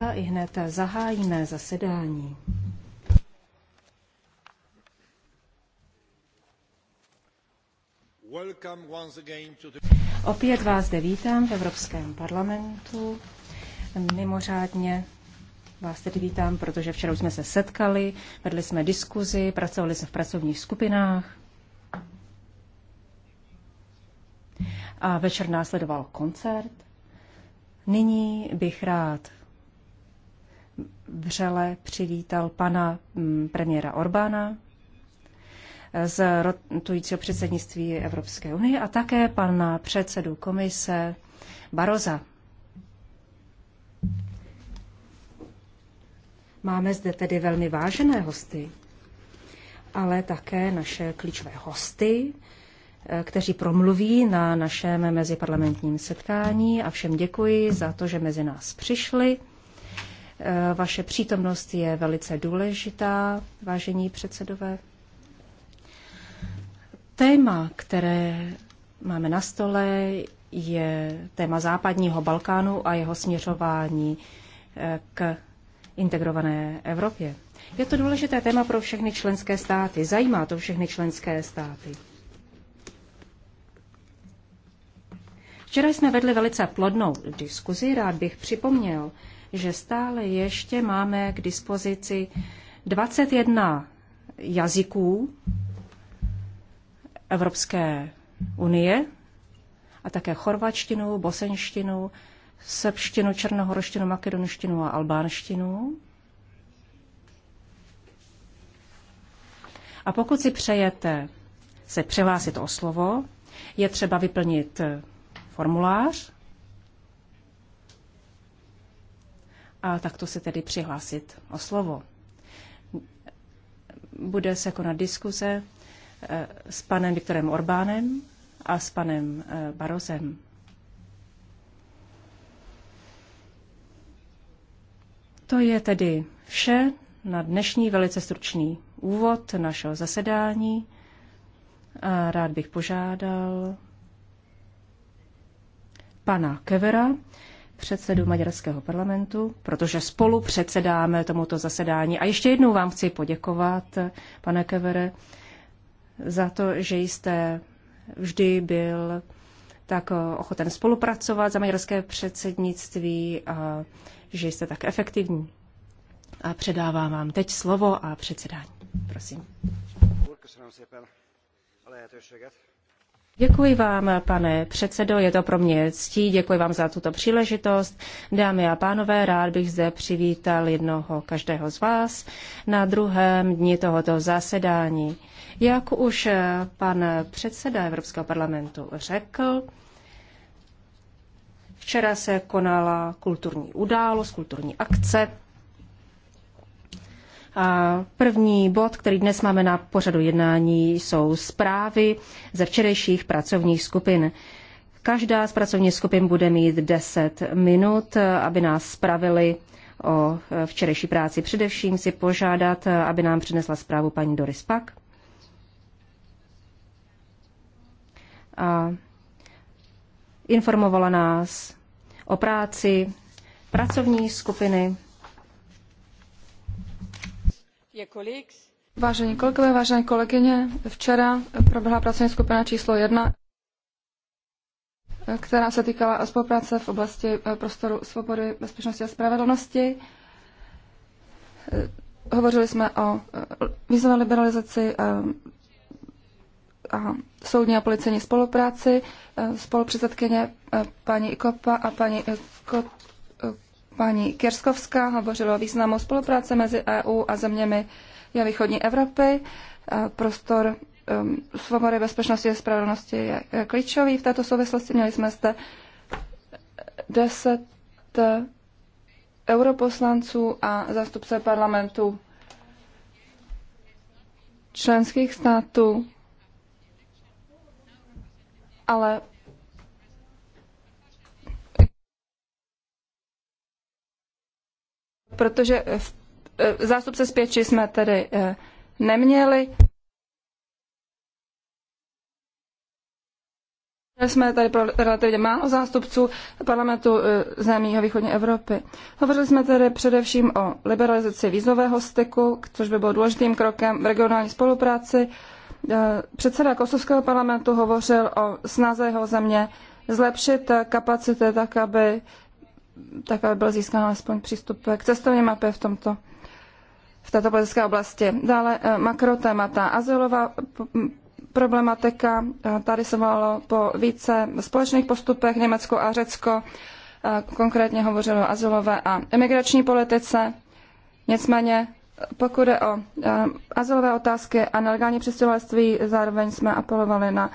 A i hned zahájíme zasedání. Opět vás zde vítám v Evropském parlamentu. Mimořádně vás tedy vítám, protože včera jsme se setkali, vedli jsme diskuzi, pracovali jsme v pracovních skupinách. A večer následoval koncert. Nyní bych rád přivítal pana mm, premiéra Orbána eh, z rotujícího předsednictví Evropské unie a také pana předsedu komise Baroza. Máme zde tedy velmi vážené hosty, ale také naše klíčové hosty, eh, kteří promluví na našem meziparlamentním setkání a všem děkuji za to, že mezi nás přišli. Eh, vaše přítomnost je velice důležitá, vážení předsedové. Téma, které máme na stole, je téma západního Balkánu a jeho směřování eh, k integrované Evropě. Je to důležité téma pro všechny členské státy. Zajímá to všechny členské státy. Včera jsme vedli velice plodnou diskuzi. Rád bych připomněl, že stále ještě máme k dispozici 21 jazyků Evropské unie a také chorvačtinu, bosenštinu, srbštinu, černohorštinu, makedonštinu a albánštinu. A pokud si přejete se přihlásit o slovo, je třeba vyplnit formulář a takto se tedy přihlásit o slovo. Bude se konat diskuze eh, s panem Viktorem Orbánem a s panem eh, Barozem. To je tedy vše na dnešní velice stručný úvod našeho zasedání. A rád bych požádal pana Kevera, předsedu Maďarského parlamentu, protože spolu předsedáme tomuto zasedání. A ještě jednou vám chci poděkovat, pane Kevere, za to, že jste vždy byl tak ochoten spolupracovat za maďarské předsednictví a že jste tak efektivní. A předávám vám teď slovo a předsedání. Prosím. Děkuji vám, pane předsedo, je to pro mě ctí, děkuji vám za tuto příležitost. Dámy a pánové, rád bych zde přivítal jednoho každého z vás na druhém dni tohoto zasedání. Jak už pan předseda Evropského parlamentu řekl, včera se konala kulturní událost, kulturní akce, první bod, který dnes máme na pořadu jednání, jsou zprávy ze včerejších pracovních skupin. Každá z pracovních skupin bude mít 10 minut, aby nás spravili o včerejší práci. Především si požádat, aby nám přinesla zprávu paní Doris Pak. A informovala nás o práci pracovní skupiny Vážení kolegové, vážené kolegyně, včera proběhla pracovní skupina číslo jedna, která se týkala spolupráce v oblasti eh, prostoru svobody, bezpečnosti a spravedlnosti. Eh, hovořili jsme o eh, vízové liberalizaci a soudní a policejní spolupráci. Spolupředsedkyně paní Ikopa a paní Paní Kirskovská hovořila o významu spolupráce mezi EU a zeměmi východní Evropy. Prostor um, svobody, bezpečnosti a spravedlnosti je klíčový. V této souvislosti měli jsme zde deset eh, europoslanců a zástupce parlamentu členských států, ale protože v, eh, zástupce z Pěči jsme tedy eh, neměli. Jsme tady pro relativně málo zástupců parlamentu eh, zemí východní Evropy. Hovořili jsme tedy především o liberalizaci vízového styku, což by bylo důležitým krokem v regionální spolupráci. Předseda kosovského parlamentu hovořil o snaze jeho země zlepšit kapacity tak, aby tak aby byl získán alespoň přístup k cestovní mapě v tomto v této politické oblasti. Dále eh, makrotémata. Azylová problematika, eh, tady se volalo po více společných postupech Německo a Řecko, eh, konkrétně hovořilo o azylové a emigrační politice. Nicméně pokud je o azylové otázky a nelegální přistěhovalství, zároveň jsme apelovali na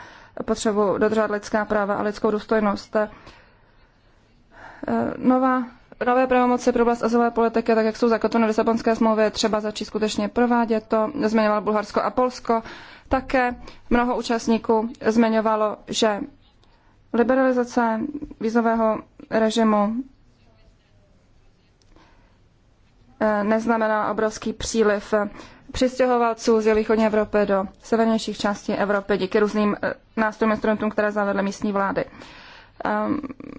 potřebu dodržovat lidská práva a lidskou důstojnost. Eh, nová nové pravomoci pro oblast azylové politiky, tak jak jsou zakotveny v Lisabonské smlouvě, třeba začít skutečně provádět to. Zmiňovalo Bulharsko a Polsko. Také mnoho účastníků zmiňovalo, že liberalizace vízového režimu eh, neznamená obrovský příliv přistěhovalců z východní Evropy do severnějších částí Evropy díky různým eh, nástrojům instrumentům, které zavedly místní vlády. Ehm,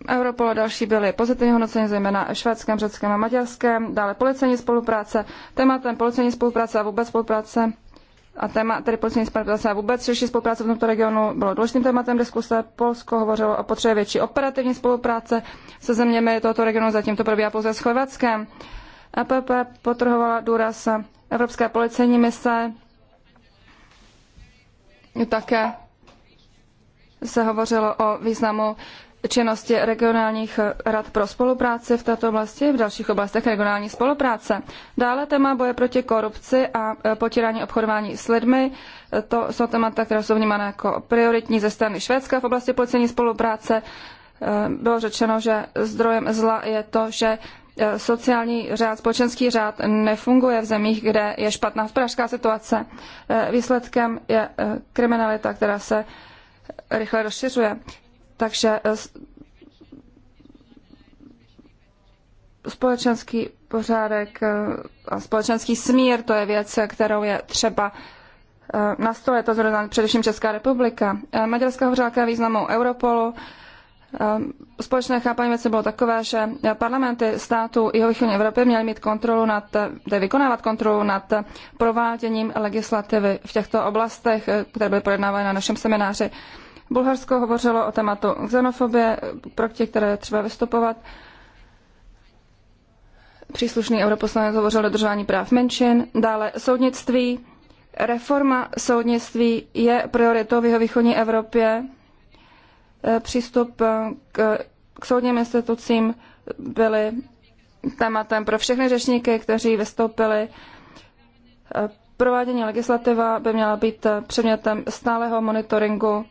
Europol a další byly pozitivně hodnoceny, zejména švédském, řeckém a maďarském. Dále policejní spolupráce. Tématem policejní spolupráce a vůbec spolupráce a téma tedy policejní spolupráce a vůbec širší spolupráce v tomto regionu bylo důležitým tématem diskuse. Polsko hovořilo o potřebě větší operativní spolupráce se zeměmi tohoto regionu, zatím to probíhá pouze s Chorvatskem. EPP potrhovala důraz Evropské policejní mise. Také se hovořilo o významu činnosti regionálních rad pro spolupráci v této oblasti, v dalších oblastech regionální spolupráce. Dále téma boje proti korupci a e, potírání obchodování s lidmi. E, to jsou témata, která jsou vnímána jako prioritní ze strany Švédska v oblasti policejní spolupráce. E, bylo řečeno, že zdrojem zla je to, že sociální řád, společenský řád nefunguje v zemích, kde je špatná hospodářská situace. Výsledkem je kriminalita, která se rychle rozšiřuje. Takže eh, společenský pořádek eh, a společenský smír, to je věc, kterou je třeba eh, na stole, to zrovna především Česká republika. Maďarská hořálka významou Europolu. Společné chápání věci bylo takové, že parlamenty států i východní Evropy měly mít kontrolu nad, tedy vykonávat kontrolu nad prováděním legislativy v těchto oblastech, které byly projednávány na našem semináři. Bulharsko hovořilo o tématu xenofobie, proti které třeba vystupovat. Příslušný europoslanec hovořil o dodržování práv menšin. Dále soudnictví. Reforma soudnictví je prioritou v jeho východní Evropě. Eh, přístup eh, k, k soudním institucím byly tématem pro všechny řečníky, kteří vystoupili. Eh, provádění legislativa by měla být předmětem stálého monitoringu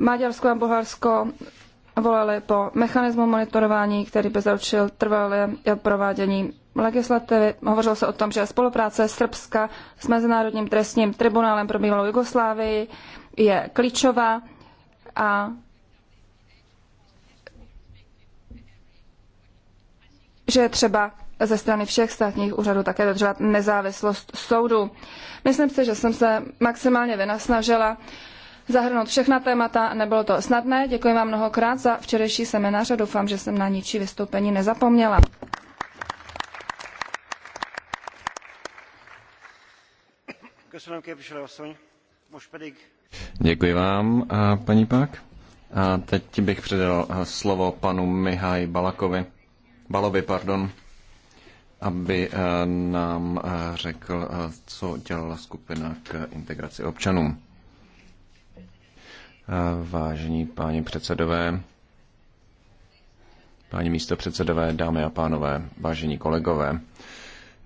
Maďarsko a Bulharsko volali po mechanismu monitorování, který by zaručil trvalé provádění legislativy. Hovořilo se o tom, že spolupráce Srbska s Mezinárodním trestním tribunálem pro bývalou Jugoslávii je klíčová a že je třeba ze strany všech státních úřadů také dodržovat nezávislost soudu. Myslím si, že jsem se maximálně vynasnažila zahrnout všechna témata. Nebylo to snadné. Děkuji vám mnohokrát za včerejší seminář a doufám, že jsem na ničí vystoupení nezapomněla. Děkuji vám, a paní Pak. A teď bych předal slovo panu Mihaj Balakovi, Balovi, pardon, aby eh, nám eh, řekl, eh, co dělala skupina k integraci občanům vážení páni předsedové, páni místopředsedové, dámy a pánové, vážení kolegové.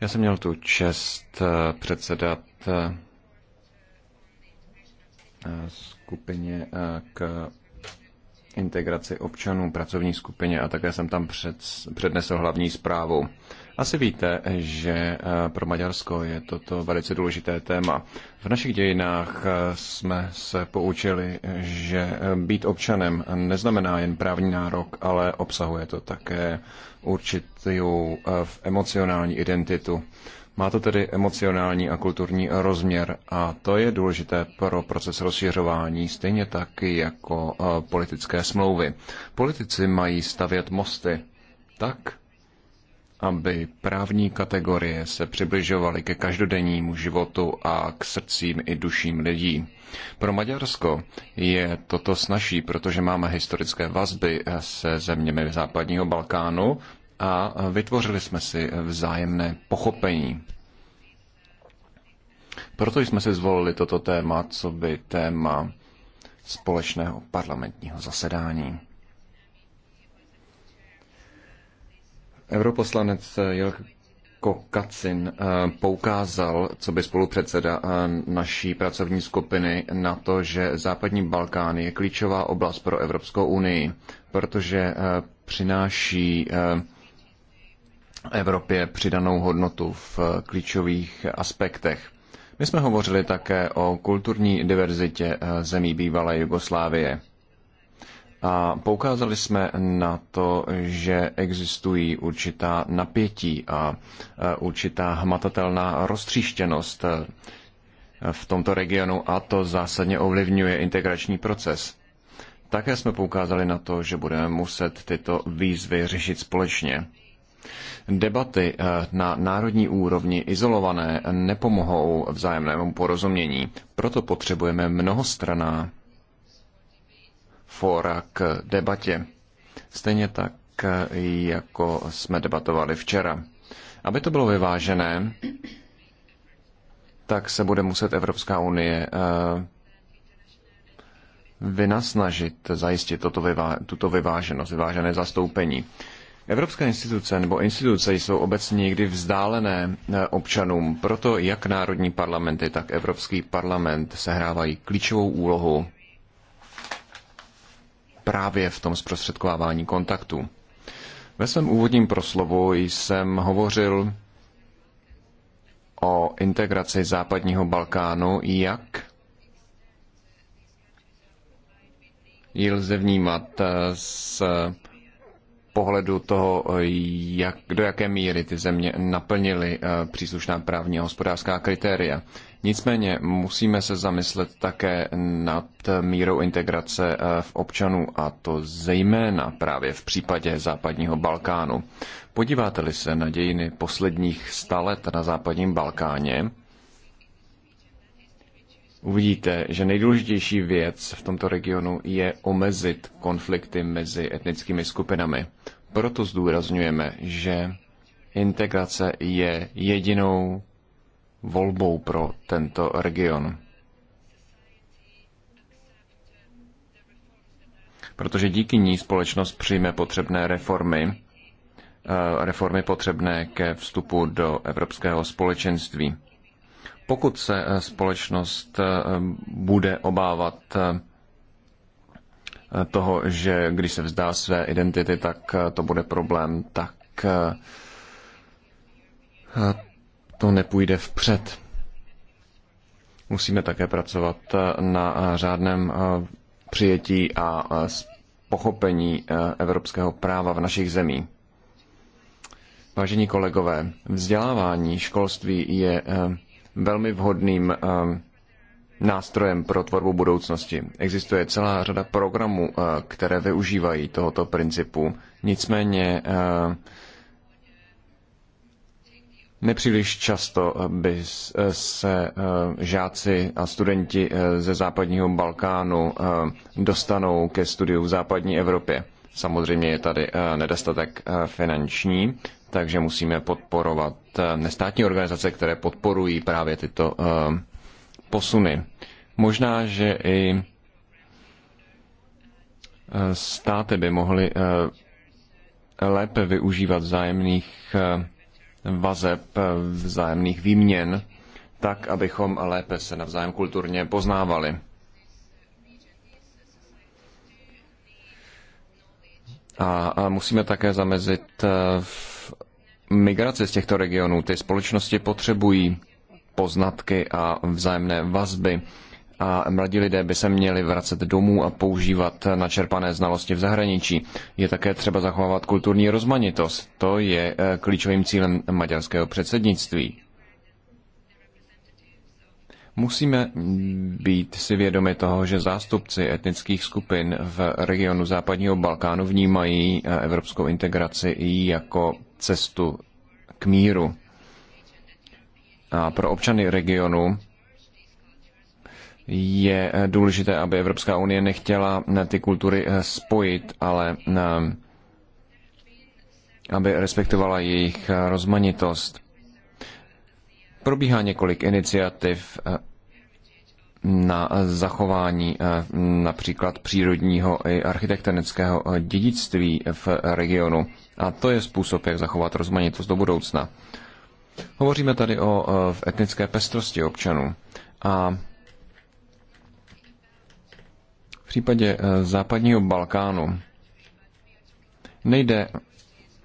Já jsem měl tu čest eh, předsedat eh, skupině eh, k integraci občanů, pracovní skupině a také jsem tam přednesl hlavní zprávu. Asi víte, že eh, pro Maďarsko je toto velice důležité téma. V našich dějinách eh, jsme se poučili, že eh, být občanem neznamená jen právní nárok, ale obsahuje to také určitou emocionální identitu. Má to tedy emocionální a kulturní rozměr a to je důležité pro proces rozšiřování, stejně tak jako politické smlouvy. Politici mají stavět mosty tak, aby právní kategorie se přibližovaly ke každodennímu životu a k srdcím i duším lidí. Pro Maďarsko je toto snažší, protože máme historické vazby se zeměmi západního Balkánu a vytvořili jsme si vzájemné pochopení. Proto jsme si zvolili toto téma, co by téma společného parlamentního zasedání. Europoslanec Jelko Kacin eh, poukázal, co by spolupředseda eh, naší pracovní skupiny, na to, že západní Balkán je klíčová oblast pro Evropskou unii, protože eh, přináší Evropě přidanou hodnotu v klíčových aspektech. My jsme hovořili také o kulturní diverzitě zemí bývalé Jugoslávie. A poukázali jsme na to, že existují určitá napětí a e, určitá hmatatelná roztříštěnost e, v tomto regionu a to zásadně ovlivňuje integrační proces. Také jsme poukázali na to, že budeme muset tyto výzvy řešit společně. Debaty e, na národní úrovni izolované nepomohou vzájemnému porozumění, proto potřebujeme mnohostraná fóra k debatě. Stejně tak, jako jsme debatovali včera. Aby to bylo vyvážené, tak se bude muset Evropská unie eh, vynasnažit zajistit toto vyvá- tuto vyváženost, vyvážené zastoupení. Evropské instituce nebo instituce jsou obecně někdy vzdálené eh, občanům, proto jak národní parlamenty, tak Evropský parlament sehrávají klíčovou úlohu právě v tom zprostředkovávání kontaktů. Ve svém úvodním proslovu jsem hovořil o integraci západního Balkánu, jak ji lze vnímat eh, z pohledu toho, jak, do jaké míry ty země naplnily eh, příslušná právní a hospodářská kritéria. Nicméně musíme se zamyslet také nad mírou integrace eh, v občanů a to zejména právě v případě západního Balkánu. Podíváte-li se na dějiny posledních sta let na západním Balkáně, uvidíte, že nejdůležitější věc v tomto regionu je omezit konflikty mezi etnickými skupinami. Proto zdůrazňujeme, že integrace je jedinou volbou pro tento region. Protože díky ní společnost přijme potřebné reformy, eh, reformy potřebné ke vstupu do Evropského společenství. Pokud se eh, společnost eh, bude obávat toho, že když se vzdá své identity, tak to bude problém, tak to nepůjde vpřed. Musíme také pracovat eh, na eh, řádném eh, přijetí a pochopení evropského práva v našich zemích. Vážení kolegové, vzdělávání školství je velmi vhodným nástrojem pro tvorbu budoucnosti. Existuje celá řada programů, které využívají tohoto principu. Nicméně Nepříliš často eh, by eh, se eh, žáci a studenti ze západního Balkánu dostanou ke studiu v západní Evropě. Samozřejmě je tady nedostatek finanční, takže musíme podporovat nestátní organizace, které podporují právě tyto posuny. Možná, že i státy by mohly lépe využívat vzájemných vazeb, eh, vzájemných výměn, tak, abychom lépe se navzájem kulturně poznávali. A, a musíme také zamezit eh, v migraci z těchto regionů. Ty společnosti potřebují poznatky a vzájemné vazby a mladí lidé by se měli vracet domů a používat načerpané znalosti v zahraničí. Je také třeba zachovávat kulturní rozmanitost. To je eh, klíčovým cílem maďarského předsednictví. Musíme být si vědomi toho, že zástupci etnických skupin v regionu západního Balkánu vnímají eh, evropskou integraci jako cestu k míru. A pro občany regionu je eh, důležité, aby Evropská unie nechtěla eh, ty kultury eh, spojit, ale aby respektovala jejich rozmanitost. Probíhá několik iniciativ na zachování například přírodního i architektonického dědictví v regionu. A to je způsob, jak zachovat rozmanitost do budoucna. Hovoříme tady o etnické pestrosti občanů. A v případě eh, západního Balkánu nejde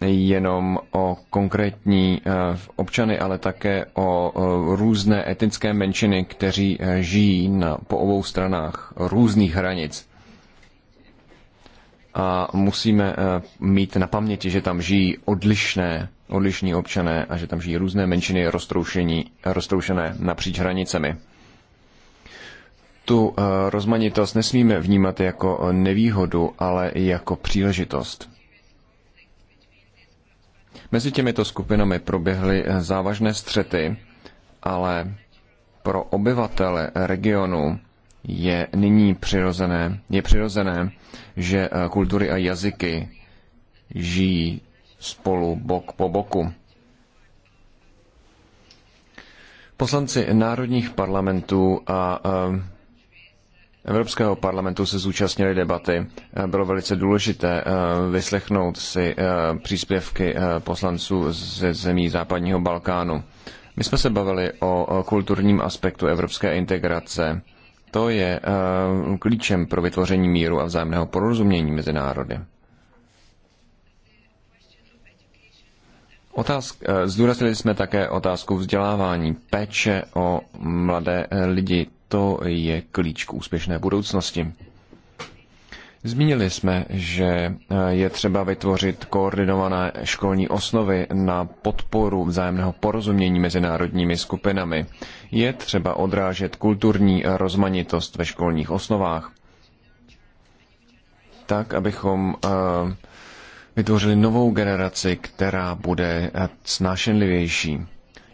jenom o konkrétní eh, občany, ale také o eh, různé etnické menšiny, kteří žijí na, po obou stranách různých hranic. A musíme mít na paměti, že tam žijí odlišné, odlišní občané a že tam žijí různé menšiny roztroušení, roztroušené napříč hranicemi tu eh, rozmanitost nesmíme vnímat jako eh, nevýhodu, ale jako příležitost. Mezi těmito skupinami proběhly eh, závažné střety, ale pro obyvatele regionu je nyní přirozené, je přirozené, že kultury a jazyky žijí spolu bok po boku. Poslanci národních parlamentů a Evropského parlamentu se zúčastnili debaty. Eh, bylo velice důležité eh, vyslechnout si eh, příspěvky poslanců ze zemí západního Balkánu. My jsme se bavili o kulturním aspektu evropské integrace. To je klíčem pro vytvoření míru a vzájemného porozumění mezi národy. Otázk, zdůraznili jsme také otázku vzdělávání, péče o mladé lidi to je klíč k úspěšné budoucnosti. Zmínili jsme, že eh, je třeba vytvořit koordinované školní osnovy na podporu vzájemného porozumění mezi národními skupinami. Je třeba odrážet kulturní rozmanitost ve školních osnovách, tak abychom eh, vytvořili novou generaci, která bude eh, snášenlivější.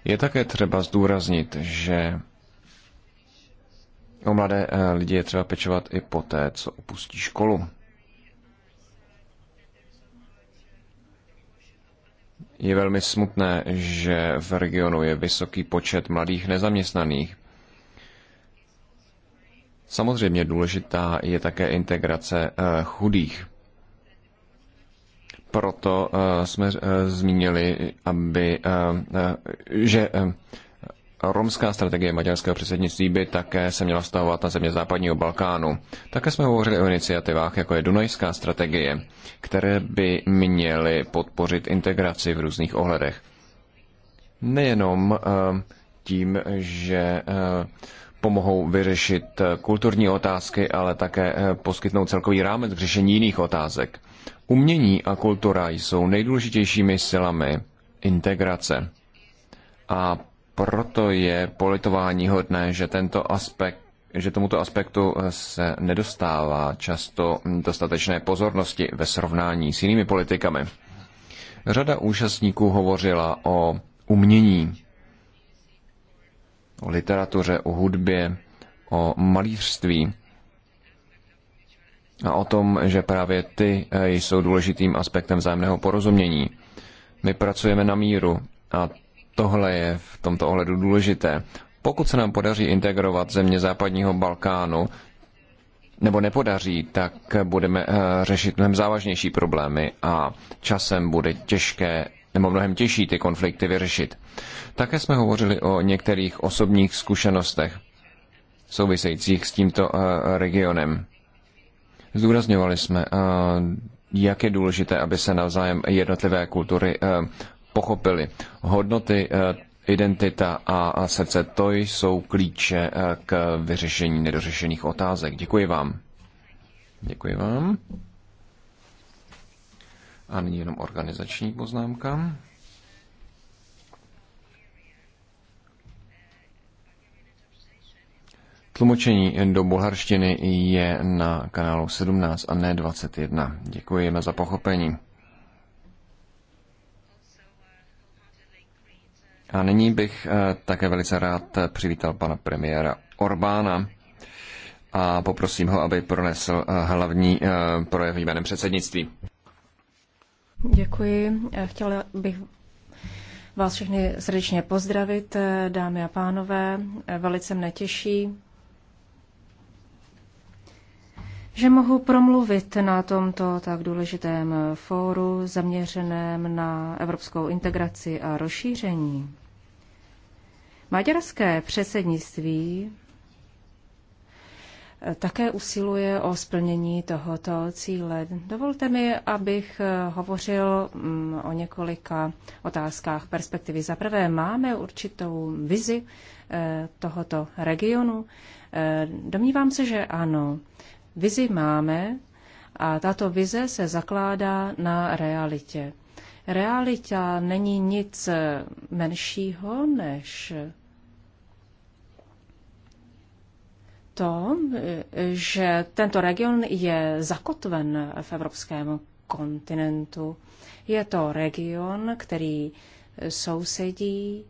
Je také třeba zdůraznit, že O no, mladé eh, lidi je třeba pečovat i poté, co opustí školu. Je velmi smutné, že v regionu je vysoký počet mladých nezaměstnaných. Samozřejmě důležitá je také integrace eh, chudých. Proto eh, jsme zmínili, aby, že romská strategie maďarského předsednictví by také se měla vztahovat na země západního Balkánu. Také jsme hovořili o iniciativách, jako je Dunajská strategie, které by měly podpořit integraci v různých ohledech. Nejenom eh, tím, že eh, pomohou vyřešit eh, kulturní otázky, ale také poskytnou celkový rámec k řešení jiných otázek. Umění a kultura jsou nejdůležitějšími silami integrace. A proto je politování hodné, že tento aspekt že tomuto aspektu se nedostává často dostatečné pozornosti ve srovnání s jinými politikami. Řada účastníků hovořila o umění, o literatuře, o hudbě, o malířství a o tom, že právě ty eh, jsou důležitým aspektem vzájemného porozumění. My pracujeme na míru a tohle je v tomto ohledu důležité. Pokud se nám podaří integrovat země západního Balkánu, nebo nepodaří, tak budeme eh, řešit mnohem závažnější problémy a časem bude těžké nebo mnohem těžší ty konflikty vyřešit. Také jsme hovořili o některých osobních zkušenostech souvisejících s tímto eh, regionem. Zdůrazňovali jsme, eh, jak je důležité, aby se navzájem jednotlivé kultury pochopili. Hodnoty, eh, identita a srdce, to jsou klíče eh, k vyřešení nedořešených otázek. Děkuji vám. Děkuji vám. A nyní jenom organizační poznámka. Tlumočení do bulharštiny je na kanálu 17 a ne 21. Děkujeme za pochopení. A nyní bych eh, také velice rád eh, přivítal pana premiéra Orbána a poprosím ho, aby pronesl eh, hlavní projev jménem předsednictví. Děkuji. Chtěl bych vás všechny srdečně pozdravit, dámy a pánové. Velice mne těší, že mohu promluvit na tomto tak důležitém fóru zaměřeném na evropskou integraci a rozšíření. Maďarské předsednictví eh, také usiluje o splnění tohoto cíle. Dovolte mi, abych eh, hovořil mm, o několika otázkách perspektivy. Za prvé, máme určitou vizi eh, tohoto regionu? Domnívám se, že ano. Vizi máme a tato vize se zakládá na realitě. Realita není nic menšího než to, že tento region je zakotven v evropském kontinentu. Je to region, který sousedí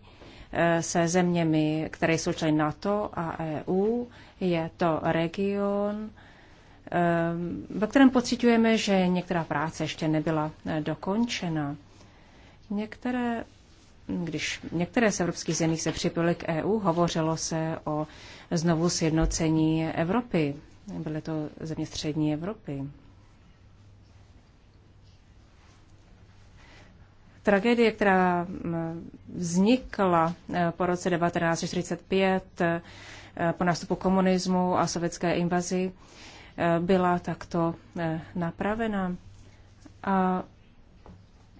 eh, se zeměmi, které jsou členy NATO a EU. Je to region, eh, ve kterém pociťujeme, že některá práce ještě nebyla eh, dokončena. Některé když některé z evropských zemí se připojily k EU, hovořilo se o znovu sjednocení Evropy. Byly to země střední Evropy. Tragédie, která vznikla e, po roce 1945 e, po nástupu komunismu a sovětské invazi, e, byla takto napravena. A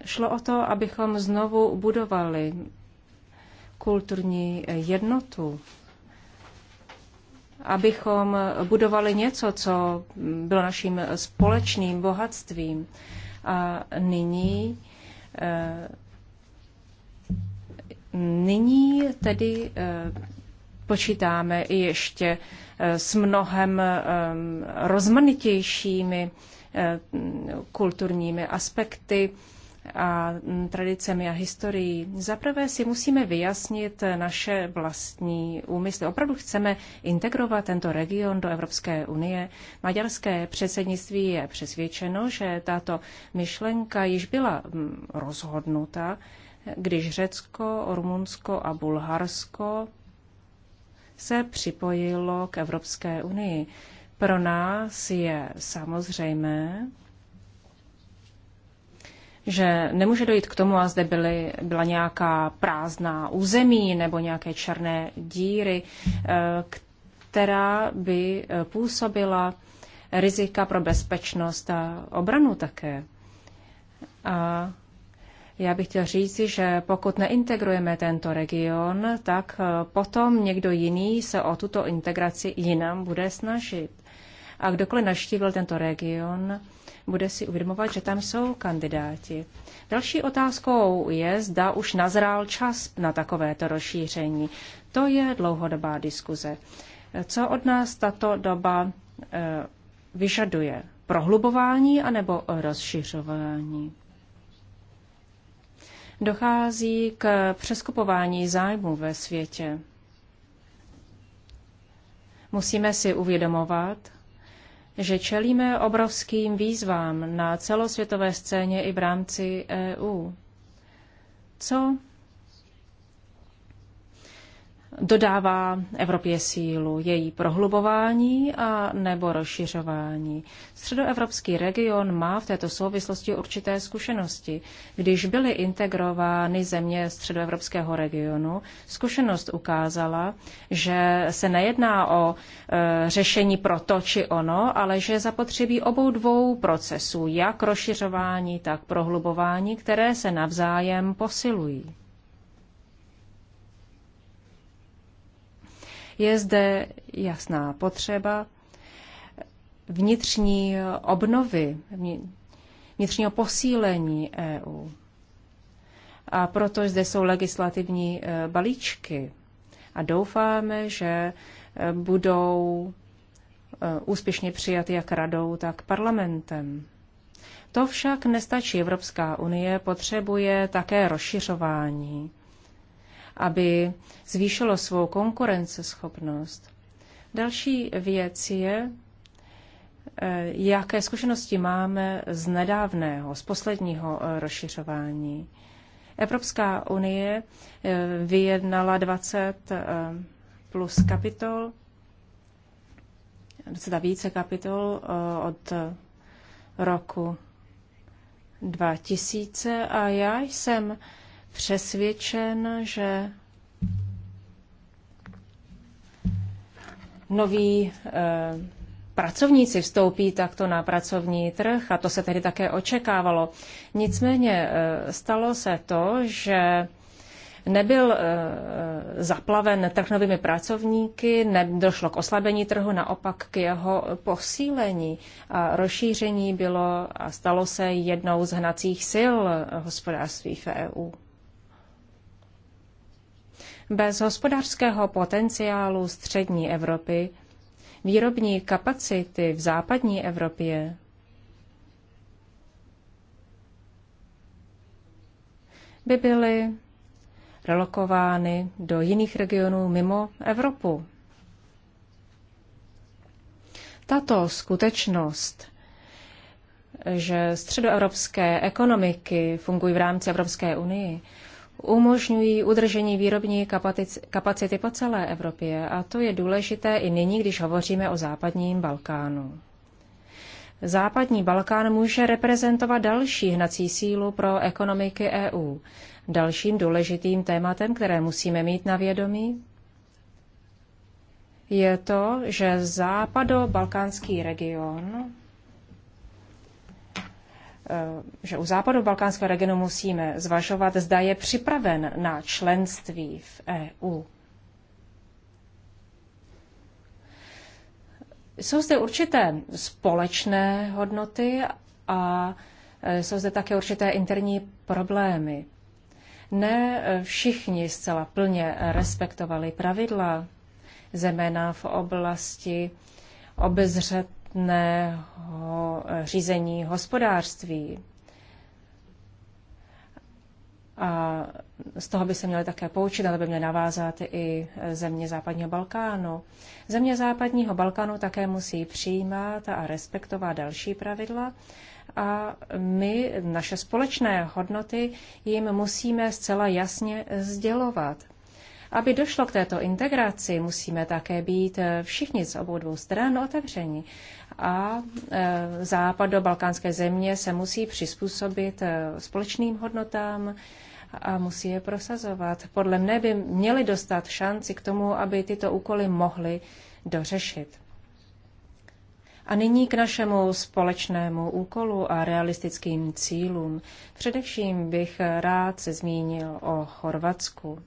Šlo o to, abychom znovu budovali kulturní jednotu, abychom budovali něco, co bylo naším společným bohatstvím. A nyní, eh, nyní tedy eh, počítáme i ještě eh, s mnohem rozmanitějšími kulturními aspekty, a mm, tradicemi a historií. Zaprvé si musíme vyjasnit naše vlastní úmysly. Opravdu chceme integrovat tento region do Evropské unie. Maďarské předsednictví je přesvědčeno, že tato myšlenka již byla mm, rozhodnuta, když Řecko, Rumunsko a Bulharsko se připojilo k Evropské unii. Pro nás je samozřejmé, že nemůže dojít k tomu, a zde byly, byla nějaká prázdná území nebo nějaké černé díry, eh, která by eh, působila rizika pro bezpečnost a obranu také. A já bych chtěl říci, že pokud neintegrujeme tento region, tak eh, potom někdo jiný se o tuto integraci jinam bude snažit. A kdokoliv naštívil tento region, bude si uvědomovat, že tam jsou kandidáti. Další otázkou je, zda už nazrál čas na takovéto rozšíření. To je dlouhodobá diskuze. Co od nás tato doba eh, vyžaduje? Prohlubování anebo rozšiřování? Dochází k přeskupování zájmu ve světě. Musíme si uvědomovat, že čelíme obrovským výzvám na celosvětové scéně i v rámci EU. Co dodává Evropě sílu, její prohlubování a nebo rozšiřování. Středoevropský region má v této souvislosti určité zkušenosti. Když byly integrovány země středoevropského regionu, zkušenost ukázala, že se nejedná o e, řešení pro to či ono, ale že zapotřebí obou dvou procesů, jak rozšiřování, tak prohlubování, které se navzájem posilují. Je zde jasná potřeba vnitřní obnovy, vnitřního posílení EU. A proto zde jsou legislativní e, balíčky. A doufáme, že e, budou e, úspěšně přijaty jak radou, tak parlamentem. To však nestačí. Evropská unie potřebuje také rozšiřování aby zvýšilo svou konkurenceschopnost. Další věc je, eh, jaké zkušenosti máme z nedávného, z posledního eh, rozšiřování. Evropská unie eh, vyjednala 20 plus kapitol, docela více kapitol od roku 2000 a já jsem přesvědčen, že noví eh, pracovníci vstoupí takto na pracovní trh a to se tedy také očekávalo. Nicméně eh, stalo se to, že nebyl eh, zaplaven trh novými pracovníky, nedošlo k oslabení trhu, naopak k jeho posílení a rozšíření bylo a stalo se jednou z hnacích sil hospodářství v EU. Bez hospodářského potenciálu střední Evropy, výrobní kapacity v západní Evropě by byly relokovány do jiných regionů mimo Evropu. Tato skutečnost, že středoevropské ekonomiky fungují v rámci Evropské unie, umožňují udržení výrobní kapacity po celé Evropě a to je důležité i nyní, když hovoříme o západním Balkánu. Západní Balkán může reprezentovat další hnací sílu pro ekonomiky EU. Dalším důležitým tématem, které musíme mít na vědomí, je to, že západo-balkánský region Eh, že u západu balkánského regionu musíme zvažovat, zda je připraven na členství v EU. Jsou zde určité společné hodnoty a eh, jsou zde také určité interní problémy. Ne eh, všichni zcela plně respektovali pravidla, zejména v oblasti obezřet špatného eh, řízení hospodářství. A z toho by se měly také poučit, ale by měly navázat i eh, země západního Balkánu. Země západního Balkánu také musí přijímat a respektovat další pravidla a my naše společné hodnoty jim musíme zcela jasně sdělovat. Aby došlo k této integraci, musíme také být eh, všichni z obou dvou stran otevření a e, západo-balkánské země se musí přizpůsobit e, společným hodnotám a musí je prosazovat. Podle mne by měli dostat šanci k tomu, aby tyto úkoly mohly dořešit. A nyní k našemu společnému úkolu a realistickým cílům. Především bych rád se zmínil o Chorvatsku.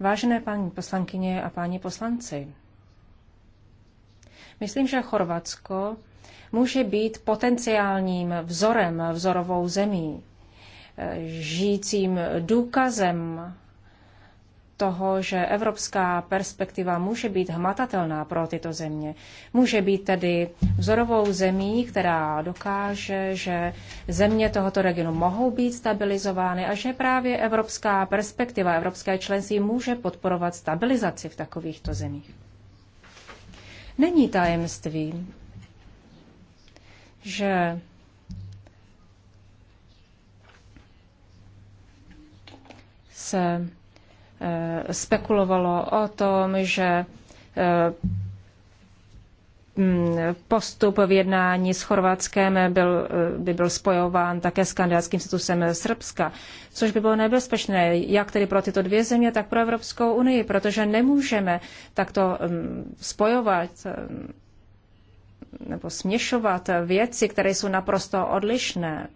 Vážené paní poslankyně a páni poslanci, Myslím, že Chorvatsko může být potenciálním vzorem, vzorovou zemí, eh, žijícím důkazem toho, že evropská perspektiva může být hmatatelná pro tyto země. Může být tedy vzorovou zemí, která dokáže, že země tohoto regionu mohou být stabilizovány a že právě evropská perspektiva, evropské členství může podporovat stabilizaci v takovýchto zemích. Není tajemstvím, že se eh, spekulovalo o tom, že eh, Mm, postup v jednání s Chorvatskem byl, eh, by byl spojován také s kandidátským statusem Srbska, což by bylo nebezpečné jak tedy pro tyto dvě země, tak pro Evropskou unii, protože nemůžeme takto mm, spojovat mm, nebo směšovat věci, které jsou naprosto odlišné.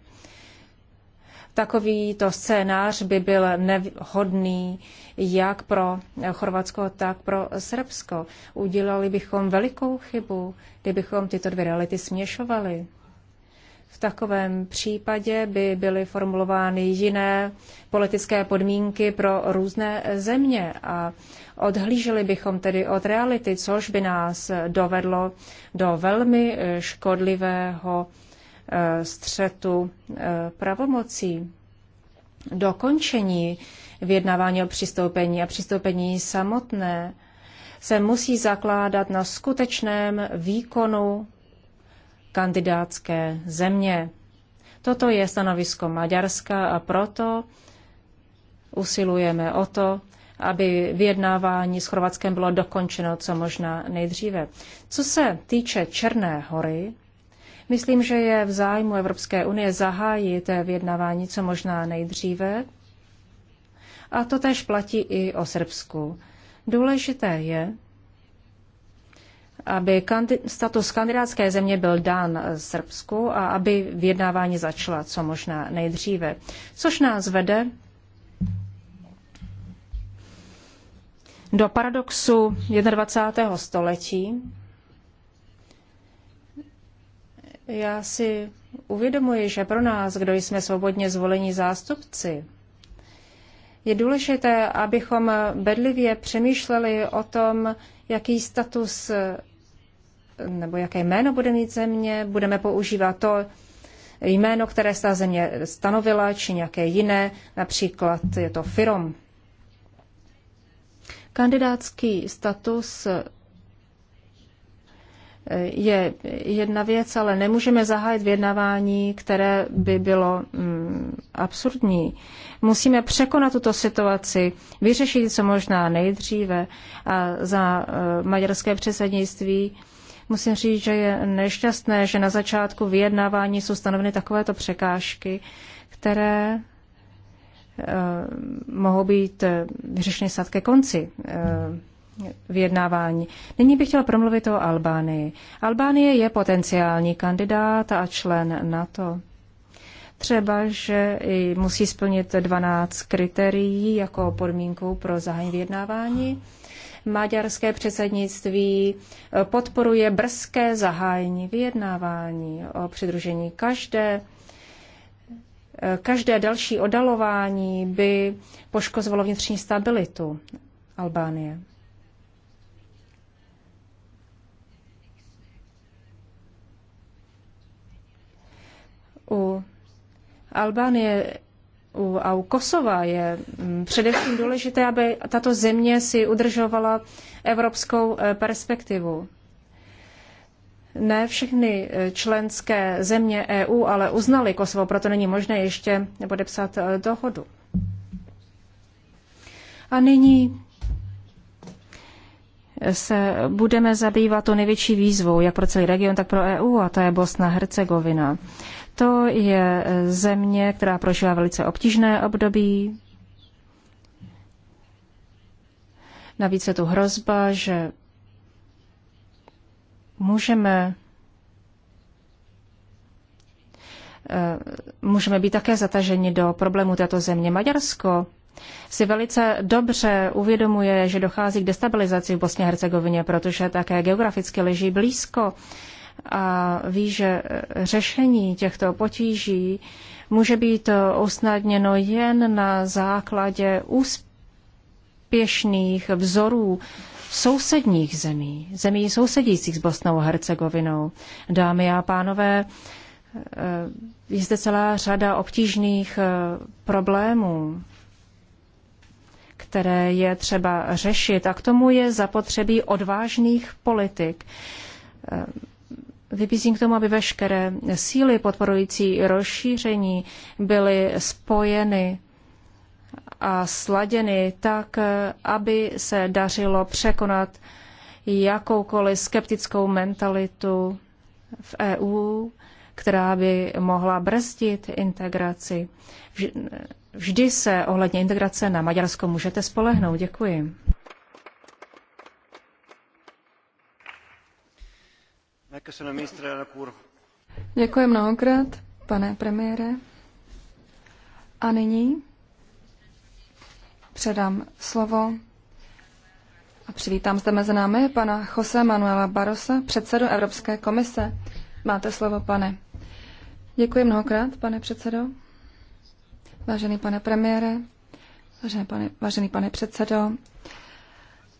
Takovýto scénář by byl nevhodný jak pro Chorvatsko, tak pro Srbsko. Udělali bychom velikou chybu, kdybychom tyto dvě reality směšovali. V takovém případě by byly formulovány jiné politické podmínky pro různé země a odhlíželi bychom tedy od reality, což by nás dovedlo do velmi škodlivého Eh, střetu eh, pravomocí. Dokončení vyjednávání o přistoupení a přistoupení samotné se musí zakládat na skutečném výkonu kandidátské země. Toto je stanovisko Maďarska a proto usilujeme o to, aby vyjednávání s Chorvatskem bylo dokončeno co možná nejdříve. Co se týče Černé hory, Myslím, že je v zájmu Evropské unie zahájit vyjednávání co možná nejdříve. A to tež platí i o Srbsku. Důležité je, aby kandi- status kandidátské země byl dán Srbsku a aby vyjednávání začala co možná nejdříve. Což nás vede do paradoxu 21. století, já si uvědomuji, že pro nás, kdo jsme svobodně zvolení zástupci, je důležité, abychom bedlivě přemýšleli o tom, jaký status nebo jaké jméno bude mít země, budeme používat to jméno, které ta země stanovila, či nějaké jiné, například je to firom. Kandidátský status je jedna věc, ale nemůžeme zahájit vědnavání, které by bylo mm, absurdní. Musíme překonat tuto situaci, vyřešit co možná nejdříve a za uh, maďarské předsednictví. Musím říct, že je nešťastné, že na začátku vyjednávání jsou stanoveny takovéto překážky, které uh, mohou být eh, vyřešeny snad ke konci. Uh, vyjednávání. Nyní bych chtěla promluvit o Albánii. Albánie je potenciální kandidát a člen NATO. Třeba, že musí splnit 12 kritérií jako podmínku pro zahájení vyjednávání. Maďarské předsednictví podporuje brzké zahájení vyjednávání o přidružení každé každé další odalování by poškozovalo vnitřní stabilitu Albánie. U Albánie u, a u Kosova je mm, především důležité, aby tato země si udržovala evropskou eh, perspektivu. Ne všechny eh, členské země EU ale uznali Kosovo, proto není možné ještě podepsat eh, dohodu. A nyní se budeme zabývat to největší výzvou, jak pro celý region, tak pro EU, a to je Bosna-Hercegovina. To je země, která prožila velice obtížné období. Navíc je tu hrozba, že můžeme eh, můžeme být také zataženi do problému této země. Maďarsko si velice dobře uvědomuje, že dochází k destabilizaci v Bosně a Hercegovině, protože také geograficky leží blízko a ví, že e, řešení těchto potíží může být usnadněno jen na základě úspěšných vzorů sousedních zemí, zemí sousedících s Bosnou a Hercegovinou. Dámy a pánové, e, je zde celá řada obtížných e, problémů, které je třeba řešit a k tomu je zapotřebí odvážných politik Vybízím k tomu, aby veškeré síly podporující rozšíření byly spojeny a sladěny tak, aby se dařilo překonat jakoukoliv skeptickou mentalitu v EU, která by mohla brzdit integraci. Vždy se ohledně integrace na Maďarsko můžete spolehnout. Děkuji. Děkuji mnohokrát, pane premiére. A nyní předám slovo a přivítám zde mezi námi pana Jose Manuela Barosa, předsedu Evropské komise. Máte slovo, pane. Děkuji mnohokrát, pane předsedo. Vážený pane premiére, vážený pane, vážený pane předsedo,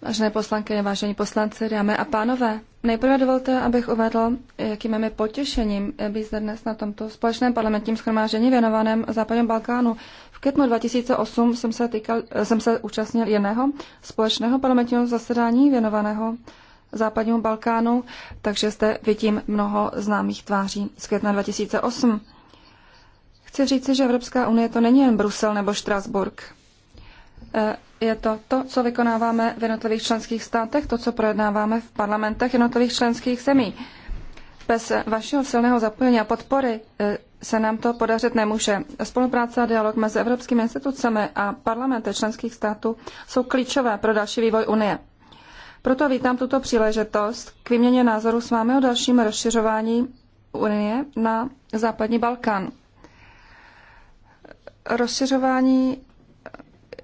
vážené poslankyně, vážení poslanci, dámy a pánové, Nejprve dovolte, abych uvedl, jakým máme potěšením být zde dnes na tomto společném parlamentním schromáždění věnovaném Západním Balkánu. V květnu 2008 jsem se, týkal, jsem se účastnil jiného společného parlamentního zasedání věnovaného Západnímu Balkánu, takže zde vidím mnoho známých tváří z května 2008. Chci říci, že Evropská unie to není jen Brusel nebo Štrasburg. Eh, je to to, co vykonáváme v jednotlivých členských státech, to, co projednáváme v parlamentech jednotlivých členských zemí. Bez vašeho silného zapojení a podpory eh, se nám to podařit nemůže. Spolupráce a dialog mezi evropskými institucemi a parlamenty členských států jsou klíčové pro další vývoj Unie. Proto vítám tuto příležitost k výměně názoru s vámi o dalším rozšiřování Unie na západní Balkán. Rozšiřování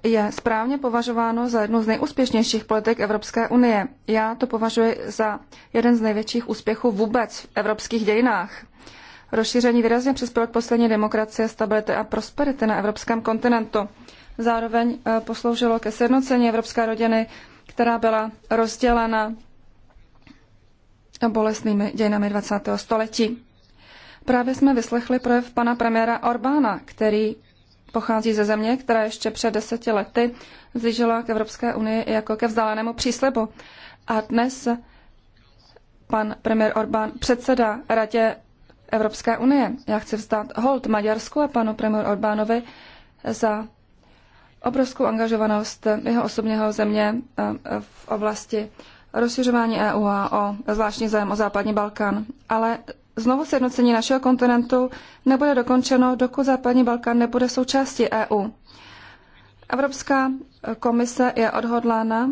je správně považováno za jednu z nejúspěšnějších politik Evropské unie. Já to považuji za jeden z největších úspěchů vůbec v evropských dějinách. Rozšíření výrazně přispělo k poslední demokracie, stability a prosperity na evropském kontinentu. Zároveň eh, posloužilo ke sjednocení evropské rodiny, která byla rozdělena bolestnými dějinami 20. století. Právě jsme vyslechli projev pana premiéra Orbána, který pochází ze země, která ještě před deseti lety zlížela k Evropské unii jako ke vzdálenému příslebu. A dnes pan premiér Orbán předseda Radě Evropské unie. Já chci vzdát hold Maďarsku a panu premiér Orbánovi za obrovskou angažovanost jeho osobního země eh, v oblasti rozšiřování EU a o zvláštní zájem o západní Balkán. Ale znovu sjednocení našeho kontinentu nebude dokončeno, dokud západní Balkán nebude součástí EU. Evropská komise je odhodlána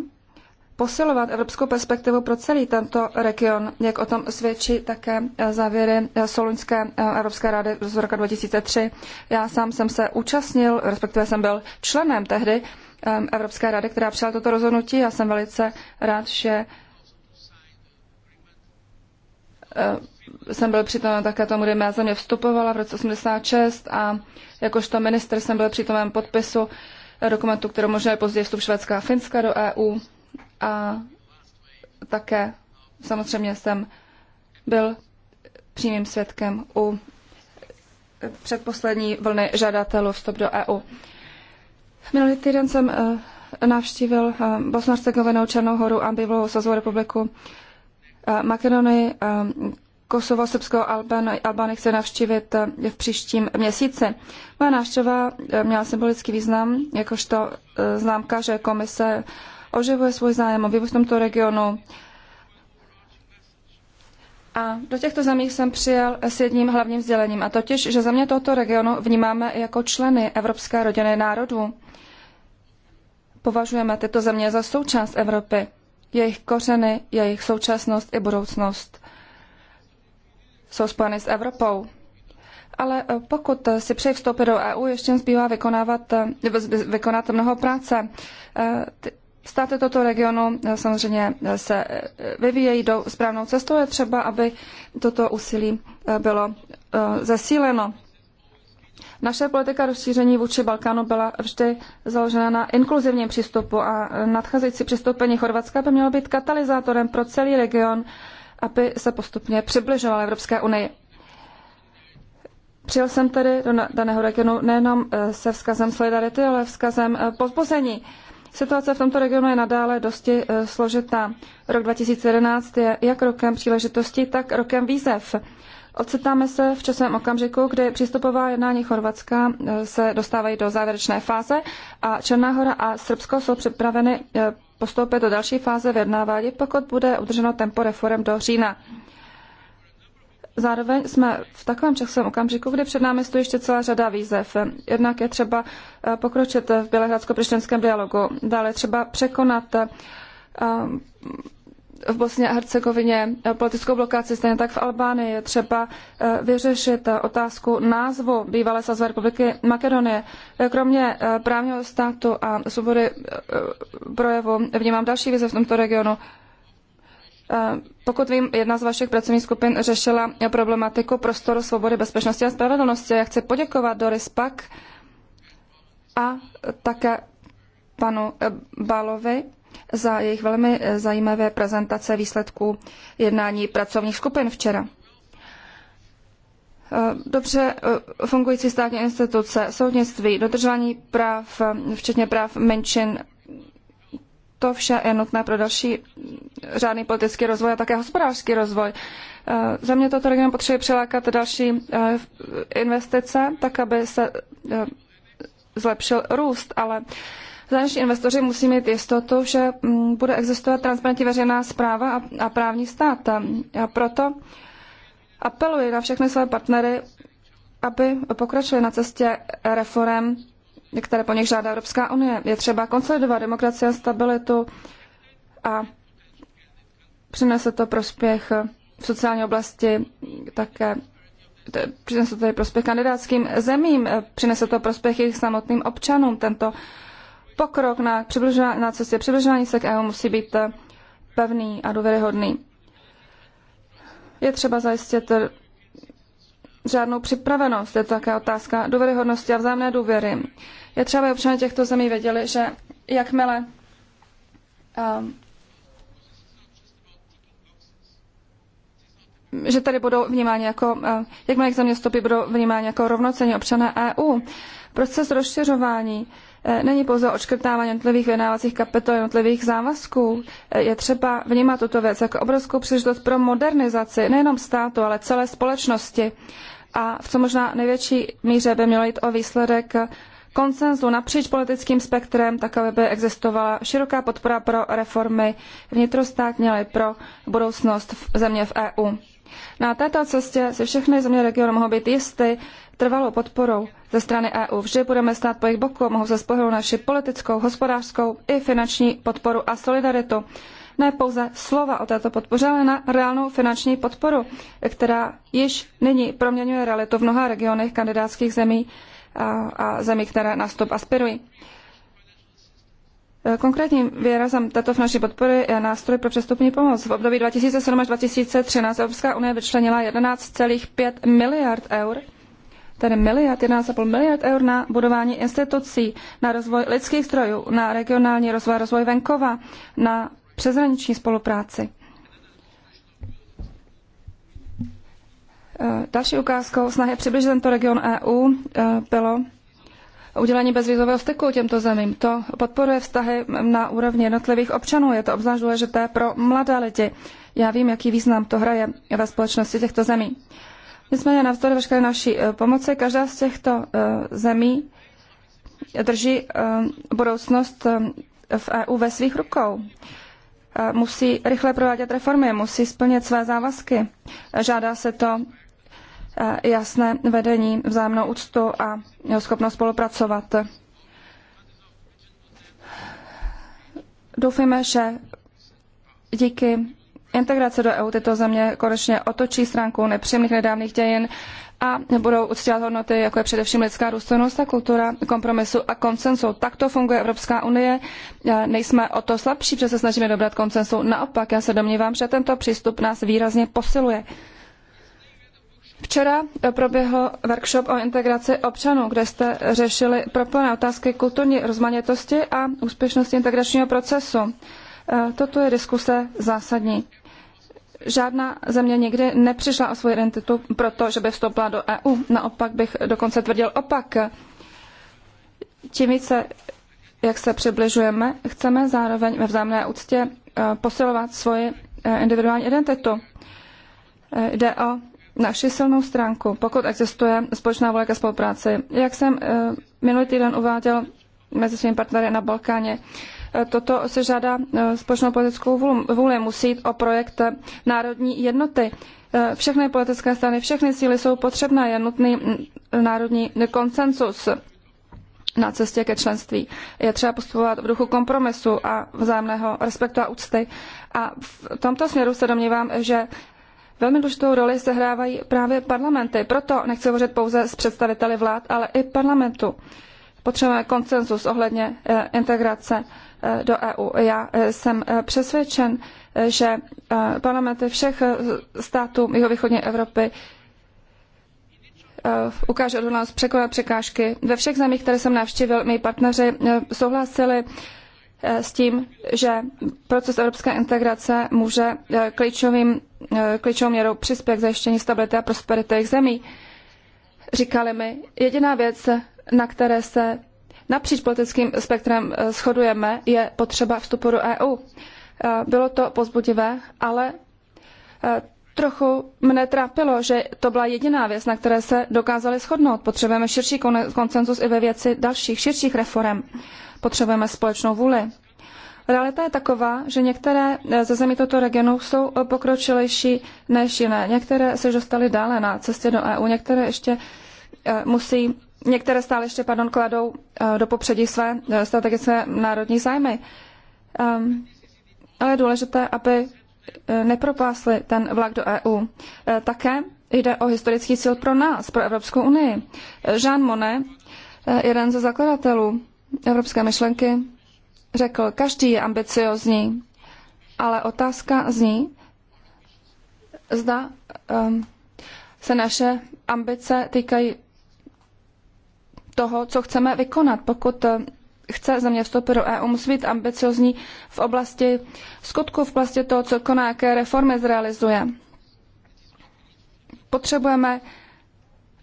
posilovat evropskou perspektivu pro celý tento region, jak o tom svědčí také závěry Soluňské Evropské rady z roku 2003. Já sám jsem se účastnil, respektive jsem byl členem tehdy Evropské rady, která přijala toto rozhodnutí. Já jsem velice rád, že jsem byl přítomen také tomu, kdy má země vstupovala v roce 86 a jakožto minister jsem byl přítomen podpisu dokumentu, který možná je později vstup Švédska a Finska do EU a také samozřejmě jsem byl přímým svědkem u předposlední vlny žadatelů vstup do EU. Minulý týden jsem eh, navštívil eh, Bosnu Hercegovinu, Černou horu a bývalou Sazovou republiku, eh, Makedonii, Kosovo, Srbsko, Albány, chce navštívit eh, v příštím měsíci. Má návštěva eh, měla symbolický význam, jakožto eh, známka, že komise oživuje svůj zájem o vývoj tomto regionu. A do těchto zemí jsem přijel s jedním hlavním sdělením, a totiž, že země tohoto regionu vnímáme jako členy Evropské rodiny národů. Považujeme tyto země za součást Evropy, jejich kořeny, jejich současnost i budoucnost jsou spojeny s Evropou. Ale eh, pokud eh, si přeji vstoupit do EU, ještě zbývá vykonávat, eh, vykonat mnoho práce. Státy toto regionu samozřejmě se vyvíjejí do správnou cestou. Je třeba, aby toto úsilí bylo zesíleno. Naše politika rozšíření vůči Balkánu byla vždy založena na inkluzivním přístupu a nadcházející přistoupení Chorvatska by mělo být katalyzátorem pro celý region aby se postupně přibližoval Evropské unii. Přijel jsem tedy do daného regionu nejenom eh, se vzkazem solidarity, ale vzkazem eh, pozbuzení. Situace v tomto regionu je nadále dosti eh, složitá. Rok 2011 je jak rokem příležitosti, tak rokem výzev. Ocitáme se v časovém okamžiku, kdy přístupová jednání Chorvatska se dostávají do závěrečné fáze a Černá hora a Srbsko jsou připraveny postoupit do další fáze vyjednávání, pokud bude udrženo tempo reform do října. Zároveň jsme v takovém časovém okamžiku, kdy před námi stojí ještě celá řada výzev. Jednak je třeba eh, pokročit v bělehradsko prištěnském dialogu, dále třeba překonat eh, v Bosně a Hercegovině politickou blokaci, stejně tak v Albánii. Je třeba eh, vyřešit eh, otázku názvu bývalé sazvé republiky Makedonie. Eh, kromě právního státu a svobody projevu vnímám další vize v tomto regionu. Pokud vím, jedna z vašich pracovních skupin řešila problematiku prostoru svobody, bezpečnosti a spravedlnosti. Já chci poděkovat Doris Pak a také panu Balovi za jejich velmi eh, zajímavé prezentace výsledků jednání pracovních skupin včera. Eh, dobře eh, fungující státní instituce, soudnictví, dodržování práv, včetně práv menšin, to vše je nutné pro další řádný politický rozvoj a také hospodářský rozvoj. Za mě toto region potřebuje přilákat další investice, tak aby se zlepšil růst, ale zahraniční investoři musí mít jistotu, že mm, bude existovat transparentní veřejná zpráva a právní stát. A proto apeluji na všechny své partnery, aby pokračovali na cestě reform, které po nich žádá Evropská unie. Je třeba konsolidovat demokracii a stabilitu a přinese to prospěch v sociální oblasti také přinese to tady prospěch kandidátským zemím, přinese to prospěch jejich samotným občanům, tento pokrok na, na cestě přibližování se k EU musí být eh, pevný a důvěryhodný. Je třeba zajistit žádnou eh, připravenost. Je to také otázka důvěryhodnosti a vzájemné důvěry. Je třeba, aby občané těchto zemí věděli, že jakmile um, že tady budou vnímáni jako, jak jakmile k země budou vnímáni jako rovnocení občané EU. Proces rozšiřování E, není pouze očkrtávání jednotlivých vyjednávacích kapitol, jednotlivých závazků. E, je třeba vnímat tuto věc jako obrovskou příležitost pro modernizaci nejenom státu, ale celé společnosti. A v co možná největší míře by mělo jít o výsledek konsenzu napříč politickým spektrem, tak aby by existovala široká podpora pro reformy vnitrostátně, ale pro budoucnost v země v EU. Na této cestě si všechny země regionu mohou být jisty, trvalou podporou ze strany EU. Vždy budeme stát po jejich boku, mohou se spolehnout naši politickou, hospodářskou i finanční podporu a solidaritu. Ne pouze slova o této podpoře, ale na reálnou finanční podporu, která již nyní proměňuje realitu v mnoha regionech kandidátských zemí a, a zemí, které na vstup aspirují. Konkrétním výrazem této finanční podpory je nástroj pro přestupní pomoc. V období 2007 až 2013 Evropská unie vyčlenila 11,5 miliard eur tedy miliard, 1,5 miliard eur na budování institucí, na rozvoj lidských strojů, na regionální rozvoj, rozvoj venkova, na přezraniční spolupráci. Eh, další ukázkou snahy přibližit tento region EU eh, bylo udělení bezvízového styku těmto zemím. To podporuje vztahy na úrovni jednotlivých občanů. Je to obzvlášť důležité pro mladé lidi. Já vím, jaký význam to hraje ve společnosti těchto zemí. Nicméně navzdory veškeré naší eh, pomoci, každá z těchto eh, zemí drží eh, budoucnost v EU ve svých rukou. Musí rychle provádět reformy, musí splnit své závazky. Žádá se to jasné vedení, vzájemnou úctu a schopnost spolupracovat. Doufejme, že díky integrace do EU tyto země konečně otočí stránku nepříjemných nedávných dějin a budou uctívat hodnoty, jako je především lidská důstojnost a kultura kompromisu a konsensu. Takto funguje Evropská unie. E, nejsme o to slabší, protože se snažíme dobrat konsensu. Naopak, já se domnívám, že tento přístup nás výrazně posiluje. Včera proběhl workshop o integraci občanů, kde jste řešili propojené otázky kulturní rozmanitosti a úspěšnosti integračního procesu. E, toto je diskuse zásadní. Žádná země nikdy nepřišla o svou identitu proto, že by vstoupila do EU. Naopak bych dokonce tvrdil opak. Tím více, jak se přibližujeme, chceme zároveň ve vzájemné úctě e, posilovat svoji e, individuální identitu. E, jde o naši silnou stránku, pokud existuje společná vůle ke spolupráci. Jak jsem minulý týden uváděl mezi svými partnery na Balkáně, toto se žádá eh, společnou politickou vůli. Musí jít o projekt národní jednoty. Eh, všechny politické strany, všechny síly jsou potřebné. Je nutný mm, národní konsensus na cestě ke členství. Je třeba postupovat v duchu kompromisu a vzájemného respektu a úcty. A v tomto směru se domnívám, že Velmi důležitou roli hrávají právě parlamenty. Proto nechci hovořit pouze s představiteli vlád, ale i parlamentu. Potřebujeme konsenzus ohledně eh, integrace Eh, do EU. Já eh, jsem eh, přesvědčen, že parlamenty všech států jihovýchodní Evropy ukáže odhodlanost překonat překážky. Ve všech zemích, které jsem navštívil, mý partneři souhlasili s tím, že proces evropské integrace může klíčovým, klíčovou měrou přispět k zajištění stability a prosperity jejich zemí. Říkali mi, jediná věc, na které se napříč politickým spektrem eh, shodujeme, je potřeba vstupu do EU. Eh, bylo to pozbudivé, ale eh, trochu mne trápilo, že to byla jediná věc, na které se dokázali shodnout. Potřebujeme širší konsenzus i ve věci dalších, širších reform. Potřebujeme společnou vůli. Realita je taková, že některé ze zemí tohoto regionu jsou pokročilejší než jiné. Některé se dostaly dále na cestě do EU, některé ještě musí některé stále ještě pardon, kladou eh, do popředí své eh, strategické národní zájmy. Ehm, ale je důležité, aby eh, nepropásli ten vlak do EU. Také jde o historický cíl pro nás, pro Evropskou unii. Jean Monnet, jeden ze zakladatelů evropské myšlenky, řekl, každý je ambiciozní, ale otázka zní, zda um, se naše ambice týkají toho, co chceme vykonat. Pokud eh, chce země vstoupit do EU, musí být ambiciozní v oblasti skutku, v oblasti toho, co koná, jaké reformy zrealizuje. Potřebujeme,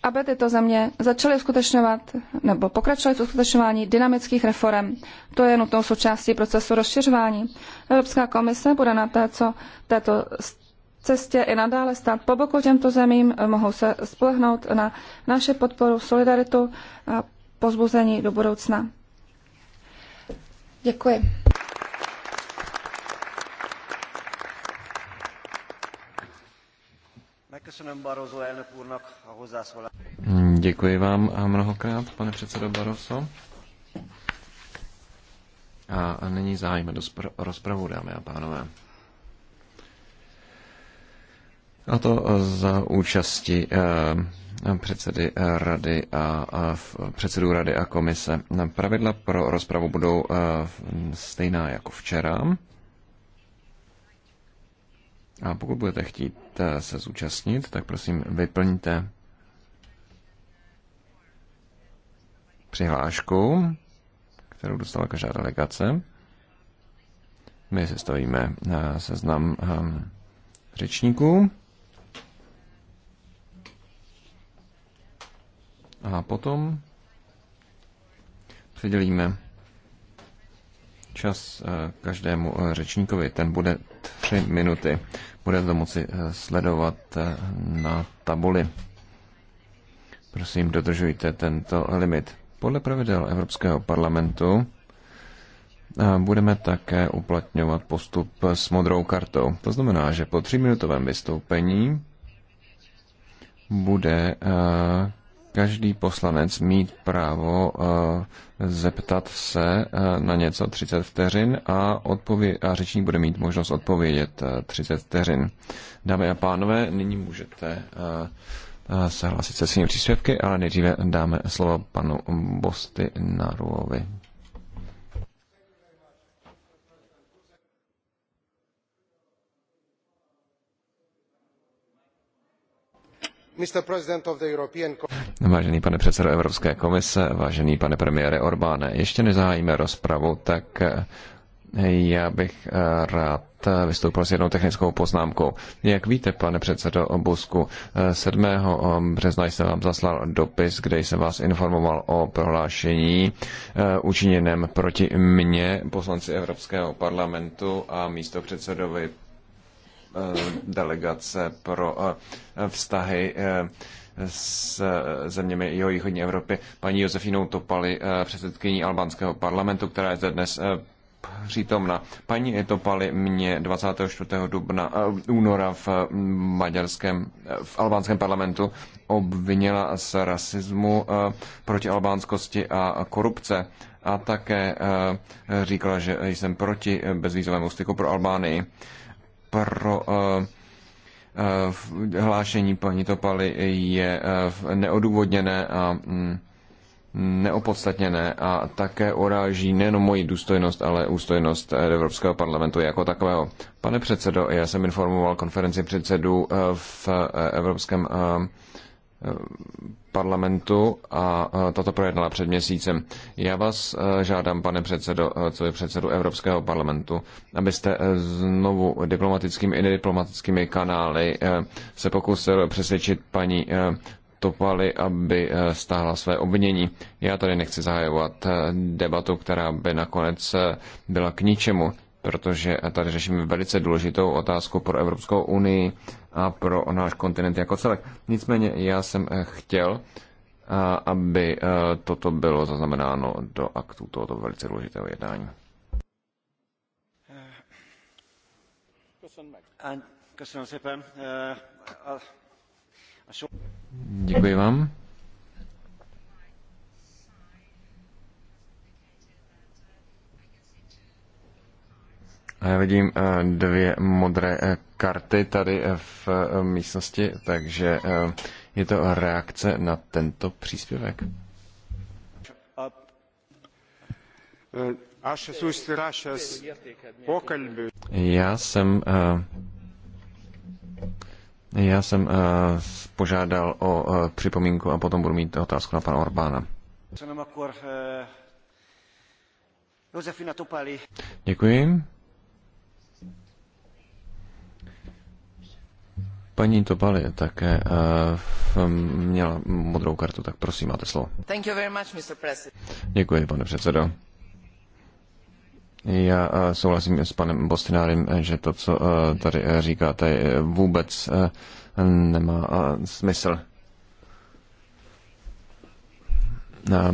aby tyto země začaly uskutečňovat nebo pokračovaly v uskutečňování dynamických reform. To je nutnou součástí procesu rozšiřování. Evropská komise bude na této, této cestě i nadále stát po boku těmto zemím, eh, mohou se spolehnout na naše podporu, solidaritu a pozbuzení do budoucna. Děkuji. Děkuji vám mnohokrát, pane předsedo Baroso. A nyní zájem do rozpravu, dámy a pánové. A to e, za účasti e, předsedy e, rady a předsedů rady a komise. Pravidla pro rozpravu budou stejná jako včera. A pokud budete chtít se zúčastnit, tak prosím vyplňte přihlášku, kterou dostala každá delegace. My sestavíme seznam řečníků. A potom předělíme čas eh, každému eh, řečníkovi. Ten bude tři minuty. Bude to moci eh, sledovat na tabuli. Prosím, dodržujte tento limit. Podle pravidel Evropského parlamentu budeme také uplatňovat postup s modrou kartou. To znamená, že po tříminutovém vystoupení bude každý poslanec mít právo eh, zeptat se eh, na něco 30 vteřin a, odpově- a řečník bude mít možnost odpovědět 30 eh, vteřin. Dámy a pánové, nyní můžete se hlásit se svými příspěvky, ale nejdříve dáme slovo panu Bosty Naruovi. Vážený pane předsedo Evropské komise, vážený pane premiére Orbáne, ještě nezahájíme rozpravu, tak eh, já bych eh, rád vystoupil s jednou technickou poznámkou. Jak víte, pane předsedo Busku, 7. Eh, března jsem vám zaslal dopis, kde jsem vás informoval o prohlášení učiněném proti mně, poslanci Evropského parlamentu a místo předsedovi Eh, delegace pro eh, vztahy eh, s zeměmi jeho východní Evropy, paní Josefinou Topali, předsedkyní albánského parlamentu, která je zde dnes přítomna. Paní Topali mě 24. dubna, února v mm, maďarském, v albánském parlamentu obvinila z rasismu proti albánskosti a korupce a také říkala, že jsem proti bezvízovému styku pro Albánii pro eh, eh, hlášení paní Topaly je eh, neodůvodněné a mm, neopodstatněné a také uráží nejenom moji důstojnost, ale ústojnost Evropského parlamentu jako takového. Pane předsedo, já jsem informoval konferenci předsedů v Evropském parlamentu a tato projednala před měsícem. Já vás e, žádám, pane předsedo, e, co je předsedu Evropského parlamentu, abyste e, znovu diplomatickými i nediplomatickými kanály se pokusil přesvědčit paní Topali, aby stáhla své obvinění. Já tady nechci zahajovat debatu, která by nakonec byla k ničemu protože tady řešíme velice důležitou otázku pro Evropskou unii a pro náš kontinent jako celek. Nicméně já jsem chtěl, aby toto bylo zaznamenáno do aktu tohoto velice důležitého jednání. Děkuji vám. Já vidím eh, dvě modré eh, karty tady eh, v místnosti, takže je to reakce na tento příspěvek. Já jsem já jsem požádal o připomínku a potom budu mít otázku na pana Orbána. Jako, Děkuji. Paní Tobali také uh, měla modrou kartu, tak prosím, máte slovo. Thank you very much, Mr. Děkuji, pane předsedo. Já eh, souhlasím s panem Bostinárem, že to, co eh, tady říkáte, vůbec nemá smysl.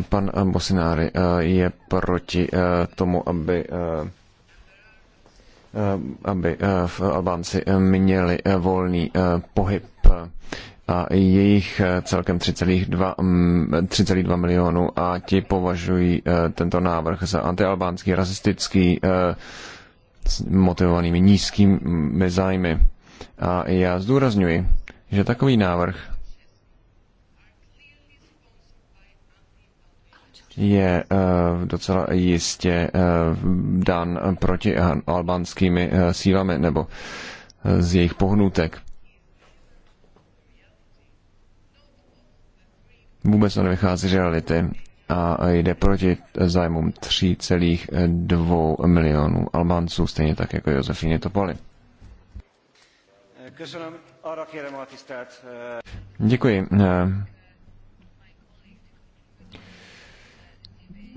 Pan uh, je proti tomu, aby Eh, aby eh, v Albánci měli eh, volný pohyb a jejich celkem 3,2 mm, milionů a ti považují tento návrh za antialbánský, rasistický, motivovanými nízkými zájmy. A já zdůrazňuji, že takový návrh je eh, docela jistě eh, dan proti albánskými eh, sílami nebo z jejich pohnutek. Vůbec to nevychází z reality a jde proti zájmům 3,2 milionů Albánců, stejně tak jako Josefíny Topoli. Děkuji.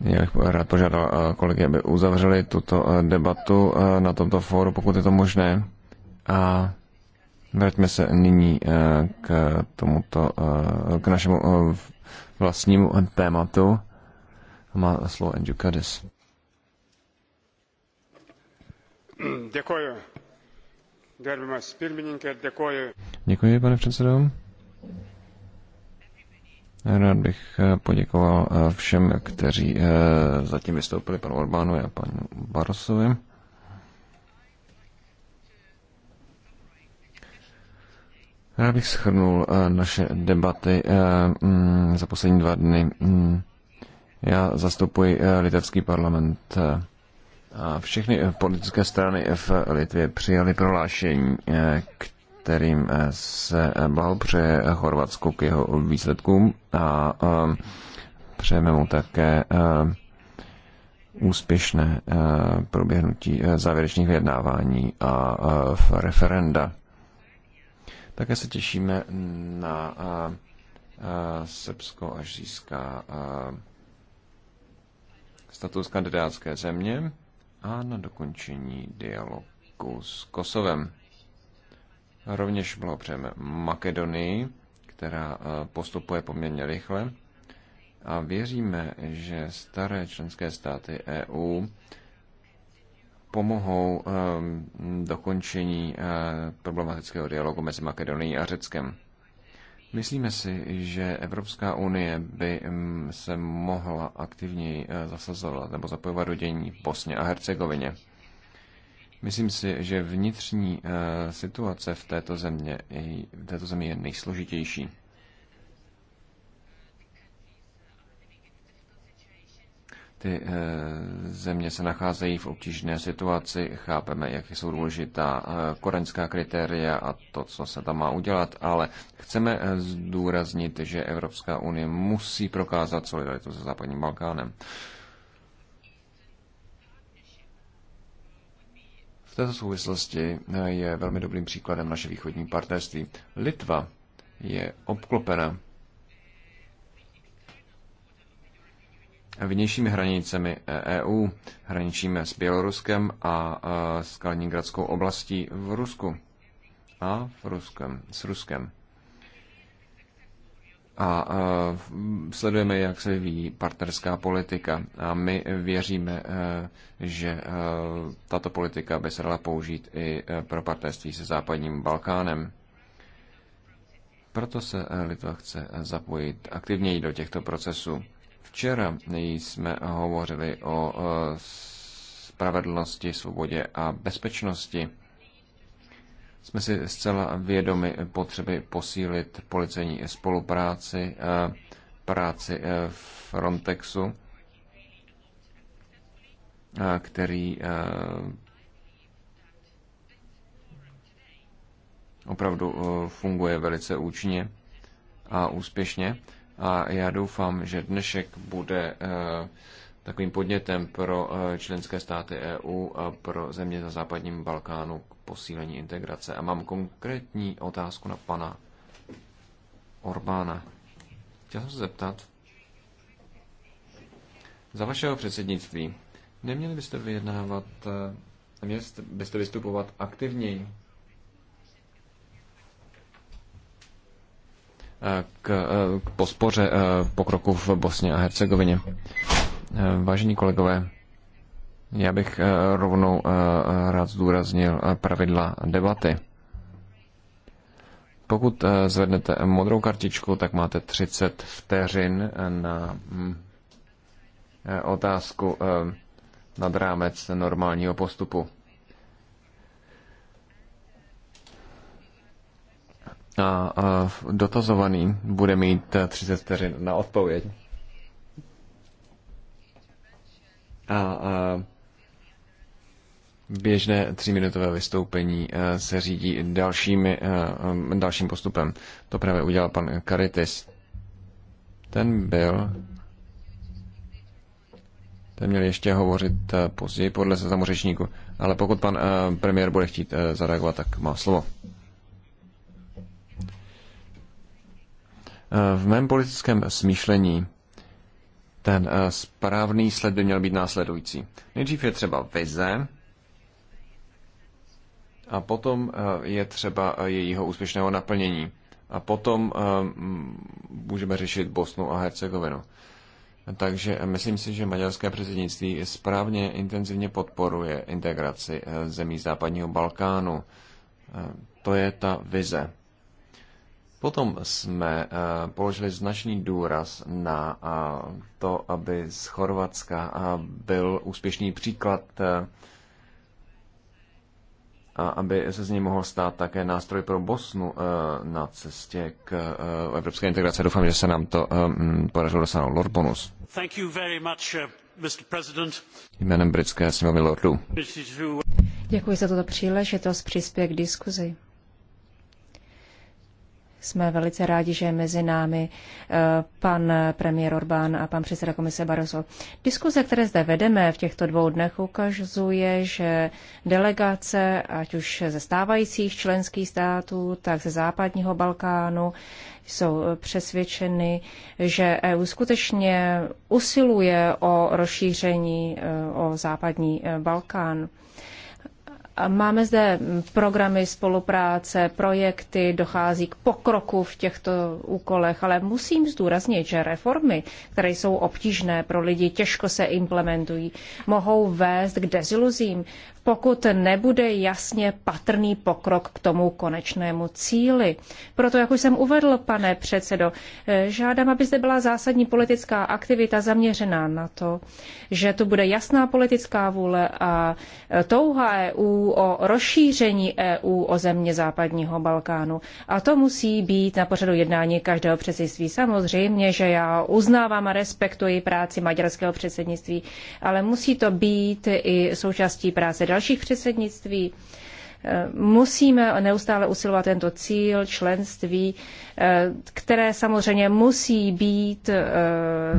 Já bych rád požádal eh, kolegy, aby uzavřeli tuto eh, debatu eh, na tomto fóru, pokud je to možné. A vraťme se nyní k tomuto, k našemu vlastnímu tématu. Má slovo Andrew Kadis. Děkuji. Děkuji, pane předsedo. Rád bych eh, poděkoval eh, všem, kteří eh, zatím vystoupili panu Orbánovi a panu Barosovi. Rád bych schrnul naše debaty mm, za poslední dva dny. Mm. Já zastupuji litevský parlament a všechny politické strany v Litvě přijali prohlášení, které kterým eh, se eh, blahopřeje Chorvatsku k jeho výsledkům a eh, přejeme mu také úspěšné proběhnutí závěrečných vyjednávání a referenda. Také se těšíme na Srbsko, až získá status kandidátské země a na dokončení dialogu s Kosovem. Rovněž blahopřejeme Makedonii, která eh, postupuje poměrně rychle a věříme, že staré členské státy EU pomohou ehm, dokončení eh, problematického dialogu mezi Makedonií a Řeckem. Myslíme si, že Evropská unie by ehm, se mohla aktivněji eh, zasazovat nebo zapojovat do dění v Bosně a Hercegovině. Myslím si, že vnitřní eh, situace v této, země, v této zemi je nejsložitější. Ty eh, země se nacházejí v obtížné situaci, chápeme, jak jsou důležitá eh, korenská kritéria a to, co se tam má udělat, ale chceme zdůraznit, že Evropská unie musí prokázat solidaritu se západním Balkánem. této souvislosti eh, je velmi dobrým příkladem naše východní partnerství. Litva je obklopena vnějšími hranicemi EU. E hraničíme s Běloruskem a eh, s Kaliningradskou oblastí v Rusku a v Ruskem, s Ruskem a sledujeme, jak se vyvíjí partnerská politika. A my věříme, e, že e, tato politika by se dala použít i e, pro partnerství se západním Balkánem. Proto se Litva chce zapojit aktivněji do těchto procesů. Včera jsme hovořili o spravedlnosti, svobodě a bezpečnosti jsme si zcela vědomi potřeby posílit policejní spolupráci, eh, práci eh, Frontexu, eh, který opravdu funguje velice účinně a úspěšně. A já doufám, že dnešek bude takovým podnětem pro eh, členské státy EU a pro země za západním Balkánu k posílení integrace. A mám konkrétní otázku na pana Orbána. Chtěl jsem se zeptat, za vašeho předsednictví neměli byste vyjednávat, eh, neměli byste vystupovat aktivněji eh, k, k pospoře pokroku v Bosně a Hercegovině. Eh, vážení kolegové, já bych eh, rovnou eh, rád zdůraznil pravidla debaty. Pokud zvednete modrou kartičku, tak máte 30 vteřin na hm, otázku nad rámec normálního postupu. A dotazovaný bude mít 30 vteřin na odpověď. a běžné tříminutové vystoupení e, se řídí dalšími, e, dalším postupem. To právě udělal pan Karitis. Ten byl ten měl ještě hovořit e, později podle seznamu řečníku, ale pokud pan premiér bude chtít zareagovat, tak má slovo. V mém politickém smýšlení ten eh, správný sled by měl být následující. Nejdřív je třeba vize, a potom eh, je třeba eh, jejího úspěšného naplnění. A potom můžeme řešit Bosnu a Hercegovinu. Takže myslím si, že maďarské předsednictví správně intenzivně podporuje integraci zemí západního Balkánu. To je ta vize. Potom jsme eh, položili značný důraz na eh, to, aby z Chorvatska eh, byl úspěšný příklad a aby se z něj mohl stát také nástroj pro Bosnu na cestě k evropské integraci. Doufám, že se nám to mm, podařilo dosáhnout. Lord Bonus. Thank you very much, Mr. President. Jménem britské sněmovny Lordů. Děkuji za tuto příležitost přispět k diskuzi. Jsme velice rádi, že je mezi námi eh, pan premiér Orbán a pan předseda komise Barroso. Diskuze, které zde vedeme v těchto dvou dnech, ukazuje, že delegace, ať už ze stávajících členských států, tak ze západního Balkánu, jsou přesvědčeny, že EU skutečně usiluje o rozšíření eh, o západní eh, Balkán. Máme zde programy spolupráce, projekty, dochází k pokroku v těchto úkolech, ale musím zdůraznit, že reformy, které jsou obtížné pro lidi, těžko se implementují, mohou vést k deziluzím, pokud nebude jasně patrný pokrok k tomu konečnému cíli. Proto, jak už jsem uvedl, pane předsedo, eh, žádám, aby zde byla zásadní politická aktivita zaměřená na to, že tu bude jasná politická vůle a eh, touha EU o rozšíření EU o země západního Balkánu. A to musí být na pořadu jednání každého předsednictví. Samozřejmě, že já uznávám a respektuji práci maďarského předsednictví, ale musí to být i součástí práce dalších předsednictví. Eh, musíme neustále usilovat tento cíl členství, eh, které samozřejmě musí být eh,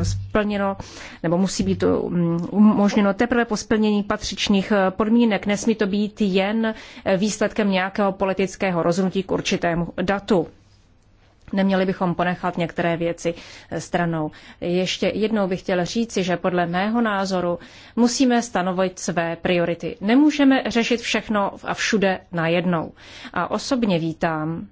splněno nebo musí být um, umožněno teprve po splnění patřičných podmínek. Nesmí to být jen výsledkem nějakého politického rozhodnutí k určitému datu. Neměli bychom ponechat některé věci eh, stranou. Ještě jednou bych chtěl říci, že podle mého názoru musíme stanovit své priority. Nemůžeme řešit všechno a všude najednou. A osobně vítám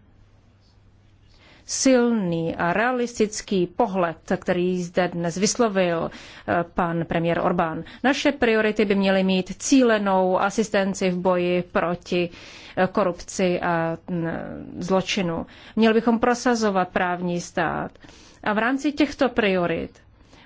silný a realistický pohled, který zde dnes vyslovil eh, pan premiér Orbán. Naše priority by měly mít cílenou asistenci v boji proti eh, korupci a mm, zločinu. Měli bychom prosazovat právní stát. A v rámci těchto priorit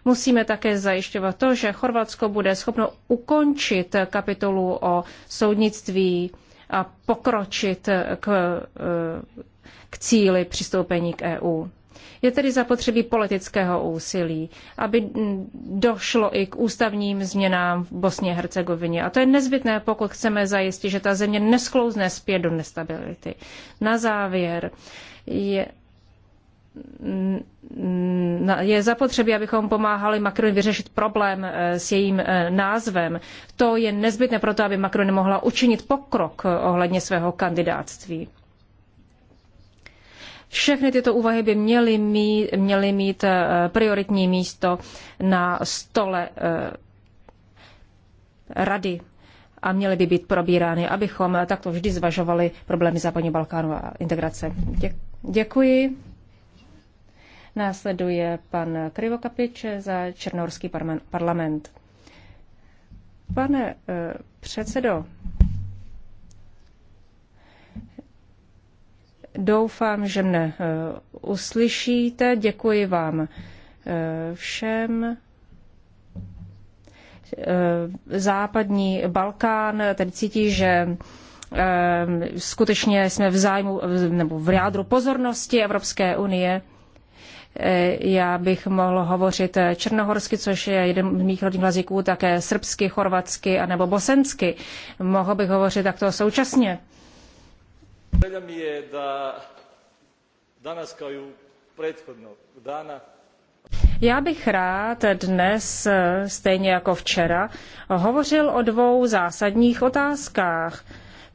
musíme také zajišťovat to, že Chorvatsko bude schopno ukončit kapitolu o soudnictví a pokročit k eh, k cíli přistoupení k EU. Je tedy zapotřebí politického úsilí, aby došlo i k ústavním změnám v Bosně a Hercegovině. A to je nezbytné, pokud chceme zajistit, že ta země nesklouzne zpět do nestability. Na závěr je je zapotřebí, abychom pomáhali Macron vyřešit problém eh, s jejím eh, názvem. To je nezbytné proto, aby Macron mohla učinit pokrok eh, ohledně svého kandidátství. Všechny tyto úvahy by měly mít, měly mít eh, prioritní místo na stole eh, rady a měly by být probírány, abychom takto vždy zvažovali problémy západního Balkánu a integrace. Děkuji. Následuje pan Krivokapič za Černorský parlament. Pane eh, předsedo, Doufám, že mne eh, uslyšíte. Děkuji vám eh, všem. Eh, Západní Balkán tedy cítí, že skutečně jsme v zájmu nebo v jádru pozornosti Evropské unie. Já bych mohl hovořit černohorsky, což je jeden z mých rodných jazyků, také srbsky, chorvatsky a nebo bosensky. Mohl bych hovořit takto současně. Želja mi je da danas kao i u prethodnog dana já bych rád dnes, stejně jako včera, hovořil o dvou zásadních otázkách.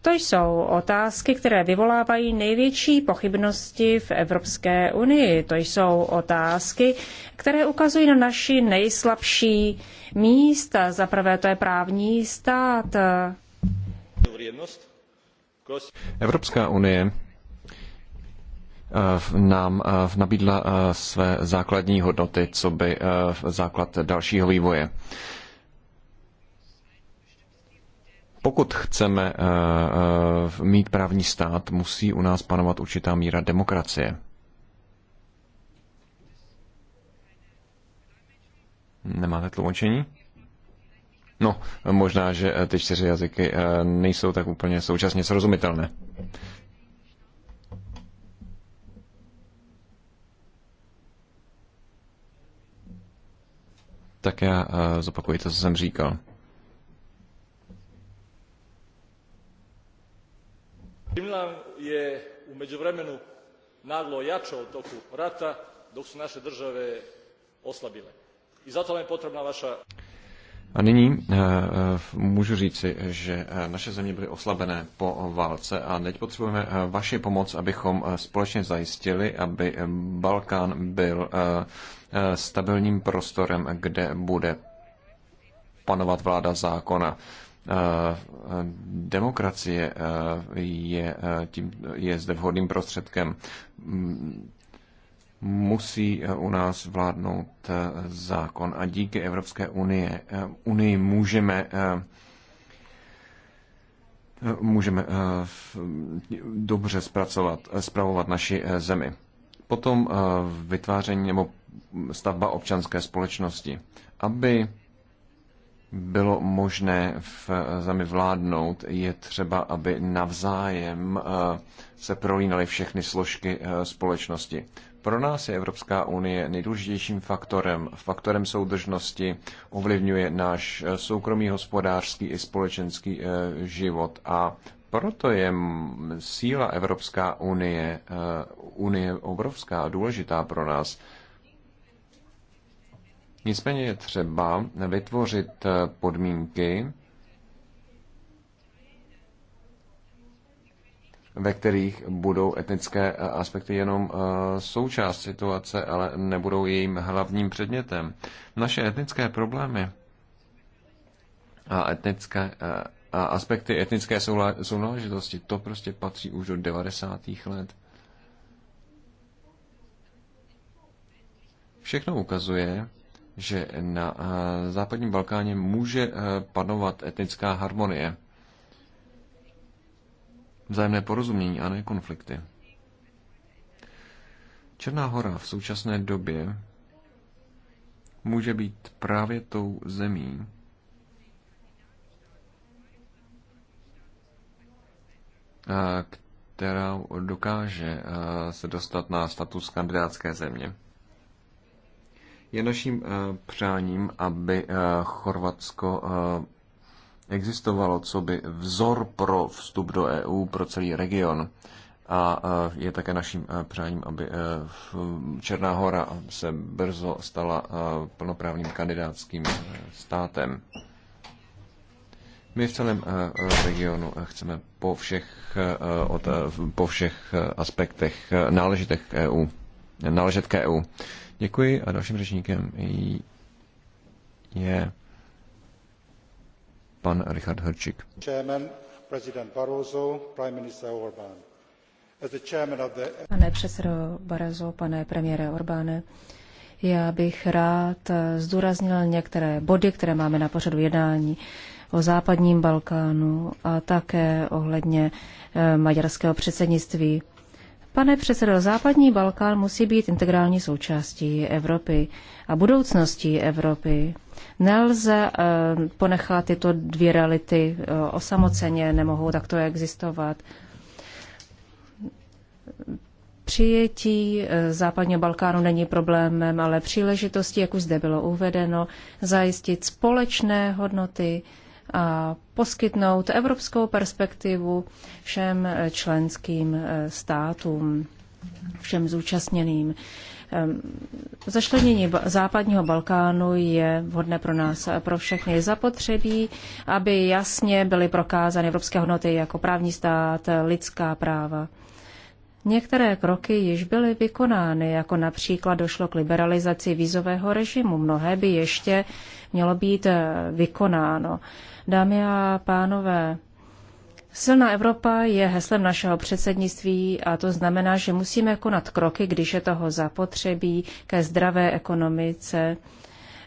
To jsou otázky, které vyvolávají největší pochybnosti v Evropské unii. To jsou otázky, které ukazují na naši nejslabší místa. Za prvé to je právní stát. Vrijednost Evropská unie eh, nám eh, nabídla eh, své základní hodnoty, co by základ dalšího vývoje. Pokud chceme mít právní stát, musí u nás panovat určitá míra demokracie. Nemáte tlumočení? No, možná, že eh, ty čtyři jazyky eh, nejsou tak úplně současně srozumitelné. Tak já eh, zopakuji to, co jsem říkal. Kremlin je u međuvremenu naglo jačao u toku rata dok su naše države oslabile. I zato nam je potrebna vaša a nyní eh, eh, můžu říci, že eh, naše země byly oslabené po válce a teď potřebujeme vaši pomoc, abychom společně zajistili, aby Balkán byl stabilním prostorem, kde bude panovat vláda zákona. Demokracie je, tím, je zde vhodným prostředkem musí eh, u nás vládnout eh, zákon a díky Evropské unie, eh, unii můžeme můžeme dobře zpracovat, zpravovat naši zemi. Potom vytváření nebo stavba občanské společnosti. Aby bylo možné v zemi vládnout, je třeba, aby navzájem se prolínaly všechny složky společnosti. Pro nás je Evropská unie nejdůležitějším faktorem, faktorem soudržnosti, ovlivňuje náš eh, soukromý, hospodářský i společenský eh, život a proto je síla Evropská unie, eh, unie obrovská a důležitá pro nás. Nicméně je třeba vytvořit podmínky, ve kterých budou etnické eh, aspekty jenom eh, součást situace, ale nebudou jejím hlavním předmětem. Naše etnické problémy a etnické eh, a aspekty etnické sounáležitosti, to prostě patří už do 90. let. Všechno ukazuje, že na západním Balkáně může panovat etnická harmonie vzájemné porozumění a ne konflikty. Černá hora v současné době může být právě tou zemí, která dokáže se dostat na status kandidátské země. Je naším přáním, aby Chorvatsko existovalo, co by vzor pro vstup do EU pro celý region. A e, je také naším e, přáním, aby e, Černá hora se brzo stala plnoprávným kandidátským státem. My v celém regionu chceme po všech, od, po všech aspektech náležitek k EU, náležet k EU. Děkuji a dalším řečníkem je pan Richard Hrčík. Pane předsedo Barazo, pane premiére Orbáne, já bych rád zdůraznil některé body, které máme na pořadu jednání o západním Balkánu a také ohledně eh, maďarského předsednictví. Pane předsedo, západní Balkán musí být integrální součástí Evropy a budoucností Evropy. Nelze eh, ponechat tyto dvě reality eh, osamoceně, nemohou takto existovat. Přijetí eh, západního Balkánu není problémem, ale příležitostí, jak už zde bylo uvedeno, zajistit společné hodnoty, a poskytnout evropskou perspektivu všem členským eh, státům, všem zúčastněným. Ehm, Zašlenění západního Balkánu je vhodné pro nás, pro všechny zapotřebí, aby jasně byly prokázány evropské hodnoty jako právní stát, lidská práva. Některé kroky již byly vykonány, jako například došlo k liberalizaci vízového režimu. Mnohé by ještě mělo být eh, vykonáno. Dámy a pánové, Silná Evropa je heslem našeho předsednictví a to znamená, že musíme konat kroky, když je toho zapotřebí, ke zdravé ekonomice,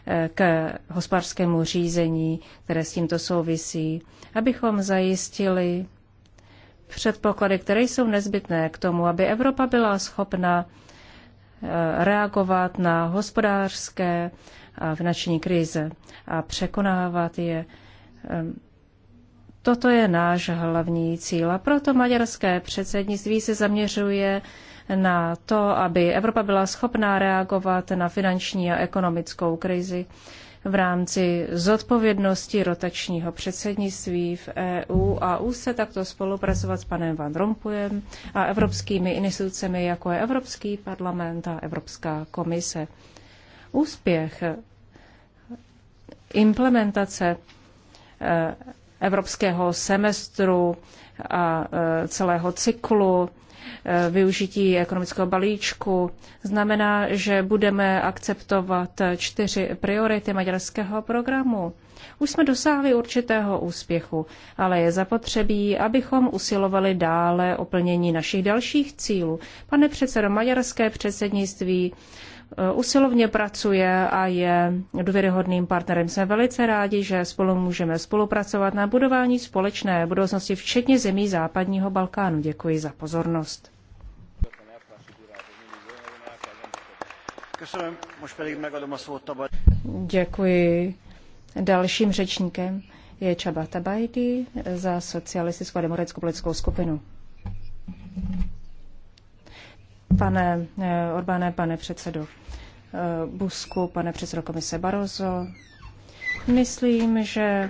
eh, k hospodářskému řízení, které s tímto souvisí, abychom zajistili předpoklady, které jsou nezbytné k tomu, aby Evropa byla schopna eh, reagovat na hospodářské a finanční krize a překonávat je Toto je náš hlavní cíl a proto maďarské předsednictví se zaměřuje na to, aby Evropa byla schopná reagovat na finanční a ekonomickou krizi v rámci zodpovědnosti rotačního předsednictví v EU a už se takto spolupracovat s panem Van Rompuyem a evropskými institucemi, jako je Evropský parlament a Evropská komise. Úspěch implementace Eh, evropského semestru a eh, celého cyklu eh, využití ekonomického balíčku znamená, že budeme akceptovat čtyři priority maďarského programu. Už jsme dosáhli určitého úspěchu, ale je zapotřebí, abychom usilovali dále o plnění našich dalších cílů. Pane předsedo, maďarské předsednictví Eh, usilovně pracuje a je důvěryhodným partnerem. Jsme velice rádi, že spolu můžeme spolupracovat na budování společné budoucnosti, včetně zemí západního Balkánu. Děkuji za pozornost. Děkuji. Dalším řečníkem je Čaba Tabajdi za socialistickou a demokratickou politickou skupinu. Pane eh, Orbáne, pane předsedo eh, Busku, pane předsedo komise Barozo, myslím, že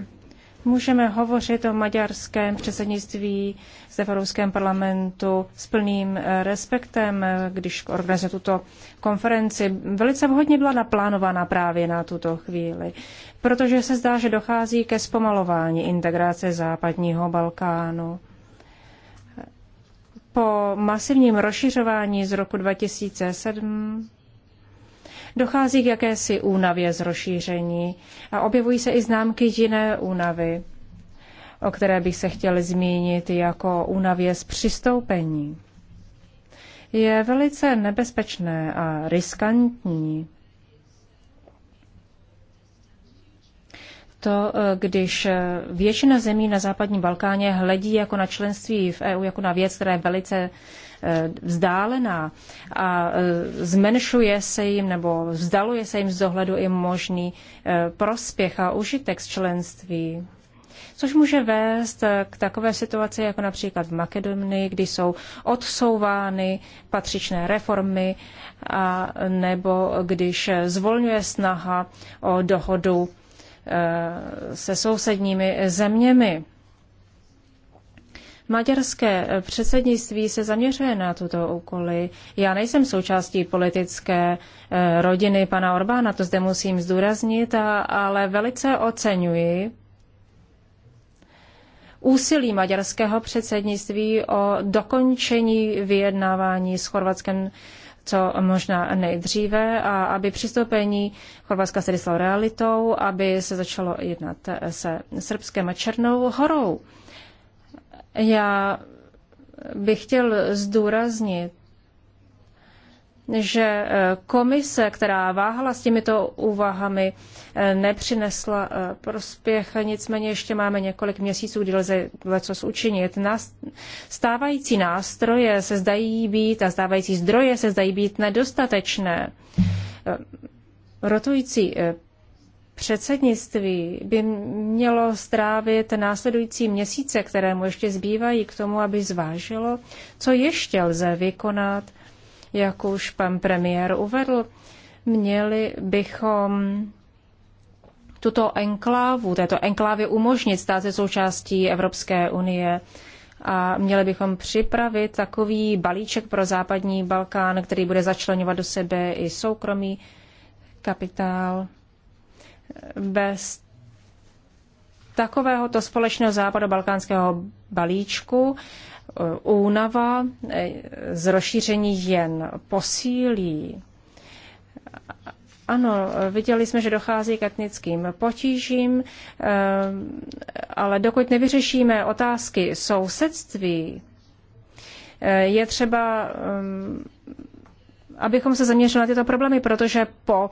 můžeme hovořit o maďarském předsednictví zde v Evropském parlamentu s plným eh, respektem, když organizuje tuto konferenci. Velice vhodně byla naplánovaná právě na tuto chvíli, protože se zdá, že dochází ke zpomalování integrace západního Balkánu po masivním rozšiřování z roku 2007 dochází k jakési únavě z rozšíření a objevují se i známky jiné únavy, o které bych se chtěl zmínit jako únavě z přistoupení. Je velice nebezpečné a riskantní to, eh, když eh, většina zemí na západním Balkáně hledí jako na členství v EU, jako na věc, která je velice eh, vzdálená a zmenšuje se jim nebo vzdaluje se jim z dohledu i možný prospěch a užitek z členství což může vést k takové situaci, jako například v Makedonii, kdy jsou odsouvány patřičné reformy, a, nebo když zvolňuje snaha o dohodu se sousedními zeměmi. Maďarské předsednictví se zaměřuje na tuto úkoly. Já nejsem součástí politické eh, rodiny pana Orbána, to zde musím zdůraznit, ale velice oceňuji úsilí maďarského předsednictví o dokončení vyjednávání s Chorvatskem co možná nejdříve a aby přistoupení Chorvatska se stalo realitou, aby se začalo jednat se Srbském a Černou horou. Já bych chtěl zdůraznit že eh, komise, která váhala s těmito úvahami, eh, nepřinesla eh, prospěch. Nicméně ještě máme několik měsíců, kdy lze co učinit. Stávající nástroje se zdají být a stávající zdroje se zdají být nedostatečné. Rotující předsednictví by mělo strávit následující měsíce, které mu ještě zbývají k tomu, aby zvážilo, co ještě lze vykonat – jak už pan premiér uvedl, měli bychom tuto enklávu, této enklávě umožnit stát se součástí Evropské unie. A měli bychom připravit takový balíček pro západní Balkán, který bude začlenovat do sebe i soukromý kapitál. Bez takovéhoto společného západobalkánského balíčku únava e, z rozšíření jen posílí. Ano, viděli jsme, že dochází k etnickým potížím, e, ale dokud nevyřešíme otázky sousedství, e, je třeba, abychom se zaměřili na tyto problémy, protože po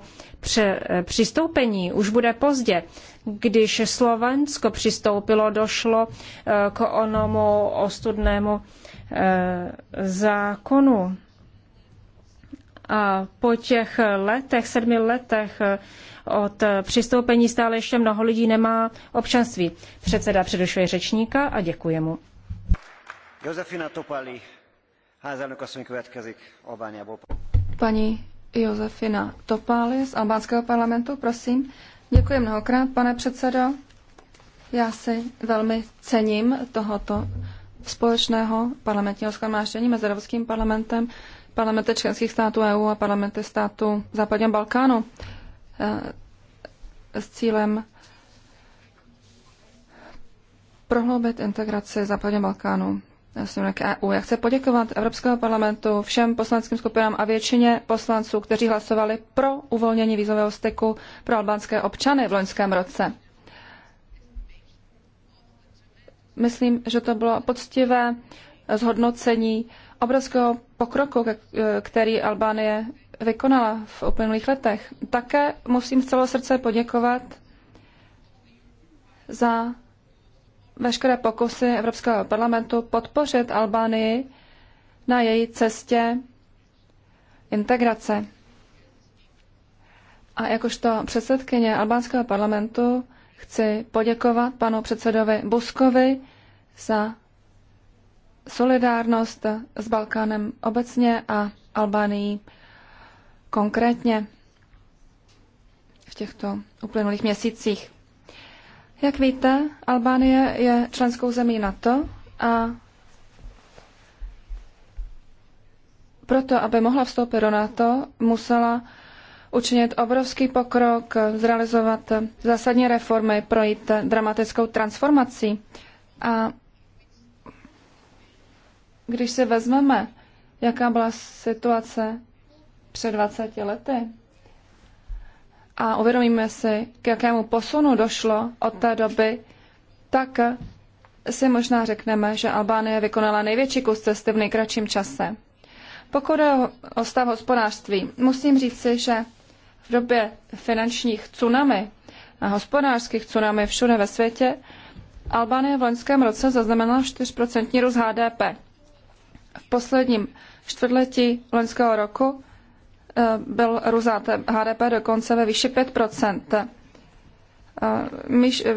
přistoupení už bude pozdě. Když Slovensko přistoupilo, došlo eh, k onomu ostudnému eh, zákonu. A po těch letech, sedmi letech eh, od přistoupení stále ještě mnoho lidí nemá občanství. Předseda předušuje řečníka a děkuji mu. Josefina Topali, házelnök asszony következik Albániából. Paní Josefina Topali z albánského parlamentu, prosím. Děkuji mnohokrát, pane předsedo. Já si velmi cením tohoto společného parlamentního schromáždění mezi Evropským parlamentem, parlamenty členských států EU a parlamenty států Západního Balkánu eh, s cílem prohloubit integraci Západního Balkánu EU. Já chci poděkovat Evropského parlamentu, všem poslaneckým skupinám a většině poslanců, kteří hlasovali pro uvolnění vízového styku pro albánské občany v loňském roce. Myslím, že to bylo poctivé zhodnocení obrovského pokroku, který Albánie vykonala v uplynulých letech. Také musím z celého srdce poděkovat za veškeré pokusy Evropského parlamentu podpořit Albánii na její cestě integrace. A jakožto předsedkyně albánského parlamentu chci poděkovat panu předsedovi Buskovi za solidárnost s Balkánem obecně a Albánií konkrétně v těchto uplynulých měsících. Jak víte, Albánie je členskou zemí NATO a proto, aby mohla vstoupit do NATO, musela učinit obrovský pokrok, zrealizovat zásadní reformy, projít dramatickou transformací. A když si vezmeme, jaká byla situace před 20 lety, a uvědomíme si, k jakému posunu došlo od té doby, tak si možná řekneme, že Albánie vykonala největší kus cesty v nejkratším čase. Pokud je o stav hospodářství, musím říci, že v době finančních tsunami a hospodářských tsunami všude ve světě Albánie v loňském roce zaznamenala 4% růst HDP. V posledním čtvrtletí loňského roku Eh, byl růzat HDP dokonce ve výši 5 eh, Míž, eh,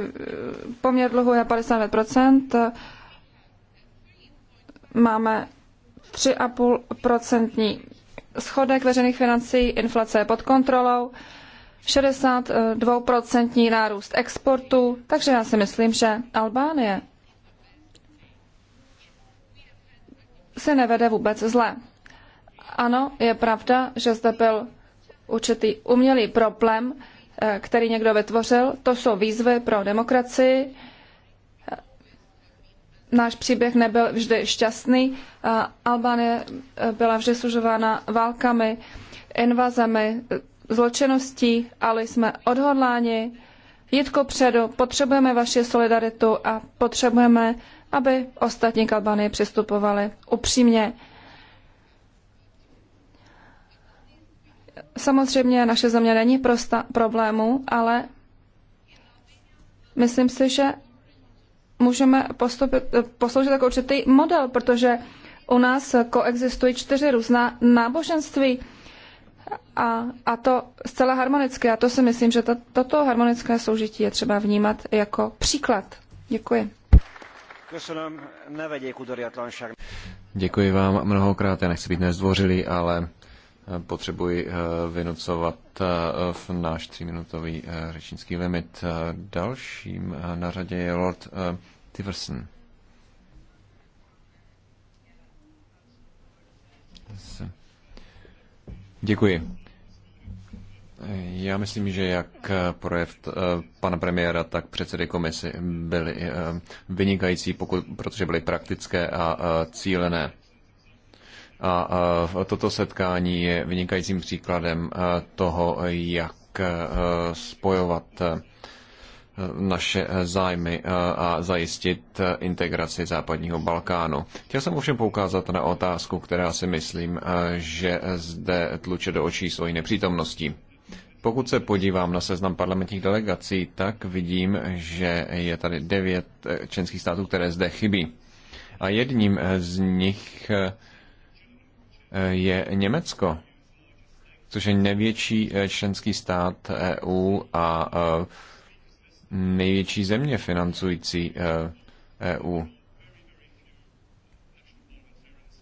poměr dluhu je 59 Máme 3,5 schodek veřejných financí, inflace je pod kontrolou, 62 nárůst exportu, takže já si myslím, že Albánie se nevede vůbec zle. Ano, je pravda, že zde byl určitý umělý problém, eh, který někdo vytvořil. To jsou výzvy pro demokracii. Náš příběh nebyl vždy šťastný. Eh, Albánie eh, byla vždy služována válkami, invazemi, zločinností, ale jsme odhodláni jít ku předu. Potřebujeme vaši solidaritu a potřebujeme, aby ostatní k Albánii přistupovali upřímně. Samozřejmě naše země není prosta problému, ale myslím si, že můžeme postupit, posloužit jako určitý model, protože u nás koexistují čtyři různá náboženství a, a to zcela harmonické. A to si myslím, že to, toto harmonické soužití je třeba vnímat jako příklad. Děkuji. Děkuji vám mnohokrát. Já nechci být nezdvořilý, ale potřebuji eh, vynucovat eh, v náš tříminutový eh, řečnický limit. Dalším na řadě je Lord Tiverson. Děkuji. Já myslím, že jak projev pana premiéra, tak předsedy komisy byly vynikající, pokud, protože byly praktické a cílené. A toto setkání je vynikajícím příkladem toho, jak e, spojovat e, naše zájmy e, a zajistit integraci západního Balkánu. Chtěl jsem ovšem poukázat na otázku, která si myslím, že zde tluče do očí svojí nepřítomností. Pokud se podívám na seznam parlamentních delegací, tak vidím, že je tady devět členských států, které zde chybí. A jedním z nich Eh, je Německo, což je největší eh, členský stát EU a eh, největší země financující EU. E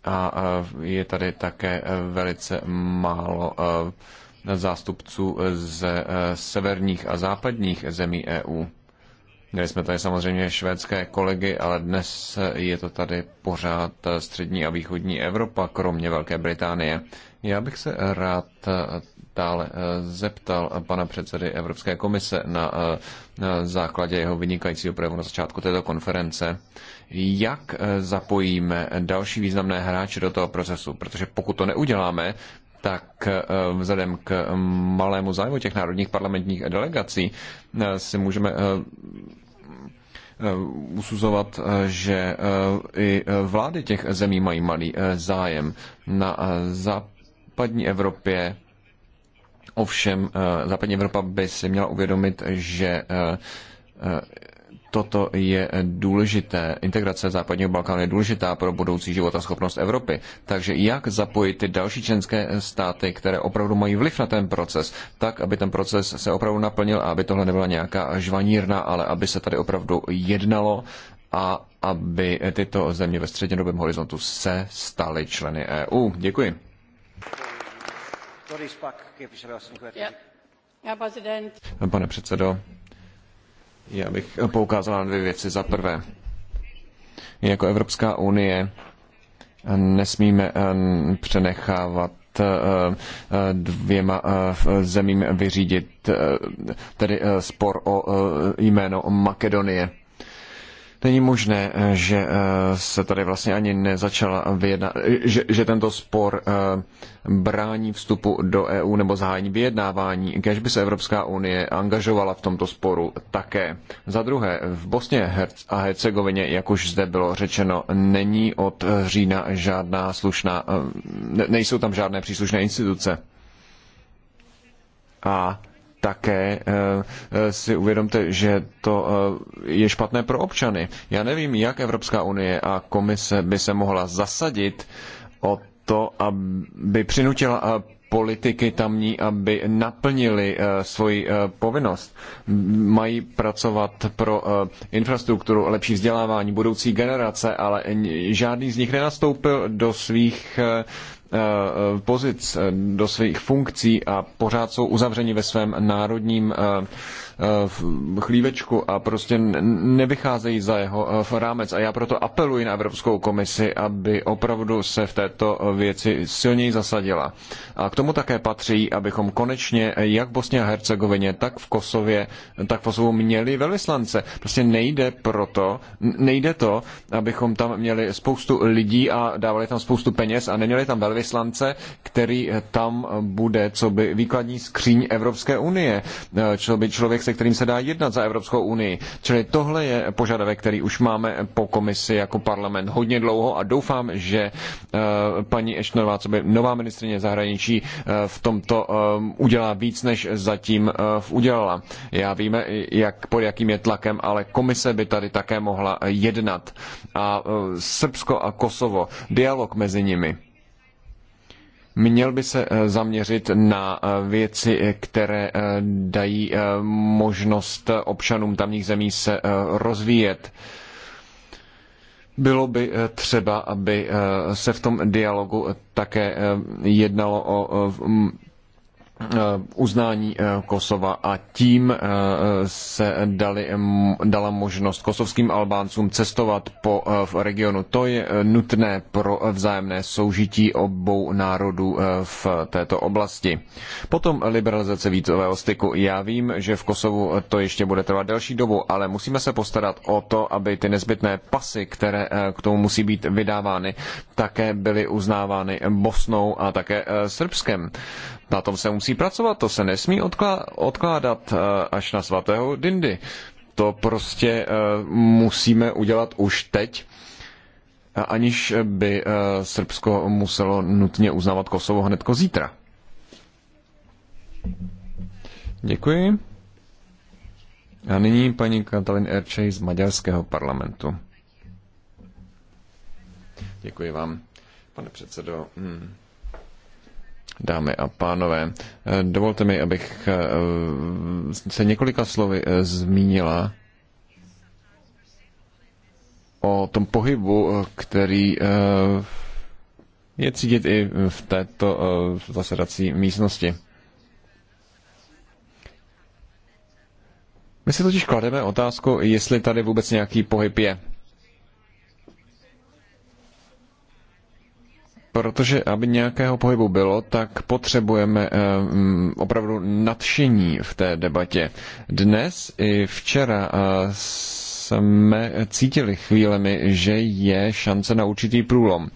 a je tady také velice málo zástupců z severních a západních zemí EU. Měli jsme tady samozřejmě švédské kolegy, ale dnes je to tady pořád střední a východní Evropa, kromě Velké Británie. Já bych se rád dále eh, zeptal pana předsedy Evropské komise na, na eh, základě jeho vynikajícího projevu na začátku této konference, jak eh, zapojíme další významné hráče do toho procesu, protože pokud to neuděláme, tak vzhledem k malému zájmu těch národních parlamentních delegací si můžeme Eh, usuzovat, eh, že eh, i vlády těch zemí mají malý zájem. Na západní Evropě ovšem západní Evropa by si měla uvědomit, že toto je důležité. Integrace západního Balkánu je důležitá pro budoucí život a schopnost Evropy. Takže jak zapojit ty další členské státy, které opravdu mají vliv na ten proces, tak, aby ten proces se opravdu naplnil a aby tohle nebyla nějaká žvanírna, ale aby se tady opravdu jednalo a aby tyto země ve střednědobém horizontu se staly členy EU. Děkuji. Pane předsedo, já bych poukázal na dvě věci. Za prvé, jako Evropská unie nesmíme eh, přenechávat eh, eh, dvěma zemím vyřídit tedy spor o jméno Makedonie. Není možné, eh, že eh, se tady vlastně ani nezačala vyjedna, že, že tento spor eh, brání vstupu do EU nebo zahájení vyjednávání, když by se Evropská unie angažovala v tomto sporu také. Za druhé, v Bosně a Hercegovině, jak už zde bylo řečeno, není od října žádná slušná, nejsou tam žádné příslušné instituce. A také eh, eh, si uvědomte, že to eh, je špatné pro občany. Já nevím, jak Evropská unie a komise by se mohla zasadit o to, aby přinutila politiky tamní, aby naplnili svoji povinnost. Mají pracovat pro infrastrukturu, lepší vzdělávání budoucí generace, ale žádný z nich nenastoupil do svých Eh, eh, pozic eh, do svých funkcí a pořád jsou uzavřeni ve svém národním Eh, chlívečku a prostě nevycházejí za jeho eh, rámec. A já proto apeluji na Evropskou komisi, aby opravdu se v této eh, věci silněji zasadila. A k tomu také patří, abychom konečně jak v Bosně a Hercegovině, tak v Kosově, tak v Kosovu měli velvyslance. Prostě nejde proto, nejde to, abychom tam měli spoustu lidí a dávali tam spoustu peněz a neměli tam velvyslance, který tam bude co by výkladní skříň Evropské unie. Čo by člověk se kterým se dá jednat za Evropskou unii. Čili tohle je požadavek, který už máme po komisi jako parlament hodně dlouho a doufám, že eh, paní Ešnová, co by nová ministrině zahraničí, eh, v tomto eh, udělá víc, než zatím udělala. Já víme, jak, pod jakým je tlakem, ale komise by tady také mohla jednat. A Srbsko a Kosovo, dialog mezi nimi Měl by se eh, zaměřit na eh, věci, eh, které dají možnost občanům tamních zemí se rozvíjet. Bylo by třeba, aby se v tom dialogu také jednalo o Eh, uznání eh, Kosova a tím eh, se dali, dala možnost kosovským Albáncům cestovat po v regionu. To je nutné pro vzájemné soužití obou národů v této oblasti. Potom liberalizace vízového styku. Já vím, že v Kosovu to ještě bude trvat delší dobu, ale musíme se postarat o to, aby ty nezbytné pasy, které k tomu musí být vydávány, také byly uznávány Bosnou a také Srbskem na tom se musí pracovat, to se nesmí odkládat eh, až na svatého dindy. To prostě eh, musíme udělat už teď, aniž by eh, Srbsko muselo nutně uznávat Kosovo hnedko zítra. Děkuji. A nyní paní Katalin Erčej z Maďarského parlamentu. Děkuji vám, pane předsedo. Hmm. Dámy a pánové, dovolte mi, abych eh, se několika slovy eh, zmínila o tom pohybu, eh, který je cítit i v této zasedací místnosti. My si totiž klademe otázku, jestli tady vůbec nějaký pohyb je. protože aby nějakého pohybu bylo, tak potřebujeme eh, mm, opravdu nadšení v té debatě. Dnes i včera eh, jsme cítili chvílemi, že je šance na určitý průlom.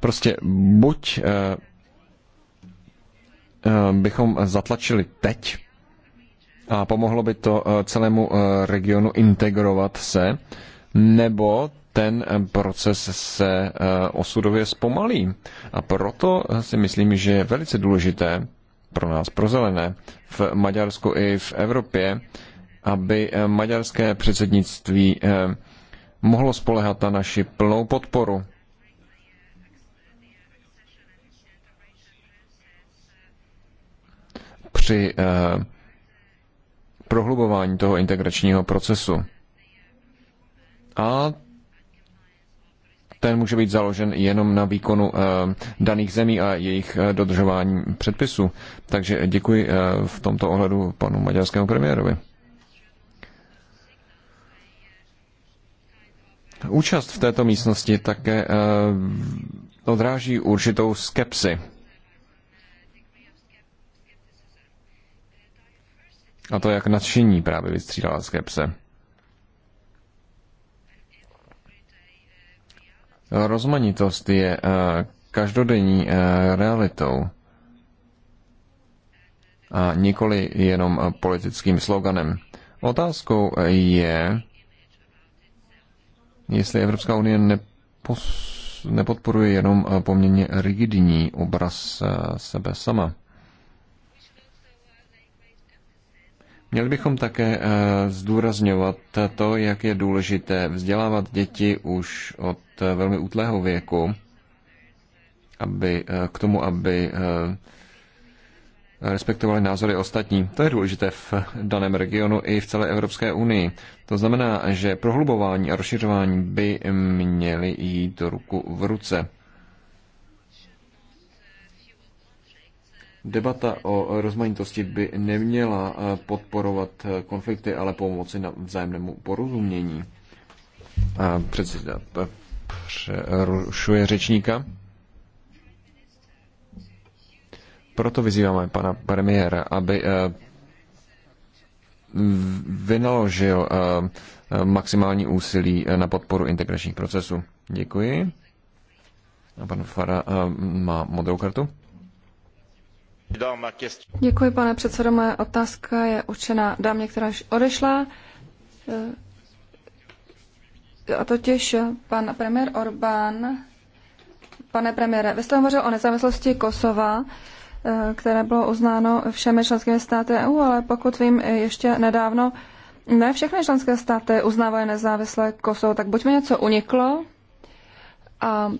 Prostě buď eh, bychom zatlačili teď a pomohlo by to celému regionu integrovat se, nebo ten eh, proces se eh, osudově zpomalí. A proto eh, si myslím, že je velice důležité pro nás, pro zelené, v Maďarsku i v Evropě, aby maďarské předsednictví mohlo spolehat na naši plnou podporu. Při prohlubování toho integračního procesu. A ten může být založen jenom na výkonu eh, daných zemí a jejich eh, dodržování předpisů. Takže děkuji eh, v tomto ohledu panu maďarskému premiérovi. Účast v této místnosti také odráží určitou skepsi. A to, jak nadšení právě vystřídala skepse. Rozmanitost je eh, každodenní eh, realitou a nikoli jenom eh, politickým sloganem. Otázkou je, jestli Evropská unie nepos, nepodporuje jenom poměrně rigidní obraz sebe sama. Měli bychom také eh, zdůrazňovat to, jak je důležité vzdělávat děti už od eh, velmi útlého věku, aby, eh, k tomu, aby respektovali názory ostatní. To je důležité v daném regionu i v celé Evropské unii. To znamená, že prohlubování a rozšiřování by měly jít ruku v ruce. Debata o rozmanitosti by neměla eh, podporovat eh, konflikty, ale pomoci na vzájemnému porozumění. A předseda přerušuje řečníka. Proto vyzýváme pana premiéra, aby eh, vynaložil maximální úsilí na podporu integračních procesů. Děkuji. A pan Fara má modrou kartu. Děkuji, pane předsedo. Moje otázka je určena dámě, která už odešla. E, a totiž pan premiér Orbán, pane premiére, vy jste hovořil o nezávislosti Kosova, e, které bylo uznáno všemi členskými státy EU, ale pokud vím, ještě nedávno ne všechny členské státy uznávají nezávislé Kosovo, tak buď mi něco uniklo, a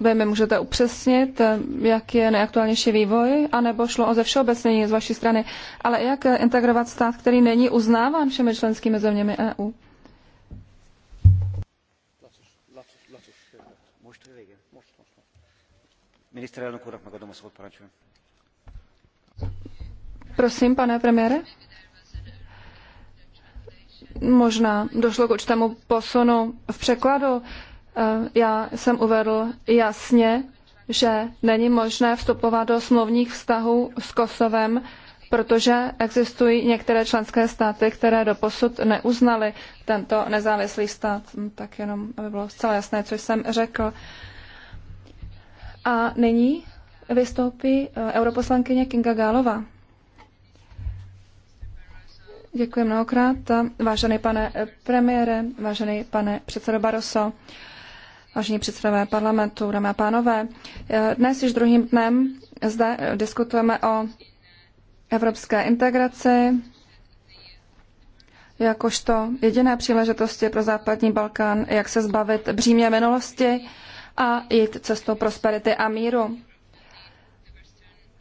vy mi můžete upřesnit, jak je nejaktuálnější vývoj, anebo šlo o ze všeobecnění z vaší strany, ale jak integrovat stát, který není uznáván všemi členskými zeměmi EU? Prosím, pane premiére. Možná došlo k určitému posunu v překladu. Eh, já jsem uvedl jasně, že není možné vstupovat do smluvních vztahů s Kosovem, protože existují některé členské státy, které doposud neuznaly tento nezávislý stát. Hm, tak jenom, aby bylo zcela jasné, co jsem řekl. A nyní vystoupí eh, europoslankyně Kinga Gálova. Děkuji mnohokrát. Eh, vážený pane premiére, vážený pane předsedo Barroso, vážení předsedové parlamentu, dámy a pánové. Dnes již druhým dnem zde diskutujeme o evropské integraci jakožto jediné příležitosti pro západní Balkán, jak se zbavit břímě minulosti a jít cestou prosperity a míru.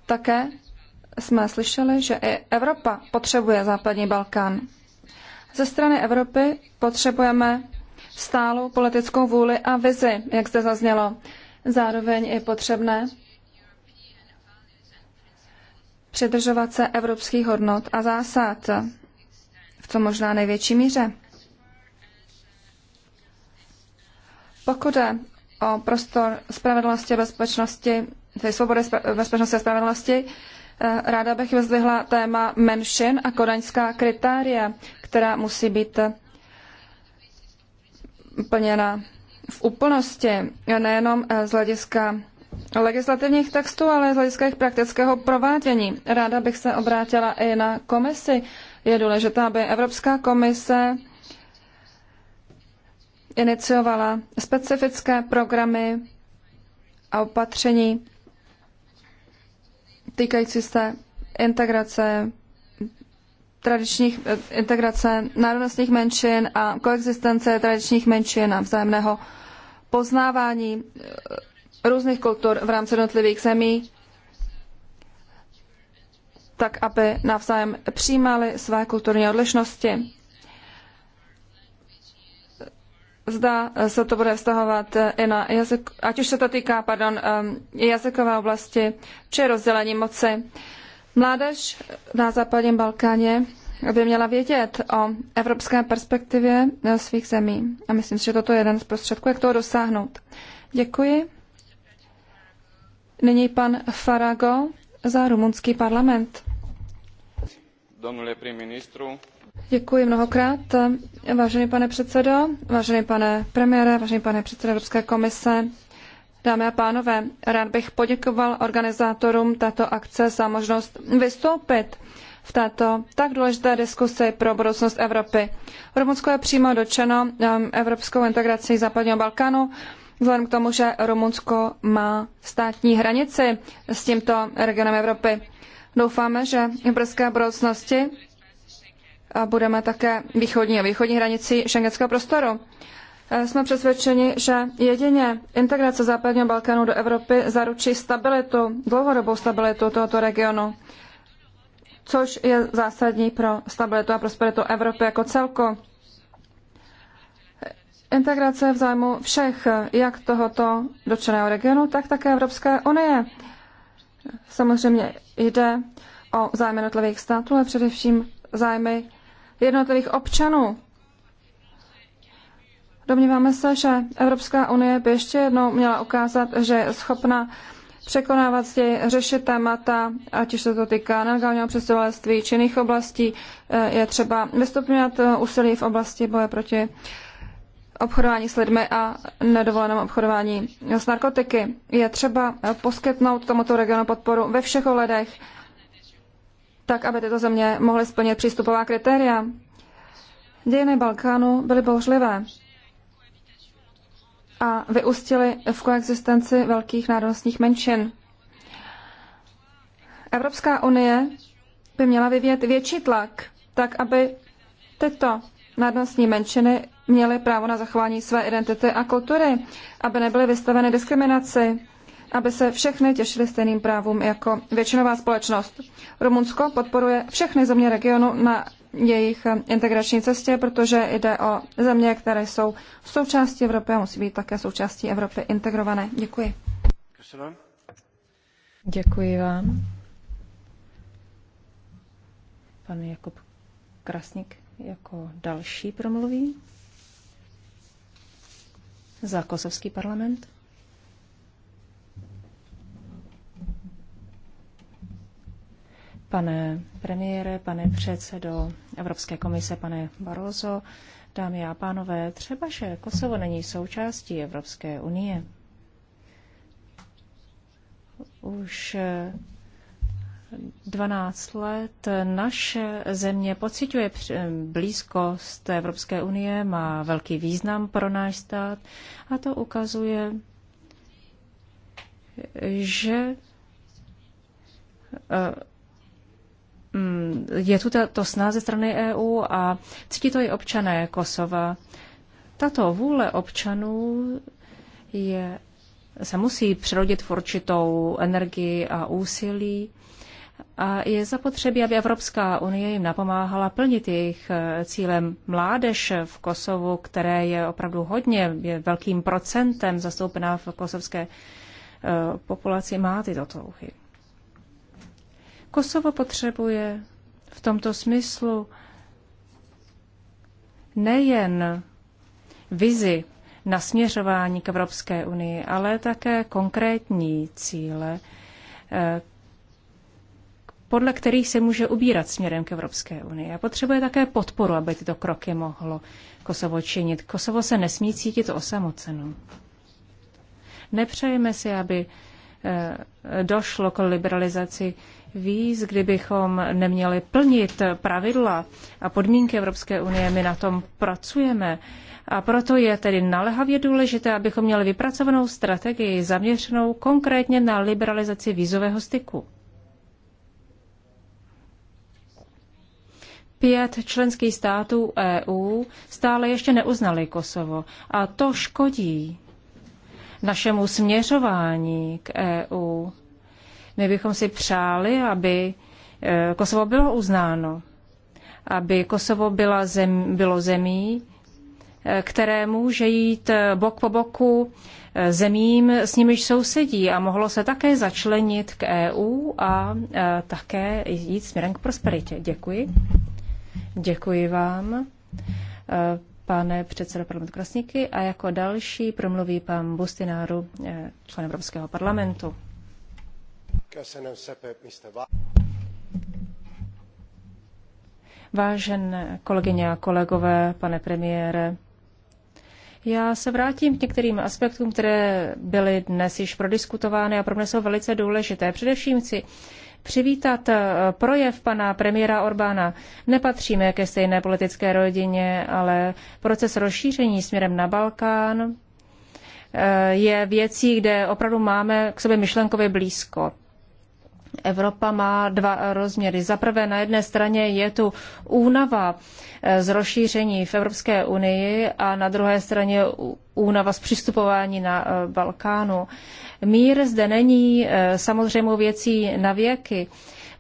Také jsme slyšeli, že i Evropa potřebuje západní Balkán. Ze strany Evropy potřebujeme stálou politickou vůli a vizi, jak zde zaznělo. Zároveň je potřebné přidržovat se evropských hodnot a zásad v co možná největší míře. Pokud je o prostor spravedlnosti a bezpečnosti, tedy svobody bezpečnosti a spravedlnosti, eh, ráda bych vyzdvihla téma menšin a kodaňská kritéria, která musí být plněna v úplnosti, nejenom eh, z hlediska legislativních textů, ale z hlediska jejich praktického provádění. Ráda bych se obrátila i na komisi. Je důležité, aby Evropská komise iniciovala specifické programy a opatření týkající se integrace tradičních eh, integrace národnostních menšin a koexistence tradičních menšin a vzájemného poznávání eh, různých kultur v rámci jednotlivých zemí, tak aby navzájem přijímali své kulturní odlišnosti. Zda se to bude vztahovat i na jazyk, ať už se to týká pardon, eh, jazykové oblasti či rozdělení moci. Mládež na západním Balkáně by měla vědět o evropské perspektivě eh, svých zemí. A myslím si, že toto je jeden z prostředků, jak toho dosáhnout. Děkuji. Nyní pan Farago za rumunský parlament. Děkuji mnohokrát. Eh, vážený pane předsedo, vážený pane premiére, vážený pane předsedo Evropské komise, Dámy a pánové, rád bych poděkoval organizátorům této akce za možnost vystoupit v této tak důležité diskusi pro budoucnost Evropy. Rumunsko je přímo dočeno um, evropskou integrací západního Balkánu, vzhledem k tomu, že Rumunsko má státní hranici s tímto regionem Evropy. Doufáme, že v brzké budoucnosti budeme také východní a východní hranicí šengenského prostoru. Eh, jsme přesvědčeni, že jedině integrace západního Balkánu do Evropy zaručí stabilitu, dlouhodobou stabilitu tohoto regionu, což je zásadní pro stabilitu a prosperitu Evropy jako celku. Integrace v zájmu všech, jak tohoto dočeného regionu, tak také Evropské unie. Samozřejmě jde o zájmy jednotlivých států, ale především zájmy jednotlivých občanů Domníváme se, že Evropská unie by ještě jednou měla ukázat, že je schopna překonávat si, řešit témata, ať už se to týká nelegálního přestěhovalectví či jiných oblastí. Eh, je třeba vystupňovat eh, úsilí v oblasti boje proti obchodování s lidmi a nedovoleném obchodování s narkotiky. Je třeba poskytnout tomuto regionu podporu ve všech ohledech, tak aby tyto země mohly splnit přístupová kritéria. Dějiny Balkánu byly bouřlivé a vyústily v koexistenci velkých národnostních menšin. Evropská unie by měla vyvíjet větší tlak, tak aby tyto národnostní menšiny měly právo na zachování své identity a kultury, aby nebyly vystaveny diskriminaci, aby se všechny těšily stejným právům jako většinová společnost. Rumunsko podporuje všechny země regionu na jejich integrační cestě, protože jde o země, které jsou v součástí Evropy a musí být také součástí Evropy integrované. Děkuji. Děkuji vám. Pan Jakub Krasník jako další promluví za kosovský parlament. Pane premiére, pane předsedo Evropské komise, pane Barroso, dámy a pánové, třeba, že Kosovo není součástí Evropské unie. Už 12 eh, let naše země pociťuje eh, blízkost Evropské unie, má velký význam pro náš stát a to ukazuje, že eh, Mm, je tu to snaha ze strany EU a cítí to i občané Kosova. Tato vůle občanů je, se musí přerodit v určitou energii a úsilí a je zapotřebí, aby Evropská unie jim napomáhala plnit jejich eh, cílem mládež v Kosovu, které je opravdu hodně, je velkým procentem zastoupená v kosovské eh, populaci, má tyto touhy. Kosovo potřebuje v tomto smyslu nejen vizi na směřování k Evropské unii, ale také konkrétní cíle, eh, podle kterých se může ubírat směrem k Evropské unii. A potřebuje také podporu, aby tyto kroky mohlo Kosovo činit. Kosovo se nesmí cítit osamoceno. Nepřejeme si, aby eh, došlo k liberalizaci víz, kdybychom neměli plnit pravidla a podmínky Evropské unie. My na tom pracujeme. A proto je tedy nalehavě důležité, abychom měli vypracovanou strategii zaměřenou konkrétně na liberalizaci vízového styku. Pět členských států EU stále ještě neuznali Kosovo a to škodí našemu směřování k EU my bychom si přáli, aby eh, Kosovo bylo uznáno, aby Kosovo byla zem, bylo zemí, eh, které může jít eh, bok po boku zemím, s nimiž sousedí a mohlo se také začlenit k EU a také jít směrem k prosperitě. Děkuji. Děkuji vám, pane předsedo parlamentu Krasníky. A jako další promluví pan Bustináru, člen Evropského parlamentu. Vážené kolegyně a kolegové, pane premiére, já se vrátím k některým aspektům, které byly dnes již prodiskutovány a pro mě jsou velice důležité. Především chci přivítat eh, projev pana premiéra Orbána. Nepatříme ke stejné politické rodině, ale proces rozšíření směrem na Balkán eh, je věcí, kde opravdu máme k sobě myšlenkově blízko. Evropa má dva rozměry. Za prvé na jedné straně je tu únava eh, z rozšíření v Evropské unii a na druhé straně únava z přistupování na eh, Balkánu. Mír zde není eh, samozřejmě věcí na věky.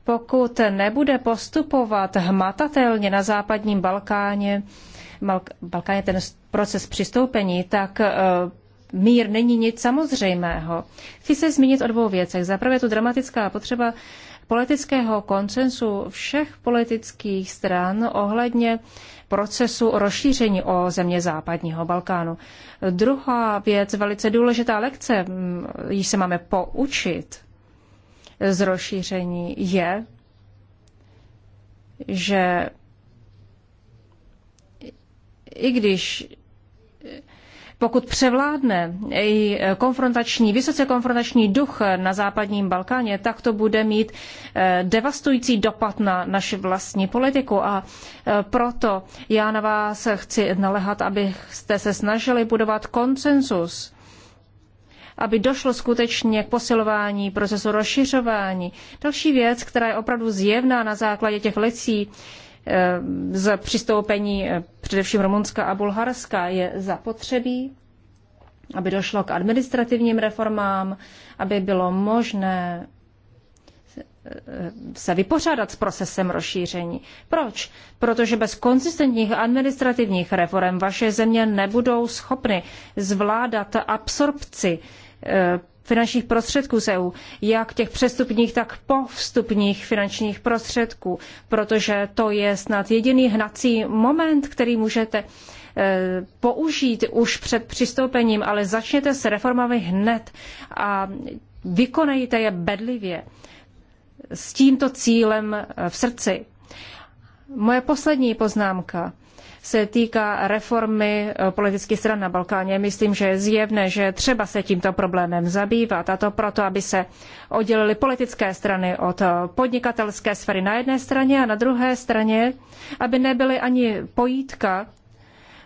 Pokud nebude postupovat hmatatelně na západním Balkáně, Balkáně ten proces přistoupení, tak mír není nic samozřejmého. Chci se zmínit o dvou věcech. Za prvé tu dramatická potřeba politického koncensu všech politických stran ohledně procesu rozšíření o země západního Balkánu. Druhá věc, velice důležitá lekce, mm, již se máme poučit z rozšíření, je, že i když pokud převládne i konfrontační, vysoce konfrontační duch na západním Balkáně, tak to bude mít eh, devastující dopad na naši vlastní politiku. A eh, proto já na vás chci nalehat, abyste se snažili budovat konsensus aby došlo skutečně k posilování procesu rozšiřování. Další věc, která je opravdu zjevná na základě těch lecí, z přistoupení eh, především Rumunska a Bulharska je zapotřebí, aby došlo k administrativním reformám, aby bylo možné eh, se vypořádat s procesem rozšíření. Proč? Protože bez konzistentních administrativních reform vaše země nebudou schopny zvládat absorpci eh, finančních prostředků z EU, jak těch přestupních, tak povstupních finančních prostředků, protože to je snad jediný hnací moment, který můžete eh, použít už před přistoupením, ale začněte s reformami hned a vykonejte je bedlivě s tímto cílem eh, v srdci. Moje poslední poznámka se týká reformy eh, politických stran na Balkáně. Myslím, že je zjevné, že třeba se tímto problémem zabývat a to proto, aby se oddělily politické strany od eh, podnikatelské sféry na jedné straně a na druhé straně, aby nebyly ani pojítka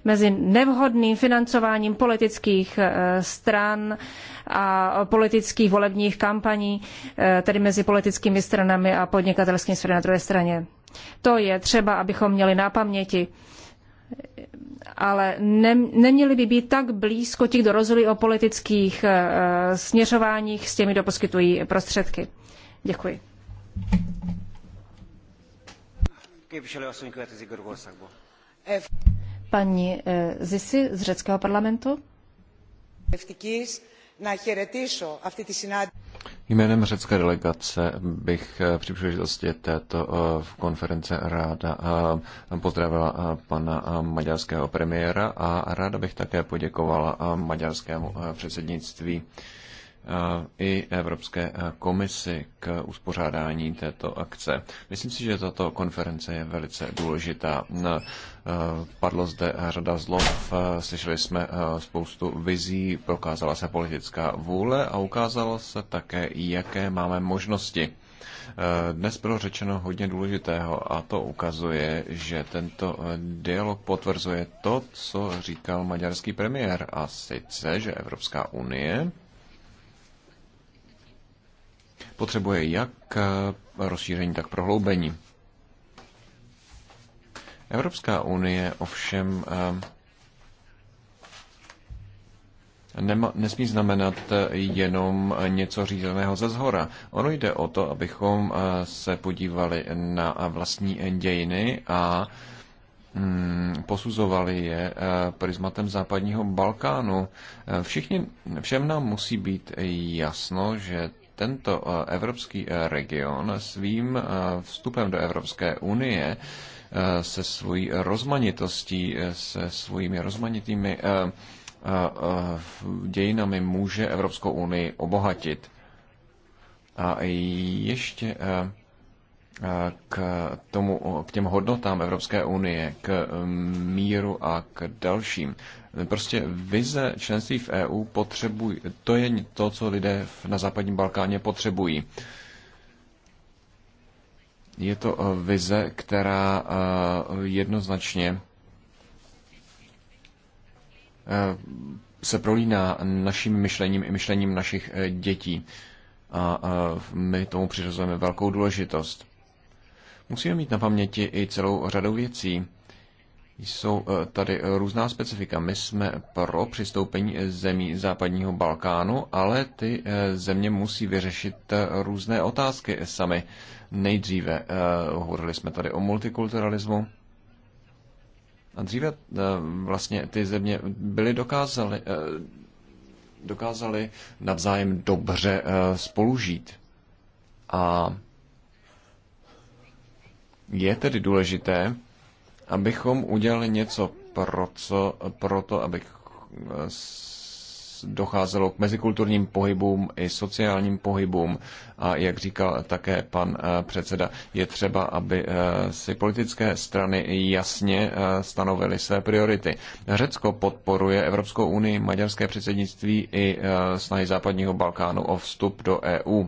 mezi nevhodným financováním politických eh, stran a politických volebních kampaní, tedy mezi politickými stranami a podnikatelskými stranami na druhé straně. To je třeba, abychom měli na paměti ale ne, neměli by být tak blízko ti, kdo rozhodují o politických uh, směřováních s těmi, kdo poskytují prostředky. Děkuji. Paní eh, Zisi z řeckého parlamentu. Jménem řecké delegace bych eh, při příležitosti této eh, konference ráda eh, pozdravila pana maďarského premiéra a ráda bych také poděkovala maďarskému předsednictví i Evropské komisi k uspořádání této akce. Myslím si, že tato konference je velice důležitá. E, padlo zde řada zlov, e, slyšeli jsme e, spoustu vizí, prokázala se politická vůle a ukázalo se také, jaké máme možnosti. Dnes bylo řečeno hodně důležitého a to ukazuje, že tento dialog potvrzuje to, co říkal maďarský premiér, a sice, že Evropská unie potřebuje jak eh, rozšíření, tak prohloubení. Evropská unie ovšem eh, nema, nesmí znamenat eh, jenom něco řízeného ze zhora. Ono jde o to, abychom se podívali na vlastní dějiny a mm, posuzovali je prismatem západního Balkánu. Všichni, všem nám musí být jasno, že tento eh, evropský eh, region svým eh, vstupem do Evropské unie se svojí rozmanitostí, se svými rozmanitými dějinami může Evropskou unii obohatit. A ještě k, tomu, k těm hodnotám Evropské unie, k míru a k dalším. Prostě vize členství v EU potřebují, to je to, co lidé na západním Balkáně potřebují. Je to eh, vize, která eh, jednoznačně eh, se prolíná naším myšlením i myšlením našich dětí. A my tomu přirozujeme velkou důležitost. Musíme mít na paměti i celou řadu věcí jsou eh, tady eh, různá specifika. My jsme pro přistoupení zemí západního Balkánu, ale ty eh, země musí vyřešit různé otázky sami. Nejdříve hovořili jsme tady o multikulturalismu. A dříve vlastně ty země byly dokázaly, dokázaly navzájem dobře spolužít. A je tedy důležité abychom udělali něco pro, co, pro to, aby docházelo k mezikulturním pohybům i sociálním pohybům. A jak říkal také pan eh, předseda, je třeba, aby eh, si politické strany jasně eh, stanovily své priority. Řecko podporuje Evropskou unii, maďarské předsednictví i snahy západního Balkánu o vstup do EU.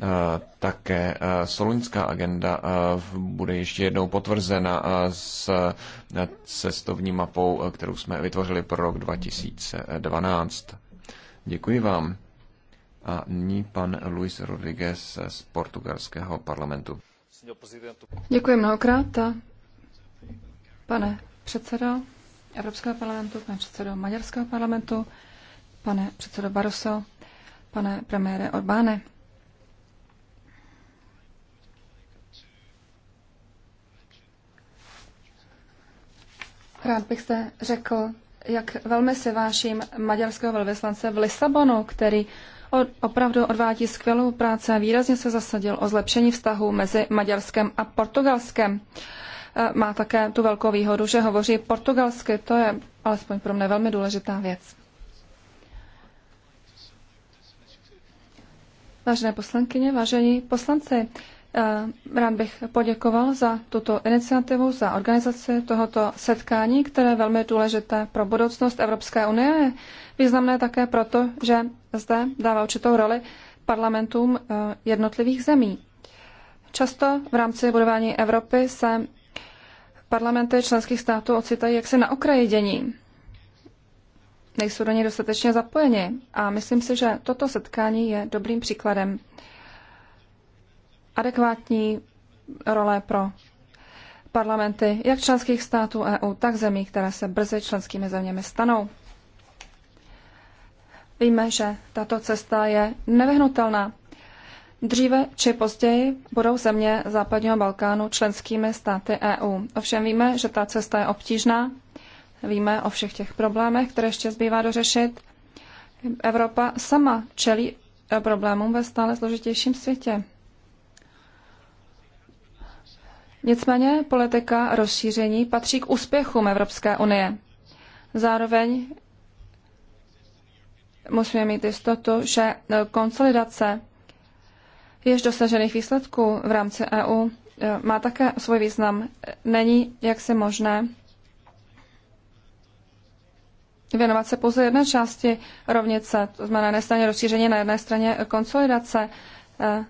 Eh, také eh, solunická agenda eh, bude ještě jednou potvrzena s cestovní mapou, kterou jsme vytvořili pro rok 2012. Děkuji vám. A nyní pan Luis Rodriguez z portugalského parlamentu. Děkuji mnohokrát. Pane předsedo Evropského parlamentu, pane předsedo Maďarského parlamentu, pane předsedo Barroso, pane premiére Orbáne. Rád bych se řekl, jak velmi si váším maďarského velvyslance v Lisabonu, který opravdu odvádí skvělou práci a výrazně se zasadil o zlepšení vztahu mezi Maďarskem a Portugalskem. E, má také tu velkou výhodu, že hovoří portugalsky. To je alespoň pro mě velmi důležitá věc. Vážené poslankyně, vážení poslanci, Eh, rád bych poděkoval za tuto iniciativu, za organizaci tohoto setkání, které je velmi důležité pro budoucnost Evropské unie. Je významné také proto, že zde dává určitou roli parlamentům eh, jednotlivých zemí. Často v rámci budování Evropy se parlamenty členských států ocitají jaksi na okraji dění. Nejsou do něj dostatečně zapojeni a myslím si, že toto setkání je dobrým příkladem adekvátní role pro parlamenty jak členských států EU, tak zemí, které se brzy členskými zeměmi stanou. Víme, že tato cesta je nevyhnutelná. Dříve či později budou země západního Balkánu členskými státy EU. Ovšem víme, že ta cesta je obtížná. Víme o všech těch problémech, které ještě zbývá dořešit. Evropa sama čelí problémům ve stále složitějším světě. Nicméně politika rozšíření patří k úspěchům Evropské unie. Zároveň musíme mít jistotu, že e, konsolidace jež dosažených výsledků v rámci EU e, má také svůj význam. Není jaksi možné věnovat se pouze jedné části rovnice, to znamená na jedné straně rozšíření, na jedné straně konsolidace. E,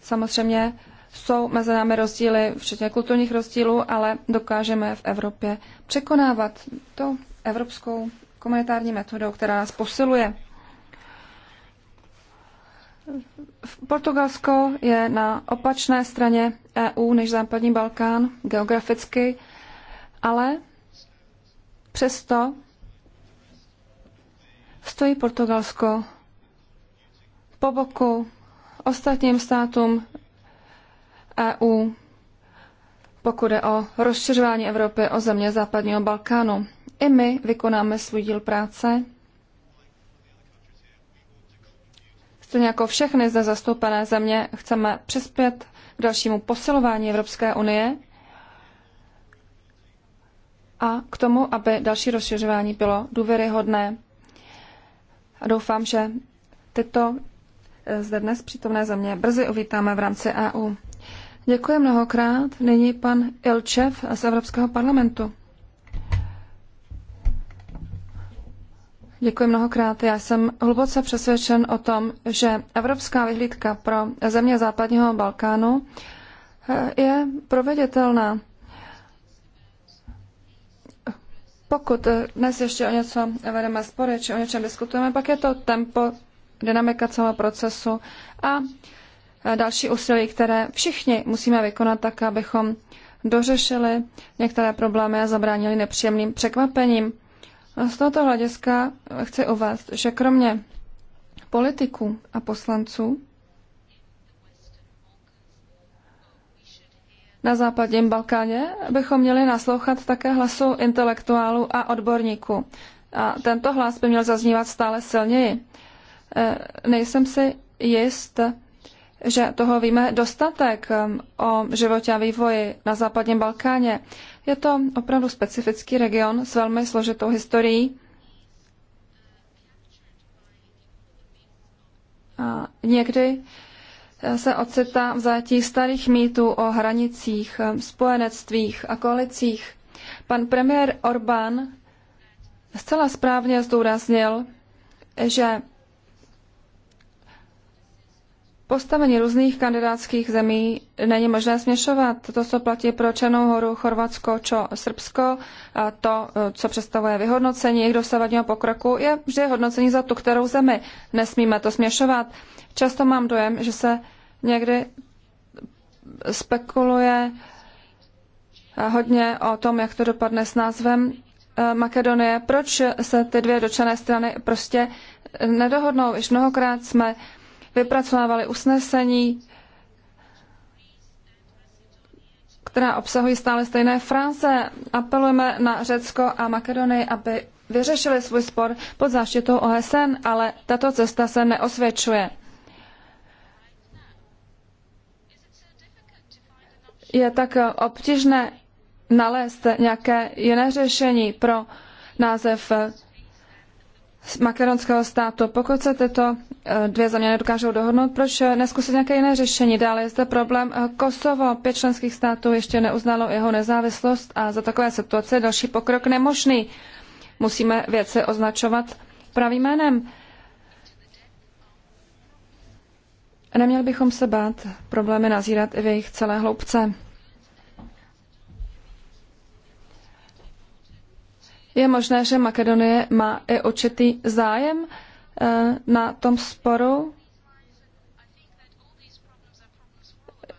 samozřejmě jsou mezi námi rozdíly, včetně kulturních rozdílů, ale dokážeme v Evropě překonávat to evropskou komunitární metodou, která nás posiluje. V Portugalsko je na opačné straně EU než západní Balkán geograficky, ale přesto stojí Portugalsko po boku ostatním státům EU, pokud jde o rozšiřování Evropy o země západního Balkánu. I my vykonáme svůj díl práce, Stejně jako všechny zde zastoupené země chceme přispět k dalšímu posilování Evropské unie a k tomu, aby další rozšiřování bylo důvěryhodné. A doufám, že tyto eh, zde dnes přítomné země brzy uvítáme v rámci EU. Děkuji mnohokrát. Nyní pan Ilčev z Evropského parlamentu. Děkuji mnohokrát. Já jsem hluboce přesvědčen o tom, že evropská vyhlídka pro země západního Balkánu eh, je proveditelná. Pokud dnes ještě o něco vedeme spory, či o něčem diskutujeme, pak je to tempo, dynamika celého procesu a další úsilí, které všichni musíme vykonat tak, abychom dořešili některé problémy a zabránili nepříjemným překvapením. Z tohoto hlediska chci uvést, že kromě politiků a poslanců na západním Balkáně bychom měli naslouchat také hlasu intelektuálů a odborníků. A tento hlas by měl zaznívat stále silněji. E, nejsem si jist, že toho víme dostatek um, o životě a vývoji na západním Balkáně. Je to opravdu specifický region s velmi složitou historií. A někdy eh, se ocitá v zajetí starých mýtů o hranicích, eh, spojenectvích a koalicích. Pan premiér Orbán zcela správně zdůraznil, že Postavení různých kandidátských zemí není možné směšovat. To, co platí pro Černou horu, Chorvatsko, čo Srbsko, a to, co představuje vyhodnocení jejich dosavadního pokroku, je vždy hodnocení za tu, kterou zemi. Nesmíme to směšovat. Často mám dojem, že se někdy spekuluje hodně o tom, jak to dopadne s názvem e, Makedonie. Proč se ty dvě dočené strany prostě nedohodnou? Již mnohokrát jsme vypracovávali usnesení, která obsahují stále stejné fráze. Apelujeme na Řecko a Makedonii, aby vyřešili svůj spor pod záštitou OSN, ale tato cesta se neosvědčuje. Je tak obtížné nalézt nějaké jiné řešení pro název makedonského státu. Pokud se tyto eh, dvě země nedokážou dohodnout, proč eh, neskusit nějaké jiné řešení? Dále je zde problém eh, Kosovo. Pět členských států ještě neuznalo jeho nezávislost a za takové situace další pokrok nemožný. Musíme věci označovat pravým jménem. Neměli bychom se bát problémy nazírat i v jejich celé hloubce. je možné, že Makedonie má i určitý zájem eh, na tom sporu.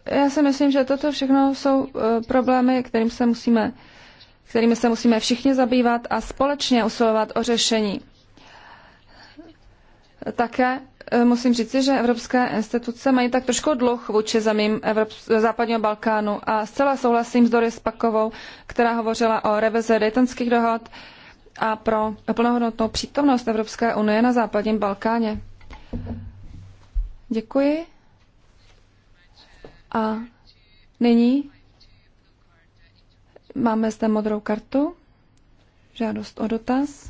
Já si myslím, že toto všechno jsou eh, problémy, kterým se musíme, kterými se musíme všichni zabývat a společně usilovat o řešení. Také Eh, musím říci, že evropské instituce mají tak trošku dluh vůči zemím Evrop- západního Balkánu a zcela souhlasím s Doris Pakovou, která hovořila o revizi Daytonských dohod a pro plnohodnotnou přítomnost Evropské unie na západním Balkáně. Děkuji. A nyní máme zde modrou kartu, žádost o dotaz.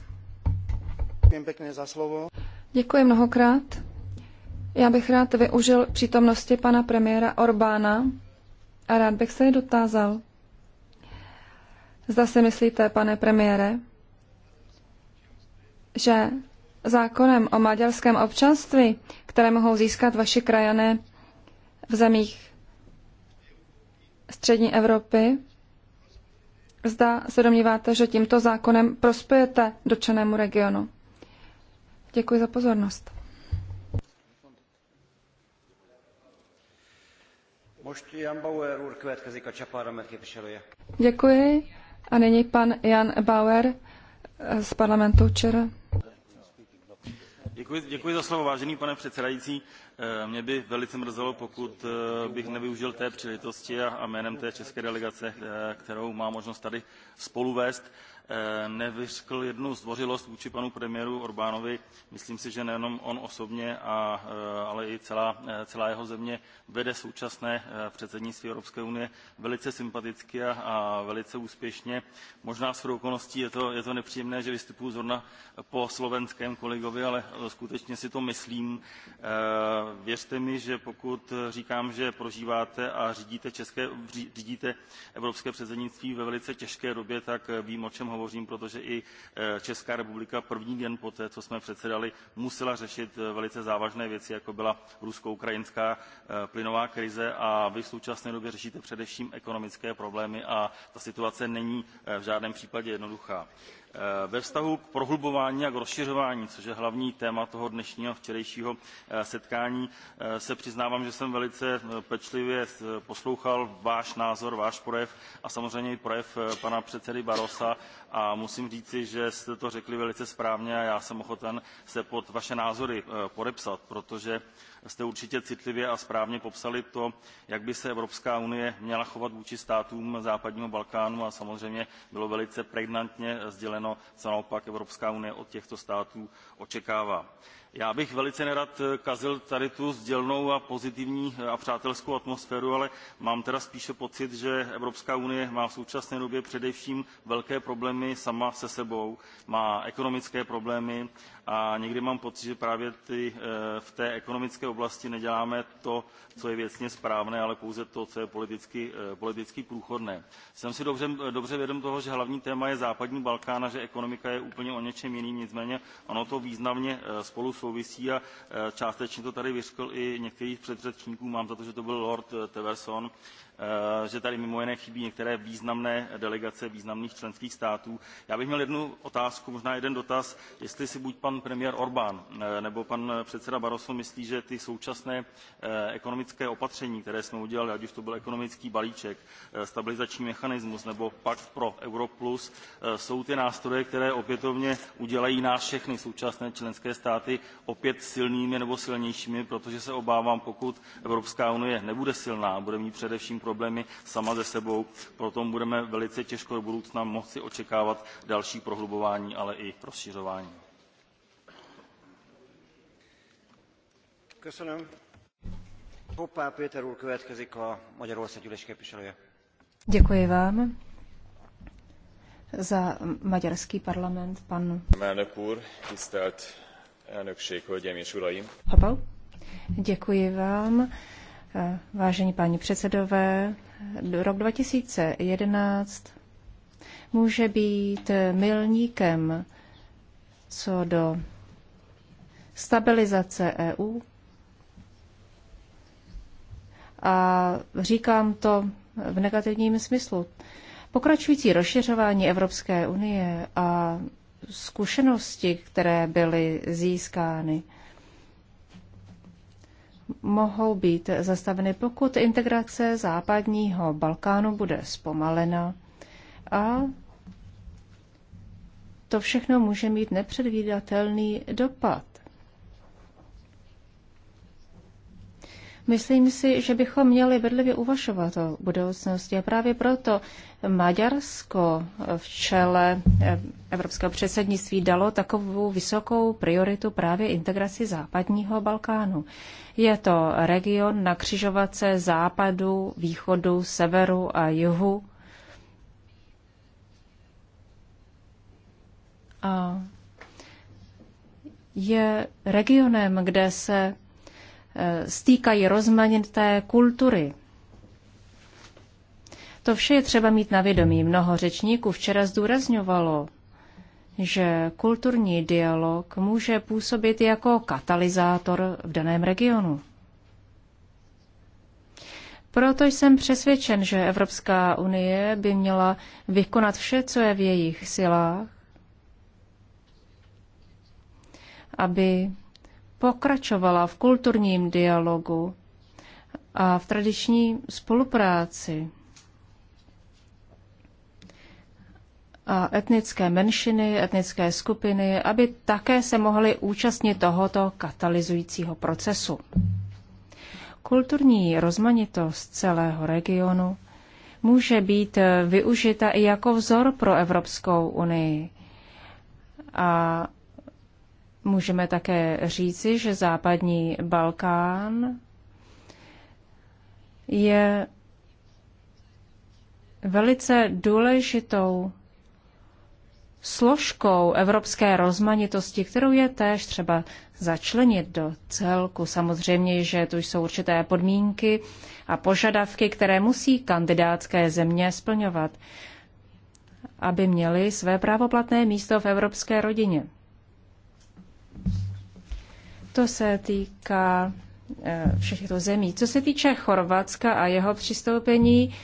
Pěkně za slovo. Děkuji mnohokrát. Já bych rád využil přítomnosti pana premiéra Orbána a rád bych se jej dotázal. Zda si myslíte, pane premiére, že zákonem o maďarském občanství, které mohou získat vaši krajané v zemích střední Evropy, zda se domníváte, že tímto zákonem prospějete dočenému regionu. Děkuji za pozornost. Děkuji. A nyní pan Jan Bauer eh, z parlamentu ČR. Děkuji, děkuji za slovo, vážený pane předsedající. Eh, mě by velice mrzelo, pokud eh, bych nevyužil té příležitosti a jménem té české delegace, kterou má možnost tady spoluvést, Eh, nevyřkl jednu zdvořilost vůči panu premiéru Orbánovi. Myslím si, že nejenom on osobně, a, eh, ale i celá, eh, celá jeho země vede současné předsednictví Evropské unie velice sympaticky a, a velice úspěšně. Možná s okolností je to, je to nepříjemné, že vystupuji zrovna po slovenském kolegovi, ale skutečně si to myslím. Věřte mi, že pokud říkám, že prožíváte a řídíte, české, řídíte evropské předsednictví ve velice těžké době, tak vím, o čem hovořím, protože i eh, Česká republika první den poté, co jsme předsedali, musela řešit eh, velice závažné věci, jako byla rusko-ukrajinská eh, plynová krize a vy v současné době řešíte především ekonomické problémy a ta situace není v žádném případě jednoduchá. Eh, ve vztahu k prohlubování a k rozšiřování což je hlavní téma toho dnešního a včerejšího eh, setkání eh, se přiznávám že jsem velice pečlivě poslouchal váš názor váš projev a samozřejmě i projev pana předsedy barrosa a musím říci že jste to řekli velice správně a já jsem ochoten se pod vaše názory podepsat protože jste určitě citlivě a správně popsali to jak by se evropská unie měla chovat vůči státům západního balkánu a samozřejmě bylo velice pregnantně sděleno co naopak evropská unie od těchto států očekává já bych velice nerad eh, kazil tady tu sdělnou a pozitivní eh, a přátelskou atmosféru ale mám tedy spíše pocit že evropská unie má v současné době především velké problémy sama se sebou má ekonomické problémy a někdy mám pocit že právě ty, eh, v té ekonomické oblasti neděláme to co je věcně správné ale pouze to co je politicky, politicky průchodné. jsem si dobře, dobře vědom toho že hlavní téma je západní balkán a že ekonomika je úplně o něčem jiném nicméně ono to významně spolu souvisí a e, částečně to tady vyřkl i některý z předřečníků, mám za to, že to byl Lord e, Teverson, Eh, že tady mimo jiné chybí některé významné delegace významných členských států. já bych měl jednu otázku možná jeden dotaz jestli si buď pan premiér orbán eh, nebo pan předseda barroso myslí že ty současné eh, ekonomické opatření která jsme udělali ať už to byl ekonomický balíček stabilizační mechanismus nebo pakt pro euro plus jsou ty nástroje které opětovně udělají nás všechny současné členské státy opět silnými nebo silnějšími protože se obávám pokud evropská unie nebude silná bude mít především problémy sama ze sebou, proto budeme velice těžko do budoucna moci očekávat další prohlubování, ale i rozšiřování. Köszönöm. Hoppá Péter úr következik a Magyarország gyűlés képviselője. Děkuji vám. Za maďarský parlament pan... Elnök úr, tisztelt elnökség, hölgyeim és uraim. Děkuji vám. Eh, vážení páni předsedové, rok 2011 může být eh, milníkem co do stabilizace EU. A říkám to v negativním smyslu. Pokračující rozšiřování Evropské unie a zkušenosti, které byly získány, mohou být zastaveny, pokud integrace západního Balkánu bude zpomalena. A to všechno může mít nepředvídatelný dopad Myslím si, že bychom měli bedlivě uvažovat o budoucnosti a právě proto Maďarsko v čele eh, Evropského předsednictví dalo takovou vysokou prioritu právě integraci západního Balkánu. Je to region na křižovatce západu, východu, severu a jihu. A je regionem, kde se stýkají rozmanité kultury. To vše je třeba mít na vědomí. Mnoho řečníků včera zdůrazňovalo, že kulturní dialog může působit jako katalyzátor v daném regionu. Proto jsem přesvědčen, že Evropská unie by měla vykonat vše, co je v jejich silách, aby pokračovala v kulturním dialogu a v tradiční spolupráci. A etnické menšiny, etnické skupiny, aby také se mohly účastnit tohoto katalyzujícího procesu. Kulturní rozmanitost celého regionu může být využita i jako vzor pro Evropskou unii. A Můžeme také říci, že západní Balkán je velice důležitou složkou evropské rozmanitosti, kterou je též třeba začlenit do celku. Samozřejmě, že tu jsou určité podmínky a požadavky, které musí kandidátské země splňovat, aby měly své právoplatné místo v evropské rodině. To se týká eh, všech těchto zemí. Co se týče Chorvatska a jeho přistoupení,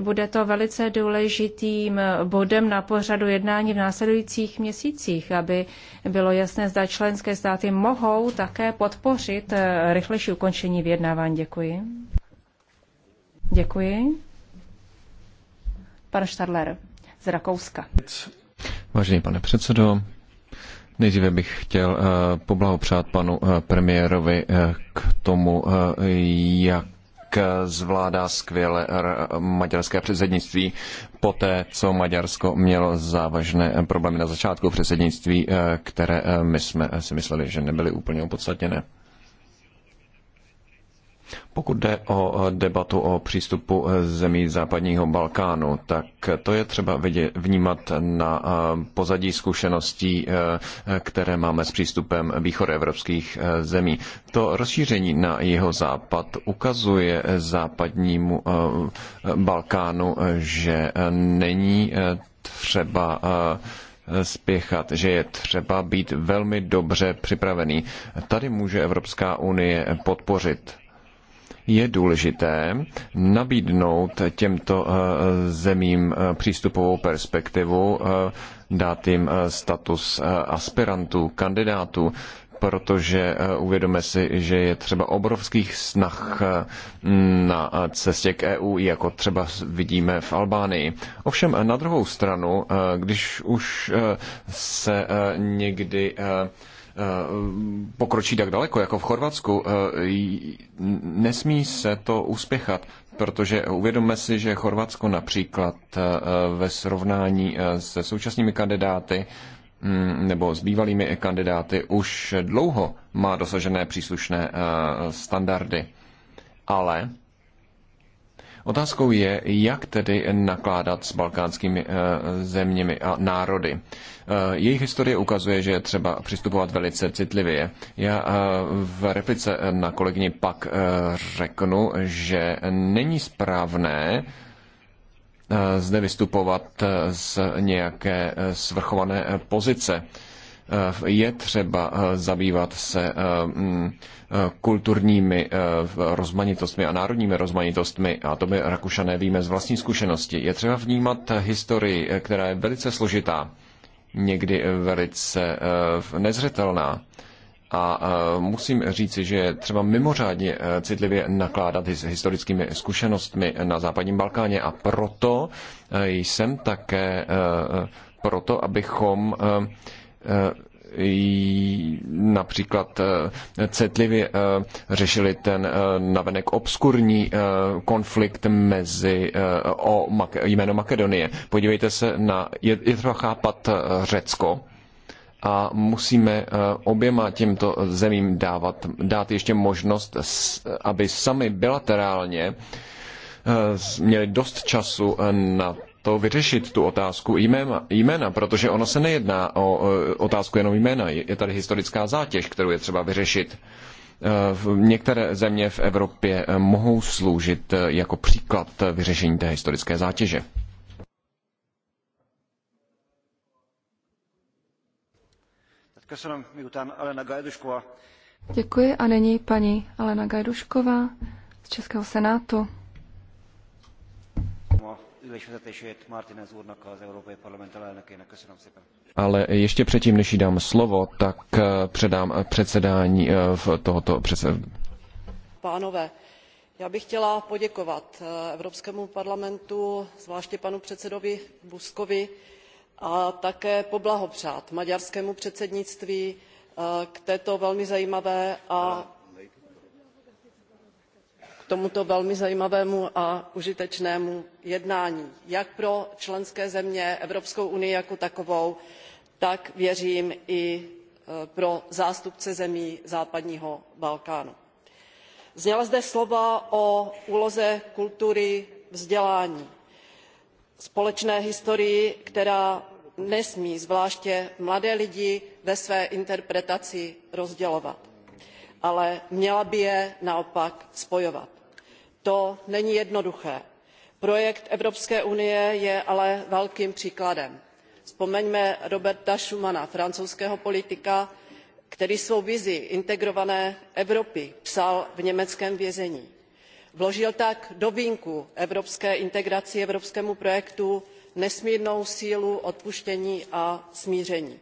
bude to velice důležitým bodem na pořadu jednání v následujících měsících, aby bylo jasné, zda členské státy mohou také podpořit eh, rychlejší ukončení vyjednávání. Děkuji. Děkuji. Pan Štadler z Rakouska. Vážený pane předsedo, Nejdříve bych chtěl eh, poblahopřát panu eh, premiérovi eh, k tomu, jak zvládá skvěle maďarské předsednictví po té, co Maďarsko mělo závažné problémy na začátku předsednictví, které my jsme si mysleli, že nebyly úplně opodstatněné. Ne. Pokud jde o debatu o přístupu e, zemí západního Balkánu, tak to je třeba vidět, vnímat na e, pozadí zkušeností, e, které máme s přístupem východoevropských zemí. To rozšíření na jeho západ ukazuje západnímu Balkánu, že není třeba spěchat, že je třeba být velmi dobře připravený. Tady může Evropská unie podpořit je důležité nabídnout těmto eh, zemím eh, přístupovou perspektivu, eh, dát jim status aspirantů, kandidátů, protože uvědome si, že je třeba obrovských snah na cestě k EU, jako třeba vidíme v Albánii. Ovšem na druhou stranu, když už se někdy Eh, pokročí tak daleko, jako v Chorvatsku, eh, nesmí se to uspěchat, protože uvědomme si, že Chorvatsko například eh, ve srovnání se současnými kandidáty mm, nebo s bývalými kandidáty už dlouho má dosažené příslušné standardy. Ale Otázkou je, jak tedy nakládat s balkánskými eh, zeměmi a národy. Eh, jejich historie ukazuje, že je třeba přistupovat velice citlivě. Já eh, v replice na kolegyni pak řeknu, že není správné zde vystupovat z nějaké svrchované pozice. Eh, je třeba eh, zabývat se eh, mm, kulturními rozmanitostmi a národními rozmanitostmi, a to my Rakušané víme z vlastní zkušenosti. Je třeba vnímat historii, která je velice složitá, někdy velice nezřetelná. A musím říci, že je třeba mimořádně citlivě nakládat s historickými zkušenostmi na západním Balkáně a proto jsem také proto, abychom E, například e, citlivě e, řešili ten navenek obskurní konflikt mezi o jméno Makedonie. Podívejte se na, je, je třeba chápat Řecko, a musíme oběma těmto zemím dávat, dát ještě možnost, aby sami bilaterálně měli dost času na to vyřešit, tu otázku jména, jména protože ono se nejedná o otázku jenom jména. Je tady historická zátěž, kterou je třeba vyřešit. E, některé země v Evropě e, mohou sloužit e, jako příklad vyřešení té historické zátěže. Děkuji a není paní Alena Gajdušková z Českého senátu ülésvezetését Martinez úrnak, az Európai Parlament alelnökének. Köszönöm szépen. Ale ještě předtím, než jí dám slovo, tak eh, předám eh, předsedání eh, v tohoto předsedu. Pánové, já bych chtěla poděkovat Evropskému parlamentu, zvláště panu předsedovi Buskovi, a také poblahopřát maďarskému předsednictví k této velmi zajímavé a tomuto velmi zajímavému a užitečnému jednání jak pro členské země evropskou unii jako takovou tak věřím i e, pro zástupce zemí západního balkánu. zněla zde slova o úloze kultury vzdělání společné historii která nesmí zvláště mladé lidi ve své interpretaci rozdělovat ale měla by je naopak spojovat to není jednoduché. projekt evropské unie je ale velkým příkladem. vzpomeňme roberta schumana francouzského politika který svou vizi integrované evropy psal v německém vězení. vložil tak do vínku evropské integraci evropskému projektu nesmírnou sílu odpuštění a smíření.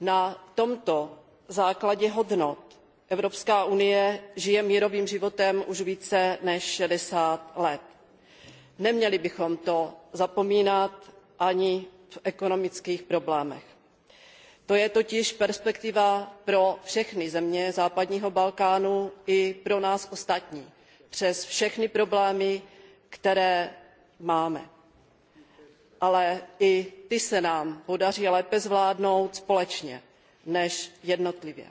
na tomto základě hodnot evropská unie žije mírovým životem už více než šedesát let. neměli bychom to zapomínat ani v ekonomických problémech. to je totiž perspektiva pro všechny země západního balkánu i pro nás ostatní přes všechny problémy které máme. ale i ty se nám podaří lépe zvládnout společně než jednotlivě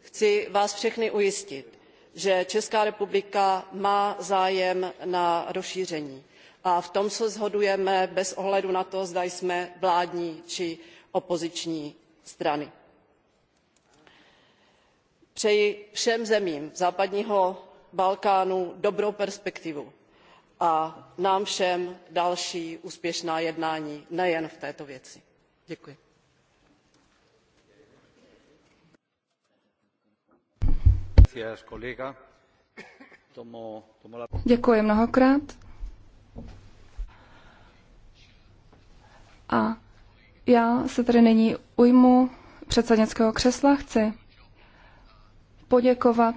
chci vás všechny ujistit že česká republika má zájem na rozšíření a v tom se shodujeme bez ohledu na to zda jsme vládní či opoziční strany. přeji všem zemím západního balkánu dobrou perspektivu a nám všem další úspěšná jednání nejen v této věci. děkuji. Děkuji mnohokrát. A já se tedy nyní ujmu předsednického křesla. Chci poděkovat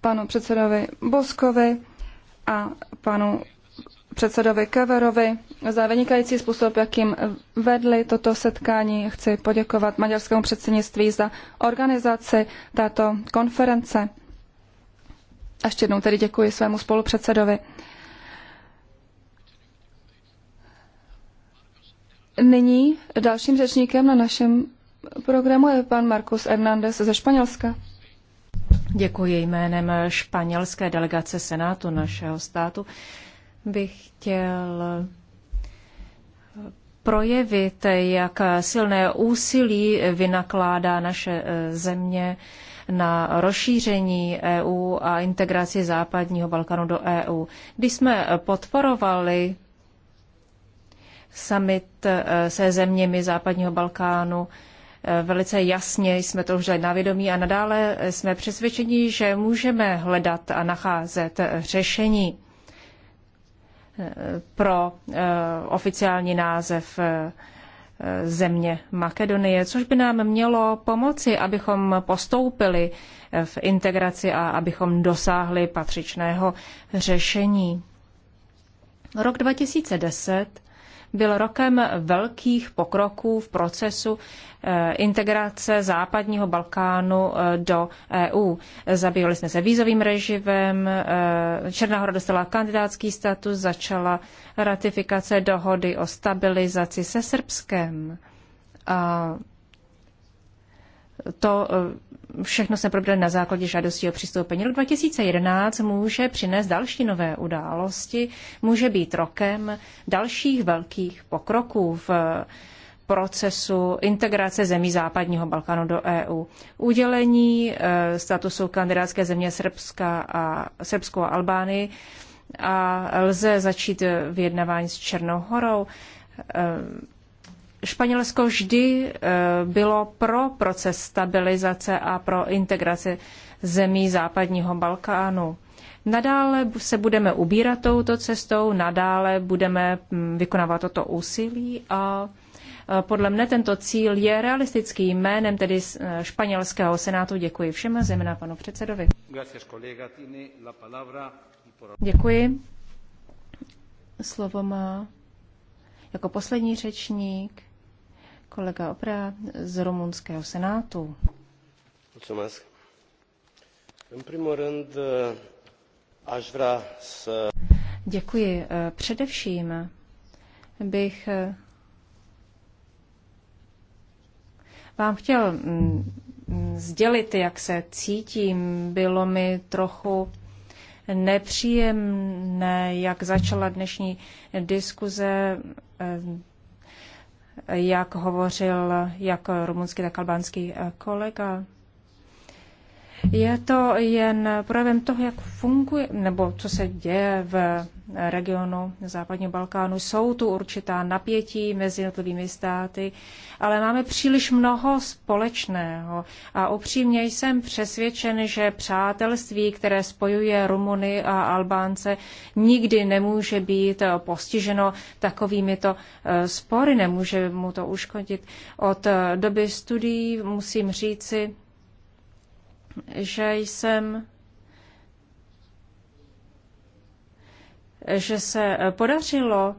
panu předsedovi Boskovi a panu předsedovi Keverovi za vynikající způsob, jakým vedli toto setkání. Chci poděkovat maďarskému předsednictví za organizaci této konference. A ještě jednou tedy děkuji svému spolupředsedovi. Nyní dalším řečníkem na našem programu je pan Markus Hernández ze Španělska. Děkuji jménem španělské delegace Senátu našeho státu bych chtěl projevit, jak silné úsilí vynakládá naše eh, země na rozšíření EU a integraci západního Balkanu do EU. Když jsme podporovali summit eh, se zeměmi západního Balkánu, eh, velice jasně jsme to už dali na vědomí a nadále jsme přesvědčeni, že můžeme hledat a nacházet řešení pro eh, oficiální název eh, země Makedonie, což by nám mělo pomoci, abychom postoupili eh, v integraci a abychom dosáhli patřičného řešení. Rok 2010 byl rokem velkých pokroků v procesu eh, integrace západního Balkánu eh, do EU. Zabývali jsme se vízovým režimem, eh, Černá hora dostala kandidátský status, začala ratifikace dohody o stabilizaci se Srbskem. A to všechno jsme probrali na základě žádosti o přistoupení. Rok 2011 může přinést další nové události, může být rokem dalších velkých pokroků v procesu integrace zemí západního Balkánu do EU. Udělení eh, statusu kandidátské země Srbska a Srbskou a Albánii a lze začít vyjednávání s Černou horou eh, Španělsko vždy eh, bylo pro proces stabilizace a pro integraci zemí západního Balkánu. Nadále se budeme ubírat touto cestou, nadále budeme mm, vykonávat toto úsilí a eh, podle mne tento cíl je realistický. Jménem tedy eh, španělského senátu děkuji všem, zejména panu předsedovi. Děkuji. Slovo má jako poslední řečník kolega Opra z rumunského senátu. Mulțumesc. În primul rând, eh, aș vrea să... Děkuji. Eh, především bych eh, vám chtěl mm, sdělit, jak se cítím. Bylo mi trochu nepříjemné, jak začala dnešní diskuze jak hovořil jak rumunský, tak albánský kolega. Je to jen projevem toho, jak funguje, nebo co se děje v regionu západního Balkánu. Jsou tu určitá napětí mezi jednotlivými státy, ale máme příliš mnoho společného. A upřímně jsem přesvědčen, že přátelství, které spojuje Rumuny a Albánce, nikdy nemůže být postiženo takovými to eh, spory, nemůže mu to uškodit. Od doby studií musím říci, že jsem že se podařilo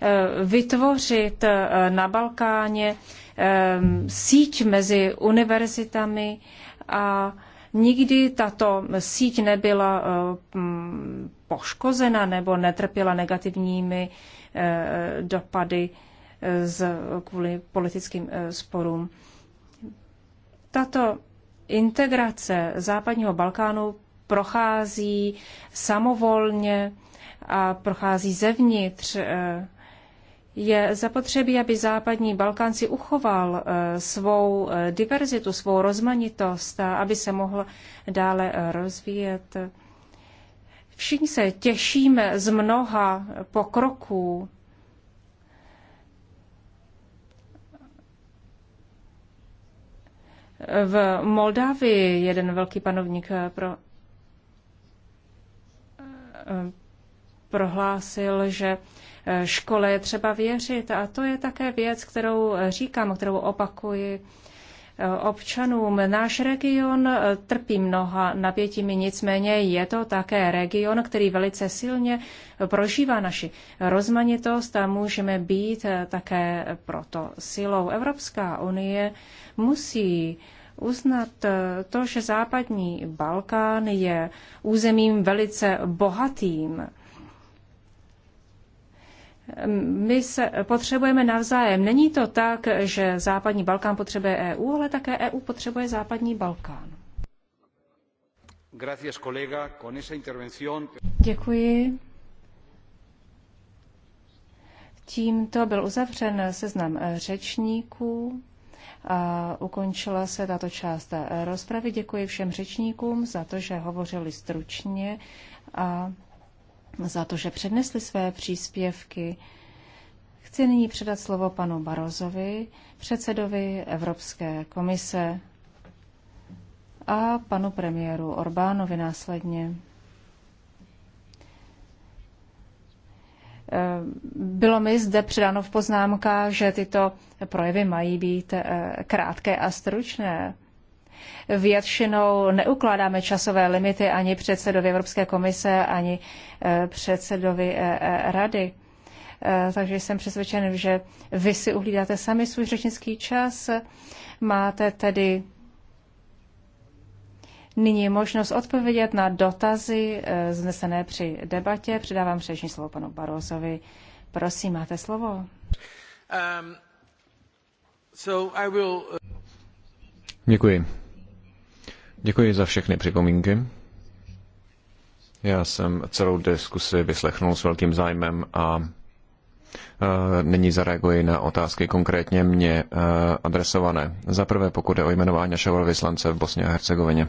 eh, vytvořit eh, na Balkáně eh, síť mezi univerzitami a nikdy tato síť nebyla mm, poškozena nebo netrpěla negativními dopady z, kvůli politickým sporům. Tato integrace západního Balkánu prochází samovolně a prochází zevnitř. Eh, je zapotřebí, aby západní Balkán si uchoval eh, svou eh, diverzitu, svou rozmanitost, aby se mohl dále rozvíjet. Všichni se těšíme z mnoha pokroků v Moldávii jeden velký panovník eh, pro, eh, prohlásil, že eh, škole je třeba věřit. A to je také věc, kterou říkám, kterou opakuji občanům. Náš region eh, trpí mnoha napětími, nicméně je to také region, který velice silně prožívá naši rozmanitost a můžeme být eh, také proto silou. Evropská unie musí uznat eh, to, že západní Balkán je územím velice bohatým my se potřebujeme navzájem. Není to tak, že západní Balkán potřebuje EU, ale také EU potřebuje západní Balkán. Děkuji. Tímto byl uzavřen seznam eh, řečníků. A ukončila se tato část eh, rozpravy. Děkuji všem řečníkům za to, že hovořili stručně a za to, že přednesli své příspěvky. Chci nyní předat slovo panu Barozovi, předsedovi Evropské komise a panu premiéru Orbánovi následně. Eh, bylo mi zde předáno v poznámkách, že tyto projevy mají být eh, krátké a stručné většinou neukládáme časové limity ani předsedovi Evropské komise, ani eh, předsedovi eh, eh, rady. Takže jsem přesvědčen, že vy si uhlídáte sami svůj řečnický čas. Máte tedy nyní možnost odpovědět na dotazy znesené při debatě. Předávám řečnické slovo panu Barozovi. Prosím, máte slovo. Um, so I will... Uh, Děkuji. Děkuji za všechny připomínky. Já jsem celou diskusi vyslechnul s velkým zájmem a Nyní zareaguji na otázky konkrétně mě adresované. Za prvé, pokud je o jmenování našeho vyslance v Bosně a Hercegovině.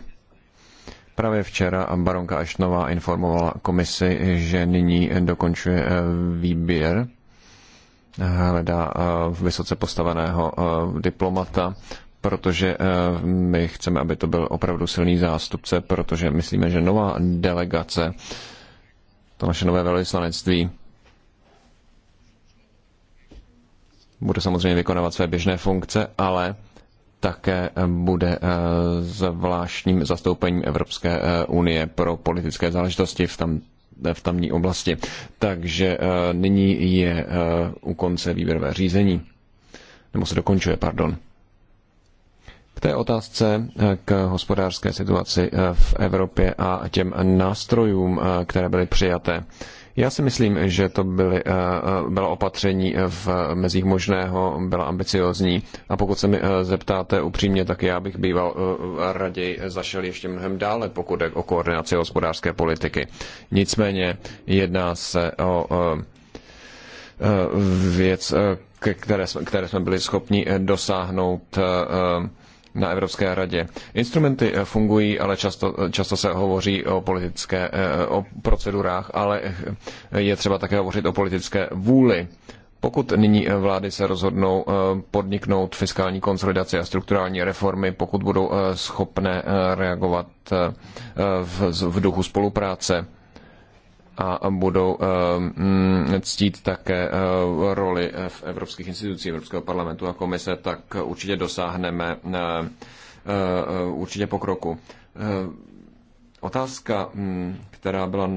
Právě včera baronka Aštnová informovala komisi, že nyní dokončuje e, výběr e, hledá e, vysoce postaveného diplomata protože eh, my chceme, aby to byl opravdu silný zástupce, protože myslíme, že nová delegace, to naše nové velvyslanectví, bude samozřejmě vykonávat své běžné funkce, ale také eh, bude eh, zvláštním zastoupením Evropské unie pro politické záležitosti v tam v tamní oblasti. Takže nyní je u konce výběrové řízení, nebo se dokončuje, pardon té otázce eh, k hospodářské situaci eh, v Evropě a těm nástrojům, eh, které byly přijaté. Já si myslím, že to byly, bylo opatření v mezích možného, byla ambiciozní a pokud se mi zeptáte upřímně, tak já bych býval raději zašel ještě mnohem dále, pokud je o koordinaci hospodářské politiky. Nicméně jedná se o věc, které jsme, které jsme byli schopni dosáhnout na Evropské radě. Instrumenty eh, fungují, ale často, eh, často se hovoří o politické, eh, o procedurách, ale je třeba také hovořit o politické vůli. Pokud nyní vlády se rozhodnou podniknout fiskální konsolidaci a strukturální reformy, pokud budou schopné reagovat v, v duchu spolupráce, a budou eh, mm, ctít také eh, roli eh, v evropských institucích, Evropského parlamentu a komise, tak určitě dosáhneme určitě pokroku. Otázka, mm, která byla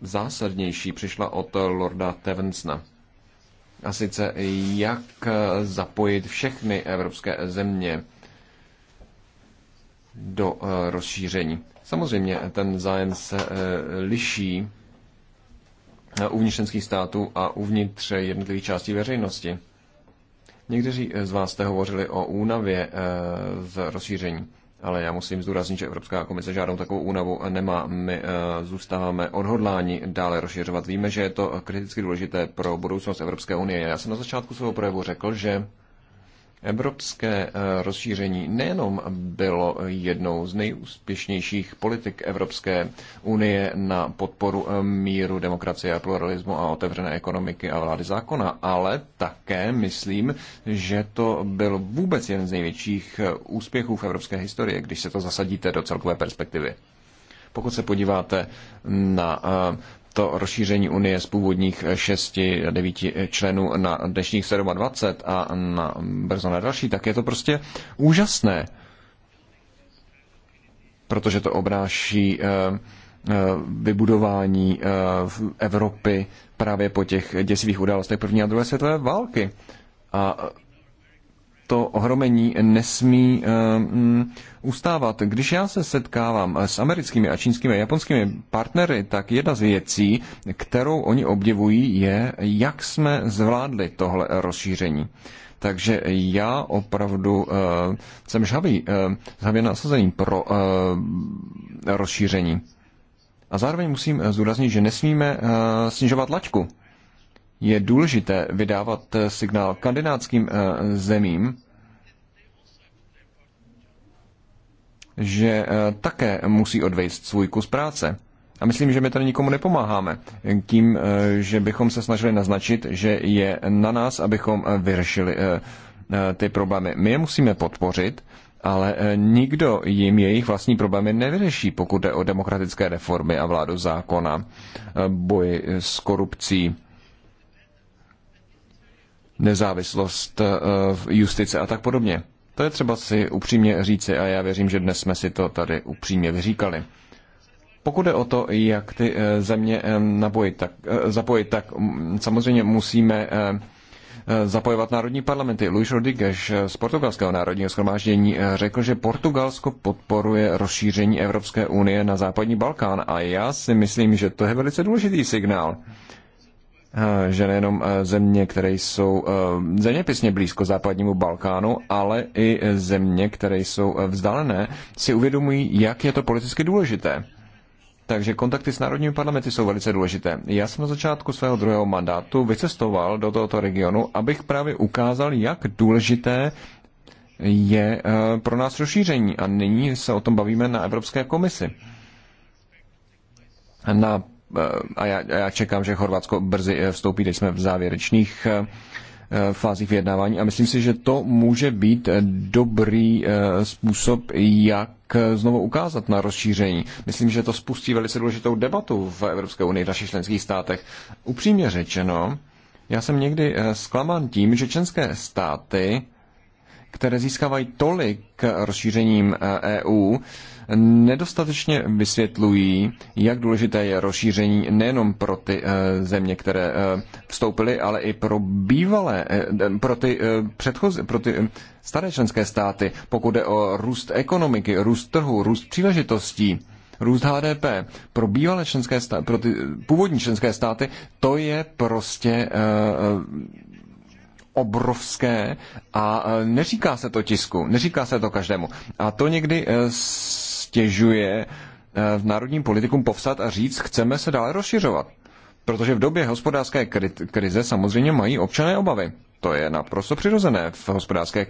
nejzásadnější, přišla od Lorda Tevensna. A sice, jak zapojit všechny evropské země do eh, rozšíření. Samozřejmě eh, ten zájem se eh, liší uvnitř členských států a uvnitř jednotlivých částí veřejnosti. Někteří z vás jste hovořili o únavě z rozšíření, ale já musím zdůraznit, že Evropská komise žádnou takovou únavu nemá. My zůstáváme odhodláni dále rozšiřovat. Víme, že je to kriticky důležité pro budoucnost Evropské unie. Já jsem na začátku svého projevu řekl, že Evropské eh, rozšíření nejenom bylo jednou z nejúspěšnějších politik Evropské unie na podporu eh, míru, demokracie a pluralismu a otevřené ekonomiky a vlády zákona, ale také myslím, že to byl vůbec jeden z největších eh, úspěchů v evropské historii, když se to zasadíte do celkové perspektivy. Pokud se podíváte na to rozšíření Unie z původních 6 a 9 členů na dnešních 27 a na mm, brzo na další, tak je to prostě úžasné. Protože to obráší eh, eh, vybudování eh, v Evropy právě po těch děsivých událostech první a druhé světové války. A to ohromení nesmí eh, mm, ustávat. Když já se setkávám s americkými a čínskými a japonskými partnery, tak jedna z věcí, kterou oni obdivují, je, jak jsme zvládli tohle rozšíření. Takže já opravdu uh, jsem žavý, uh, eh, žhavě nasazený pro uh, rozšíření. A zároveň musím zdůraznit, že nesmíme uh, snižovat laťku je důležité vydávat eh, signál kandidátským eh, zemím, že eh, také musí odvést svůj kus práce. A myslím, že my tady nikomu nepomáháme tím, že bychom se snažili naznačit, že je na nás, abychom vyřešili ty problémy. My je musíme podpořit, ale nikdo jim jejich vlastní problémy nevyřeší, pokud jde o demokratické reformy a vládu zákona, boji s korupcí, nezávislost eh, justice a tak podobně. To je třeba si upřímně říci a já věřím, že dnes jsme si to tady upřímně vyříkali. Pokud je o to, jak ty eh, země eh, nabojit, tak, zapojit, tak mm, samozřejmě musíme zapojovat národní parlamenty. Luis Rodriguez z portugalského národního schromáždění řekl, že Portugalsko podporuje rozšíření Evropské unie na západní Balkán a já si myslím, že to je velice důležitý signál. Eh, že nejenom eh, země, které jsou eh, zeměpisně blízko západnímu Balkánu, ale i země, které jsou vzdálené, si uvědomují, jak je to politicky důležité. Takže kontakty s národními parlamenty jsou velice důležité. Já jsem na začátku svého druhého mandátu vycestoval do tohoto regionu, abych právě ukázal, jak důležité je pro nás rozšíření. A nyní se o tom bavíme na Evropské komisi. Na a já, já čekám, že Chorvatsko brzy eh, vstoupí, teď jsme v závěrečných eh, eh, fázích vyjednávání a myslím si, že to může být dobrý způsob, jak znovu ukázat na rozšíření. Myslím, že to spustí velice důležitou debatu v Evropské unii, v našich členských státech. Upřímně řečeno, já jsem někdy zklamán tím, že členské státy které získávají tolik rozšířením EU, eh, e nedostatečně vysvětlují, jak důležité je rozšíření nejenom pro ty eh, země, které eh, vstoupily, ale i pro bývalé, pro ty, předchozí, pro ty staré členské státy, pokud jde o růst ekonomiky, růst trhu, růst příležitostí růst HDP pro bývalé členské státy, pro ty původní členské státy, to je prostě uh, obrovské a e, neříká se to tisku, neříká se to každému. A to někdy e, stěžuje e, v národním politikům povstat a říct, chceme se dále rozšiřovat. Protože v době hospodářské krize samozřejmě mají občané obavy. To je naprosto přirozené v hospodářské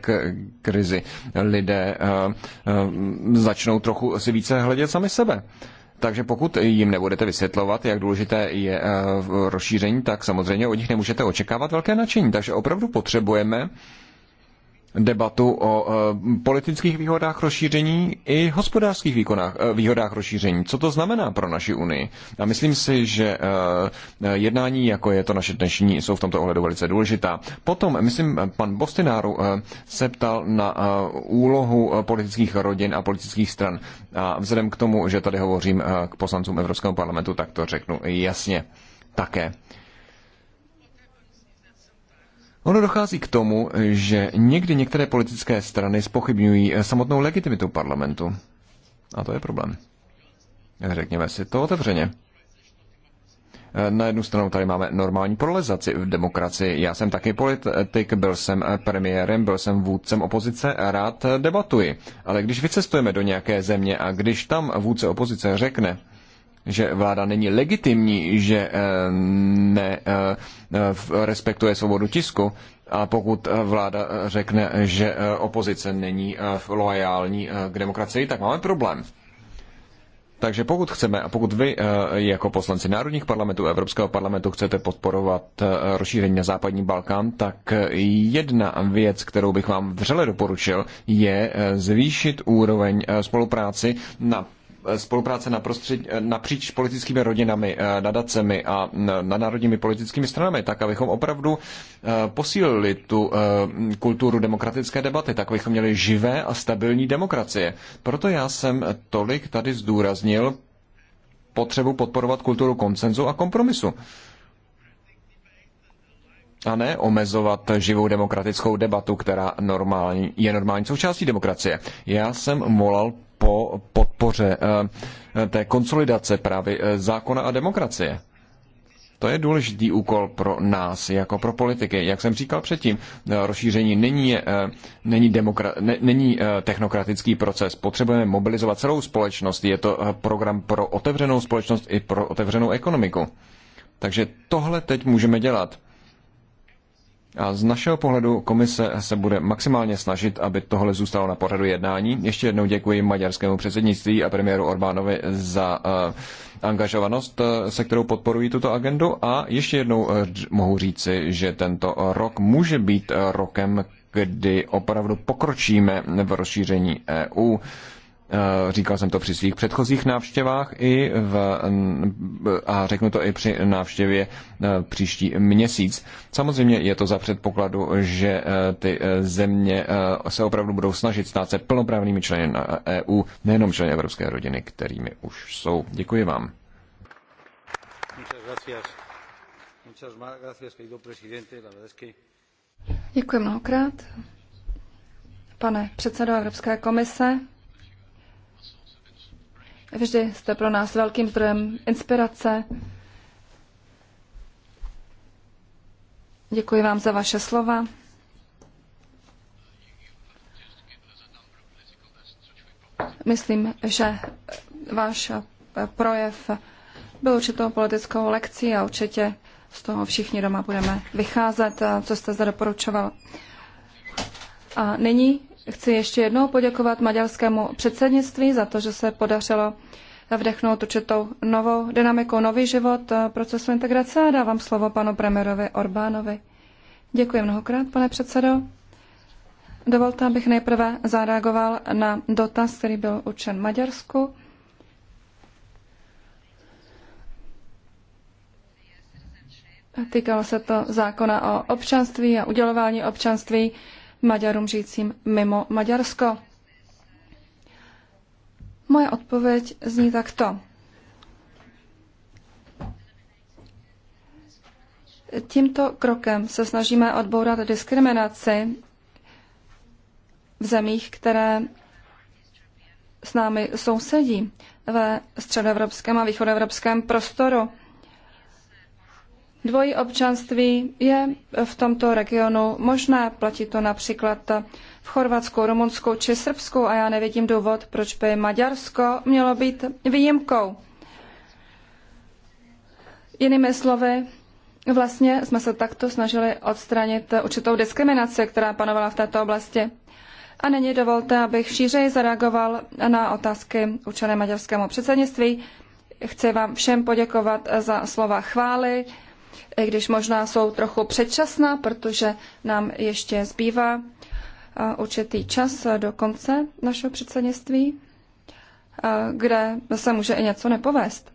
krizi. Lidé začnou trochu si více hledět sami sebe. Takže pokud jim nebudete vysvětlovat, jak důležité je eh, rozšíření, tak samozřejmě od nich nemůžete očekávat velké nadšení. Takže opravdu potřebujeme debatu o eh, politických výhodách rozšíření i hospodářských výkonách, eh, výhodách rozšíření. Co to znamená pro naši Unii? A myslím si, že eh, jednání, jako je to naše dnešní, jsou v tomto ohledu velice důležitá. Potom, myslím, pan Bostináru se ptal na úlohu politických rodin a politických stran. A vzhledem k tomu, že tady hovořím k poslancům Evropského parlamentu, tak to řeknu jasně také. Ono dochází k tomu, že někdy některé politické strany spochybňují eh, samotnou legitimitu parlamentu. A to je problém. Řekněme si to otevřeně. Eh, na jednu stranu tady máme normální prolezaci v demokracii. Já jsem taky politik, byl jsem eh, premiérem, byl jsem vůdcem opozice, rád debatuji. Ale když vycestujeme do nějaké země a když tam vůdce opozice řekne, že vláda není legitimní, že eh, ne eh, eh, respektuje svobodu tisku. A pokud vláda řekne, že opozice není loajální k demokracii, tak máme problém. Takže pokud chceme a pokud vy jako poslanci národních parlamentů Evropského parlamentu chcete podporovat rozšíření na západní Balkán, tak jedna věc, kterou bych vám vřele doporučil, je zvýšit úroveň spolupráci na spolupráce napříč politickými rodinami, eh, nadacemi a národními politickými stranami, tak abychom opravdu eh, posílili tu eh, kulturu demokratické debaty, tak abychom měli živé a stabilní demokracie. Proto já jsem tolik tady zdůraznil potřebu podporovat kulturu koncenzu a kompromisu a ne omezovat živou demokratickou debatu, která normální, je normální součástí demokracie. Já jsem volal po podpoře eh, té konsolidace právě eh, zákona a demokracie. To je důležitý úkol pro nás, jako pro politiky. Jak jsem říkal předtím, eh, rozšíření není, není, demokra- není technokratický proces. Potřebujeme mobilizovat celou společnost. Je to program pro otevřenou společnost i pro otevřenou ekonomiku. Takže tohle teď můžeme dělat. A z našeho pohledu komise se bude maximálně snažit, aby tohle zůstalo na pořadu jednání. Ještě jednou děkuji maďarskému předsednictví a premiéru Orbánovi za eh, angažovanost, eh, se kterou podporují tuto agendu a ještě jednou eh, mohu říci, že tento rok může být rokem, kdy opravdu pokročíme v rozšíření EU. Eh, říkal jsem to při svých předchozích návštěvách i v, a řeknu to i při návštěvě eh, příští měsíc. Samozřejmě je to za předpokladu, že eh, ty země se opravdu budou snažit stát se plnoprávnými členy EU, e nejenom členy Evropské rodiny, kterými už jsou. Děkuji vám. Děkuji mnohokrát. Pane předsedo Evropské komise, Vždy jste pro nás velkým zdrojem inspirace. Děkuji vám za vaše slova. Myslím, že váš projev byl určitou politickou lekcí a určitě z toho všichni doma budeme vycházet, co jste zde doporučoval. A nyní Chci ještě jednou poděkovat maďarskému předsednictví za to, že se podařilo vdechnout určitou novou dynamiku, nový život procesu integrace a dávám slovo panu premiérovi Orbánovi. Děkuji mnohokrát, pane předsedo. Dovolte, abych nejprve zareagoval na dotaz, který byl učen Maďarsku. Týkalo se to zákona o občanství a udělování občanství Maďarům žijícím mimo Maďarsko. Moje odpověď zní takto. Tímto krokem se snažíme odbourat diskriminaci v zemích, které s námi sousedí ve středoevropském a východoevropském prostoru. Dvojí občanství je v tomto regionu možné, platí to například v Chorvatsku, Rumunsku či Srbsku a já nevidím důvod, proč by Maďarsko mělo být výjimkou. Jinými slovy, vlastně jsme se takto snažili odstranit určitou diskriminaci, která panovala v této oblasti. A nyní dovolte, abych šířeji zareagoval na otázky učené maďarskému předsednictví. Chci vám všem poděkovat za slova chvály, i když možná jsou trochu předčasná, protože nám ještě zbývá určitý čas do konce našeho předsednictví, kde se může i něco nepovést.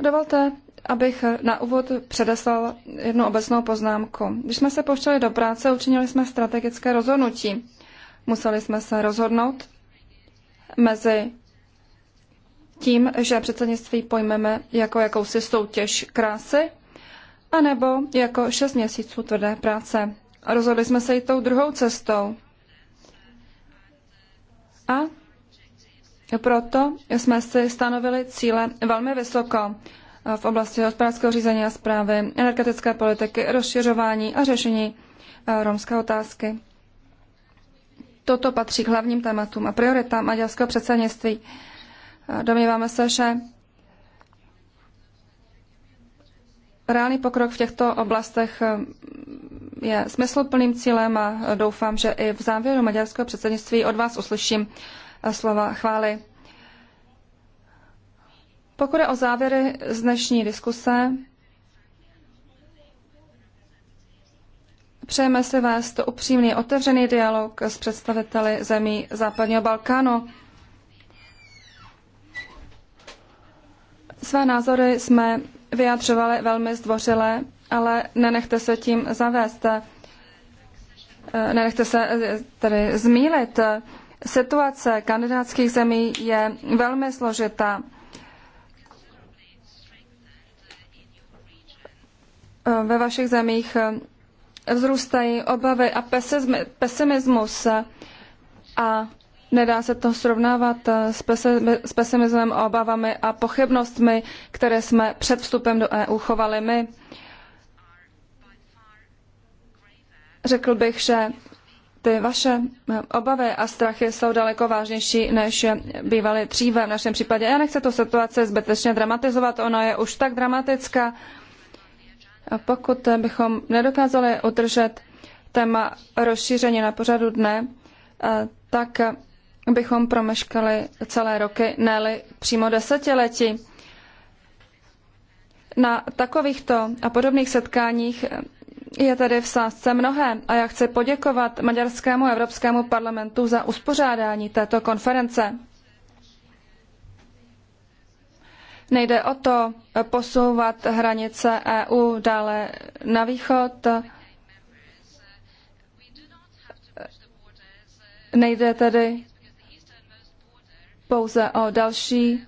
Dovolte, abych na úvod předeslal jednu obecnou poznámku. Když jsme se pouštěli do práce, učinili jsme strategické rozhodnutí. Museli jsme se rozhodnout mezi tím, že předsednictví pojmeme jako jakousi soutěž krásy anebo jako šest měsíců tvrdé práce. A rozhodli jsme se i tou druhou cestou. A proto jsme si stanovili cíle velmi vysoko v oblasti hospodářského řízení a zprávy, energetické politiky, rozšiřování a řešení eh, romské otázky. Toto patří k hlavním tématům a prioritám maďarského předsednictví. Eh, domníváme se, že reálný pokrok v těchto oblastech eh, je smysluplným cílem a doufám, že i v závěru maďarského předsednictví od vás uslyším eh, slova chvály. Pokud je o závěry z dnešní diskuse, přejeme si vést upřímný otevřený dialog s představiteli zemí západního Balkánu. Své názory jsme vyjadřovali velmi zdvořile, ale nenechte se tím zavést. Eh, nenechte se eh, tedy zmílit. Situace kandidátských zemí je velmi složitá. Eh, ve vašich zemích vzrůstají obavy a pesimismus a Nedá se to srovnávat eh, s pesimismem a obavami a pochybnostmi, které jsme před vstupem do EU chovali my. Řekl bych, že ty vaše eh, obavy a strachy jsou daleko vážnější, než bývaly dříve v našem případě. Já nechci tu situaci zbytečně dramatizovat, ona je už tak dramatická. A pokud bychom nedokázali udržet téma rozšíření na pořadu dne, eh, tak bychom promeškali celé roky, ne přímo desetiletí. Na takovýchto a podobných setkáních je tedy v sázce mnohé a já chci poděkovat Maďarskému Evropskému parlamentu za uspořádání této konference. Nejde o to posouvat hranice EU dále na východ, nejde tedy pouze o další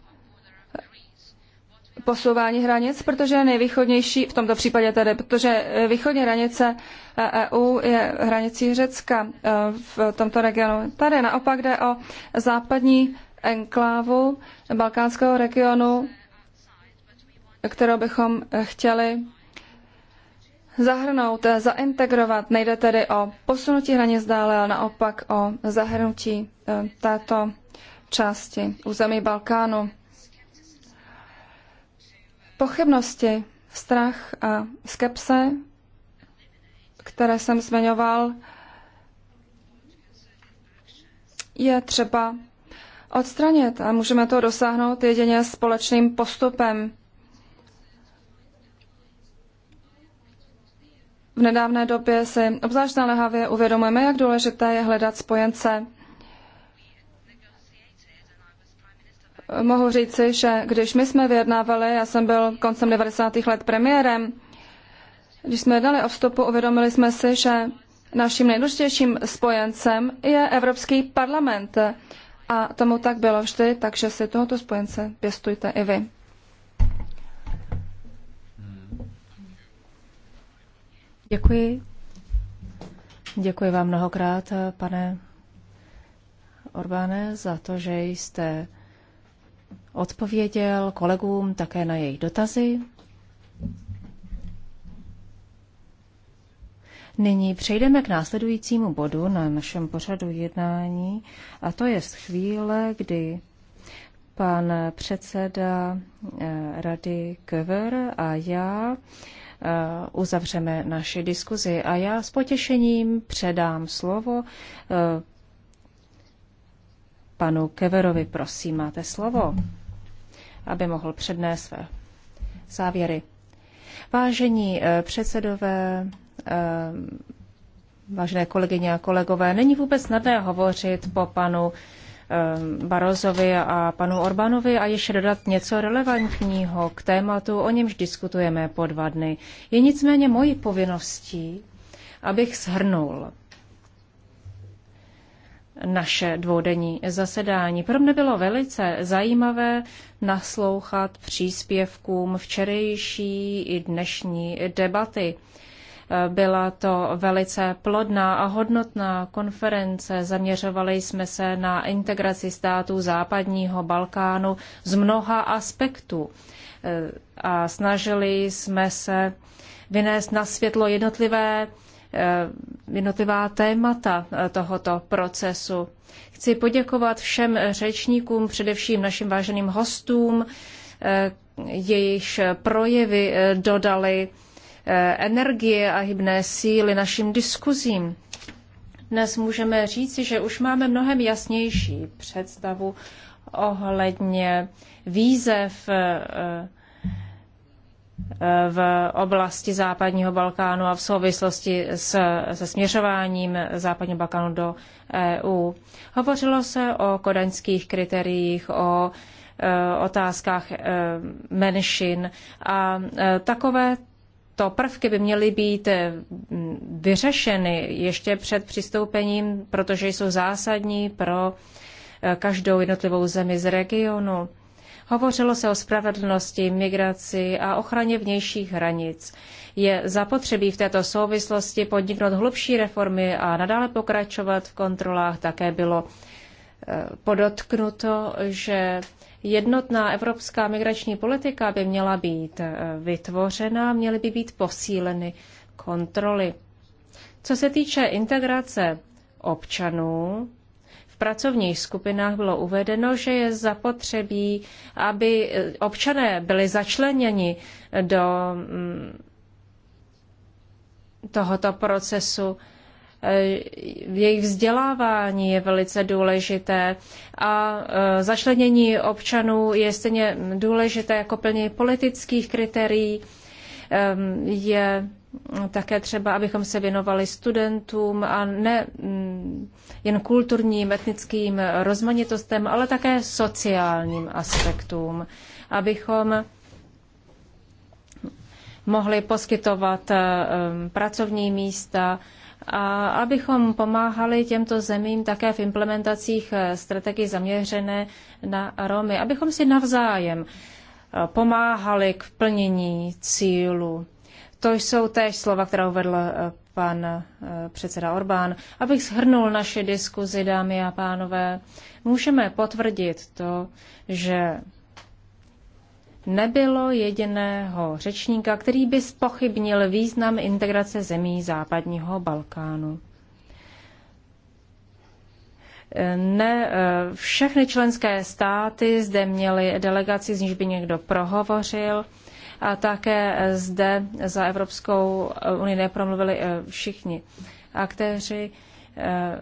posouvání hranic, protože nejvýchodnější, v tomto případě tedy, protože východní hranice EU je hranicí Řecka e, v tomto regionu. Tady naopak jde o západní enklávu balkánského regionu, kterou bychom chtěli zahrnout, zaintegrovat. Nejde tedy o posunutí hranic dále, ale naopak o zahrnutí e, této části území Balkánu. Pochybnosti, strach a skepse, které jsem zmiňoval, je třeba odstranit a můžeme to dosáhnout jedině společným postupem. V nedávné době si obzvlášť naléhavě uvědomujeme, jak důležité je hledat spojence mohu říci, že když my jsme vyjednávali, já jsem byl koncem 90. let premiérem, když jsme jednali o vstupu, uvědomili jsme si, že naším nejdůležitějším spojencem je Evropský parlament. A tomu tak bylo vždy, takže si tohoto spojence pěstujte i vy. Děkuji. Děkuji vám mnohokrát, pane Orbáne, za to, že jste odpověděl kolegům také na jejich dotazy. Nyní přejdeme k následujícímu bodu na našem pořadu jednání a to je chvíle, kdy pan předseda eh, Rady Kvr a já eh, uzavřeme naši diskuzi a já s potěšením předám slovo eh, panu Keverovi. Prosím, máte slovo aby mohl přednést své závěry. Vážení eh, předsedové, eh, vážené kolegyně a kolegové, není vůbec snadné hovořit po panu eh, Barozovi a panu Orbánovi a ještě dodat něco relevantního k tématu, o němž diskutujeme po dva dny. Je nicméně mojí povinností, abych shrnul naše dvoudenní zasedání. Pro mě bylo velice zajímavé naslouchat příspěvkům včerejší i dnešní debaty. Byla to velice plodná a hodnotná konference. Zaměřovali jsme se na integraci států západního Balkánu z mnoha aspektů a snažili jsme se vynést na světlo jednotlivé Eh, jednotlivá témata eh, tohoto procesu. Chci poděkovat všem řečníkům, především našim váženým hostům, eh, jejichž projevy dodali energie a hybné síly našim diskuzím. Dnes můžeme říci, že už máme mnohem jasnější představu ohledně výzev v oblasti západního Balkánu a v souvislosti s, se směřováním západního Balkánu do EU. Hovořilo se o kodaňských kritériích, o e, otázkách e, menšin a e, takové to prvky by měly být vyřešeny ještě před přistoupením, protože jsou zásadní pro každou jednotlivou zemi z regionu. Hovořilo se o spravedlnosti, migraci a ochraně vnějších hranic. Je zapotřebí v této souvislosti podniknout hlubší reformy a nadále pokračovat v kontrolách. Také bylo eh, podotknuto, že jednotná evropská migrační politika by měla být eh, vytvořena, měly by být posíleny kontroly. Co se týče integrace občanů, pracovních skupinách bylo uvedeno, že je zapotřebí, aby občané byli začleněni do mm, tohoto procesu. E, jejich vzdělávání je velice důležité a e, začlenění občanů je stejně důležité jako plnění politických kritérií. E, je také třeba, abychom se věnovali studentům a ne mm, jen kulturním, etnickým rozmanitostem, ale také sociálním aspektům, abychom mohli poskytovat eh, mm, pracovní místa a abychom pomáhali těmto zemím také v implementacích eh, strategii zaměřené na Romy, abychom si navzájem eh, pomáhali k plnění cílu to jsou též slova, která uvedl eh, pan eh, předseda Orbán. Abych shrnul naše diskuzi, dámy a pánové, můžeme potvrdit to, že nebylo jediného řečníka, který by spochybnil význam integrace zemí západního Balkánu. Ne eh, všechny členské státy zde měly delegaci, z níž by někdo prohovořil a také zde za Evropskou unii nepromluvili eh, všichni aktéři. Eh,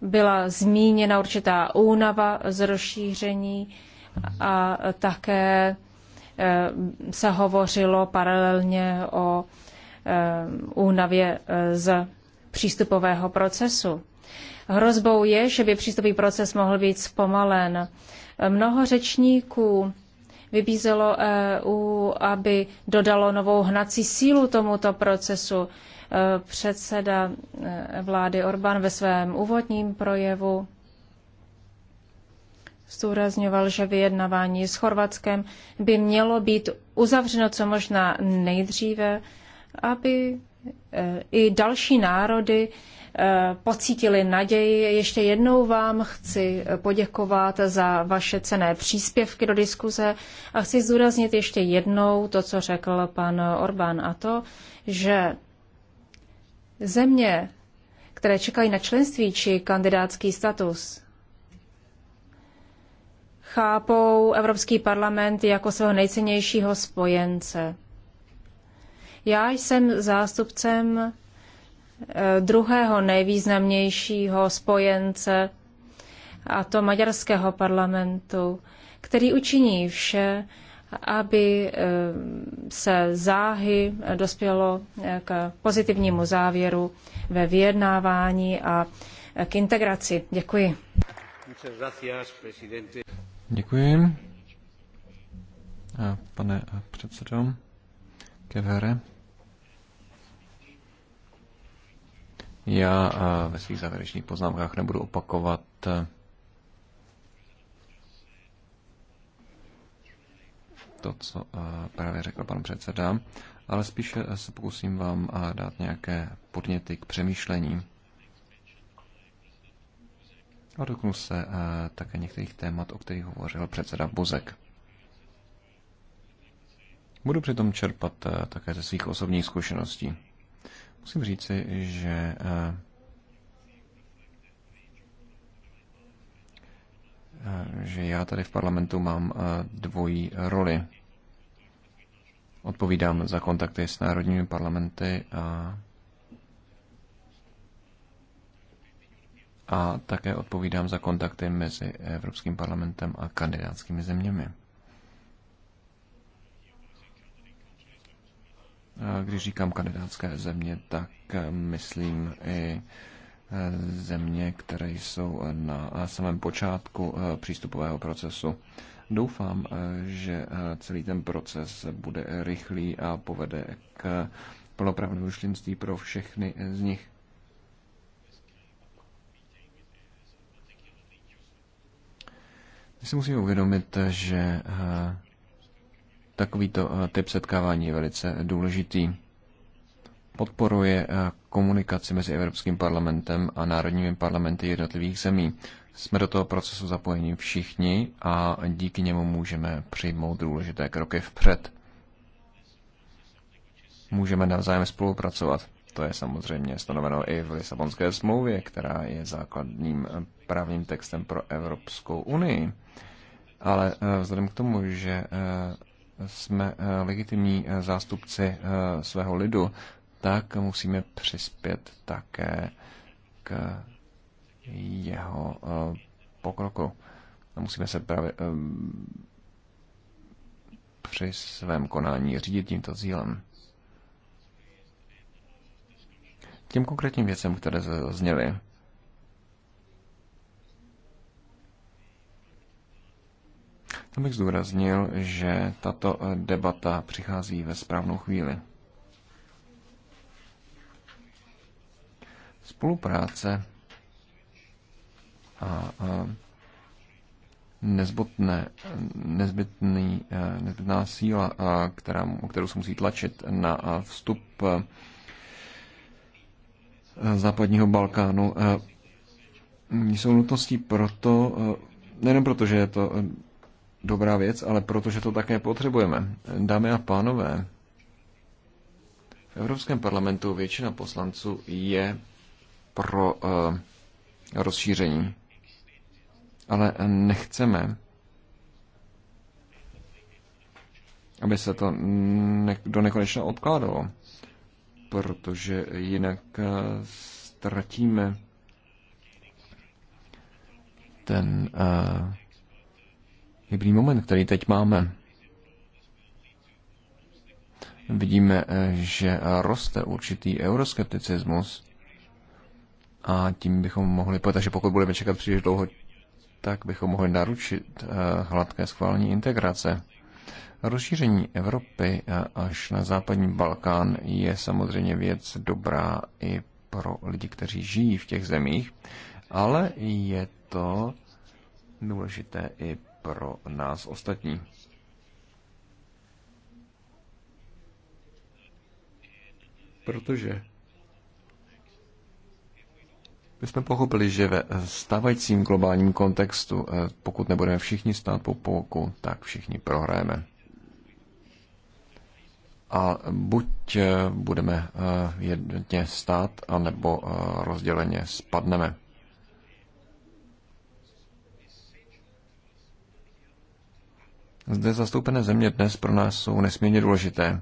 byla zmíněna určitá únava z rozšíření a také eh, se hovořilo paralelně o únavě z přístupového procesu. Hrozbou je, že by přístupový proces mohl být zpomalen. Mnoho řečníků vybízelo EU, aby dodalo novou hnací sílu tomuto procesu. E, předseda e, vlády Orbán ve svém úvodním projevu zdůrazňoval, že vyjednávání s Chorvatskem by mělo být uzavřeno co možná nejdříve, aby e, i další národy Eh, pocítili naději. Ještě jednou vám chci poděkovat za vaše cené příspěvky do diskuze a chci zdůraznit ještě jednou to, co řekl pan Orbán a to, že země, které čekají na členství či kandidátský status, chápou Evropský parlament jako svého nejcennějšího spojence. Já jsem zástupcem Eh, druhého nejvýznamnějšího spojence, a to maďarského parlamentu, který učiní vše, aby eh, se záhy dospělo eh, k pozitivnímu závěru ve vyjednávání a k integraci. Děkuji. Děkuji. Pane předsedo Kevere. Já eh, ve svých závěrečných poznámkách nebudu opakovat eh, to, co eh, právě řekl pan předseda, ale spíše se pokusím vám dát nějaké podněty k přemýšlení. A dotknu se také některých témat, o kterých hovořil předseda Buzek. Budu přitom čerpat také ze svých osobních zkušeností. Musím říci, že eh, že já tady v parlamentu mám eh, dvojí roli. Odpovídám za kontakty s národními parlamenty a, a také odpovídám za kontakty mezi Evropským parlamentem a kandidátskými zeměmi. Eh, když říkám kandidátské země, tak eh, myslím i eh, země, které jsou na samém počátku přístupového procesu. Doufám, že celý ten proces bude rychlý a povede k plnoprávnému členství pro všechny z nich. My si musíme uvědomit, že Takovýto eh, typ setkávání je velice důležitý. Podporuje eh, komunikaci mezi Evropským parlamentem a národními parlamenty jednotlivých zemí. Jsme do toho procesu zapojeni všichni a díky němu můžeme přijmout důležité kroky vpřed. Můžeme navzájem spolupracovat. To je samozřejmě stanoveno i v Lisabonské smlouvě, která je základním eh, právním textem pro Evropskou unii. Ale vzhledem k tomu, že jsme eh, legitimní eh, zástupci eh, svého lidu, tak musíme přispět také k jeho pokroku. musíme se právě při svém konání řídit tímto cílem. Těm konkrétním věcem, které zazněly, Tam bych zdůraznil, že tato eh, debata přichází ve správnou chvíli. Spolupráce a, a nezbytné, nezbytný, eh, nezbytná síla, eh, která, kterou se musí tlačit na vstup západního Balkánu, jsou nutností proto, nejen proto, že je to dobrá věc, ale protože to také potřebujeme. Dámy a pánové, v Evropském parlamentu většina poslanců je pro uh, rozšíření. Ale nechceme, aby se to ne- do nekonečna odkládalo, protože jinak uh, ztratíme ten uh, hybný moment, který teď máme. Vidíme, eh, že roste určitý euroskepticismus a tím bychom mohli, protože pokud budeme čekat příliš dlouho, tak bychom mohli naručit eh, hladké schválení integrace. Rozšíření Evropy eh, až na západní Balkán je samozřejmě věc dobrá i pro lidi, kteří žijí v těch zemích, ale je to důležité i pro nás ostatní. Protože my jsme pochopili, že ve stávajícím globálním kontextu, eh, pokud nebudeme všichni stát po polku, tak všichni prohrajeme. A buď eh, budeme eh, jednotně stát, anebo rozděleně spadneme. Zde zastoupené země dnes pro nás jsou nesmírně důležité.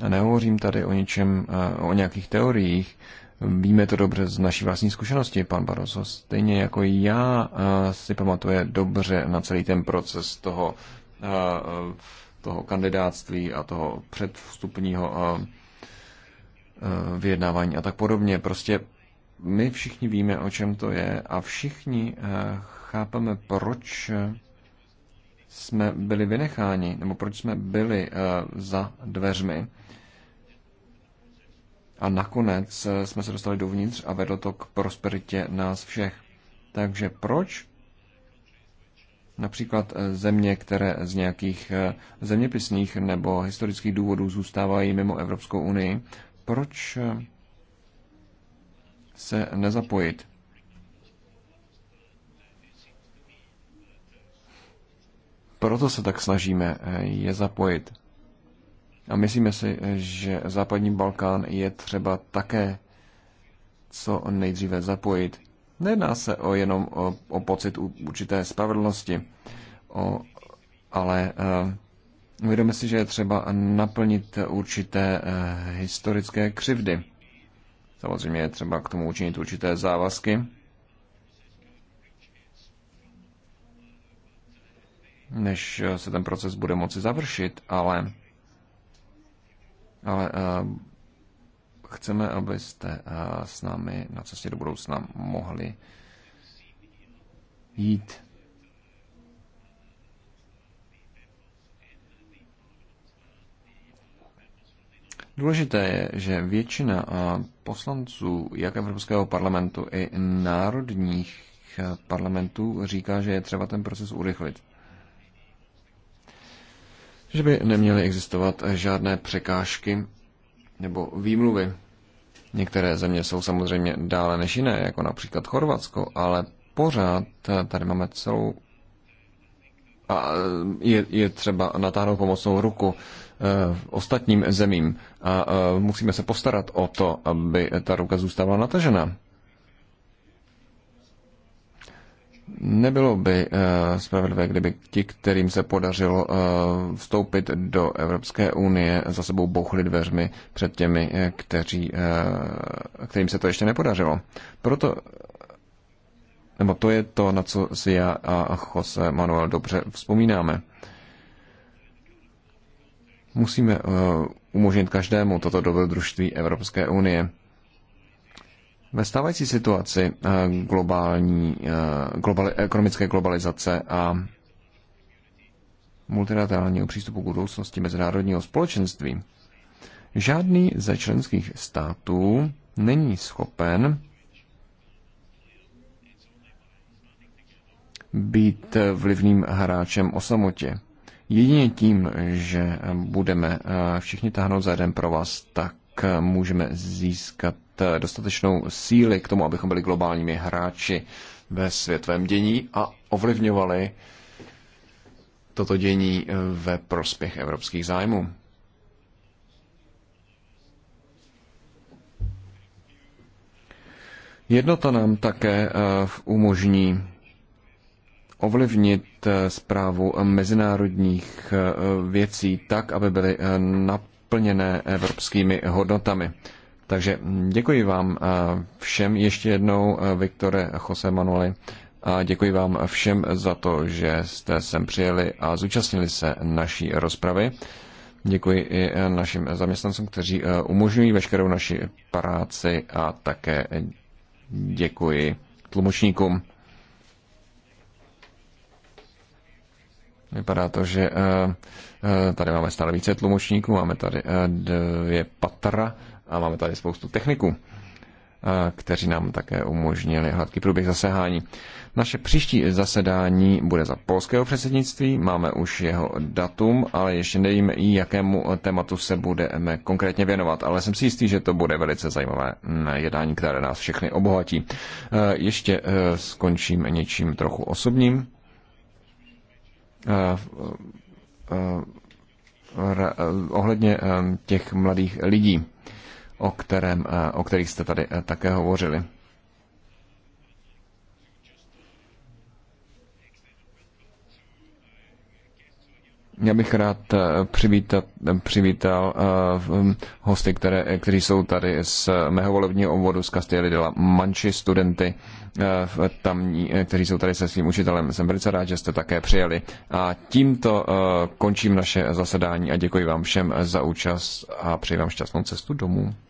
A nehovořím tady o něčem, eh, o nějakých teoriích, Víme to dobře z naší vlastní zkušenosti, pan Barroso. Stejně jako já eh, si pamatuje dobře na celý ten proces toho, eh, toho kandidátství a toho předvstupního vyjednávání a tak podobně. Prostě my všichni víme, o čem to je a všichni chápeme, proč jsme byli vynecháni, nebo proč jsme byli eh, za dveřmi. A nakonec eh, jsme se dostali dovnitř a vedlo to k prosperitě nás všech. Takže proč například eh, země, které z nějakých zeměpisných nebo historických důvodů zůstávají mimo Evropskou unii, proč se nezapojit? Proto se tak snažíme eh, je zapojit. A myslíme si, eh, že západní Balkán je třeba také co nejdříve zapojit. Nejedná se o jenom o, o pocit určité spravedlnosti, o, ale uh, eh, uvědomíme si, že je třeba naplnit určité uh, historické křivdy. Samozřejmě je třeba k tomu učinit určité závazky než eh, se ten proces bude moci završit, ale, ale uh, chceme, abyste uh, s námi na cestě do budoucna mohli jít. Důležité je, že většina poslanců jak Evropského parlamentu i národních parlamentů říká, že je třeba ten proces urychlit že by neměly existovat žádné překážky nebo výmluvy. Některé země jsou samozřejmě dále než jiné, jako například Chorvatsko, ale pořád tady máme celou a je, je třeba natáhnout pomocnou ruku eh, ostatním zemím a eh, musíme se postarat o to, aby ta ruka zůstávala natažená. Nebylo by eh, spravedlivé, kdyby ti, kterým se podařilo eh, vstoupit do Evropské unie, za sebou bouchli dveřmi před těmi, eh, kteří, kterým se to ještě nepodařilo. Proto nebo to je to, na co si já a Jose Manuel dobře vzpomínáme. Musíme umožnit každému toto dobrodružství Evropské unie. Ve stávající situaci eh, globální, eh, globali, ekonomické globalizace a multilaterálního přístupu k budoucnosti mezinárodního společenství žádný ze členských států není schopen být vlivným hráčem o samotě. Jedině tím, že budeme eh, všichni táhnout za jeden pro vás, tak můžeme získat Eh, dostatečnou síly k tomu, abychom byli globálními hráči ve světovém dění a ovlivňovali toto dění eh, ve prospěch evropských zájmů. Jednota nám také eh, umožní ovlivnit zprávu mezinárodních věcí tak, aby byly naplněné evropskými hodnotami. Takže děkuji vám eh, všem ještě jednou, eh, Viktore Jose Manueli, a děkuji vám všem za to, že jste sem přijeli a zúčastnili se naší rozpravy. Děkuji i eh, našim zaměstnancům, kteří umožňují veškerou naši práci a také děkuji tlumočníkům. Vypadá to, že tady máme stále více tlumočníků, máme tady dvě patra a máme tady spoustu techniků, eh, kteří nám také umožnili hladký průběh zasehání. Naše příští zasedání bude za polského předsednictví, máme už jeho datum, ale ještě nevíme, jakému tématu se budeme konkrétně věnovat, ale jsem si jistý, že to bude velice zajímavé jednání, které nás všechny obohatí. Eh, ještě eh, skončím něčím trochu osobním ohledně těch mladých lidí o, kterém, eh, o kterých jste tady eh, také hovořili. Já bych rád eh, přivítat, přivítal hm, hosty, které, kteří jsou tady z mého volebního obvodu z Castelli de la Manči, studenty tamní, kteří jsou tady se svým učitelem. Jsem velice rád, že jste také přijeli. A tímto končím naše zasedání a děkuji vám všem za účast a přeji vám šťastnou cestu domů.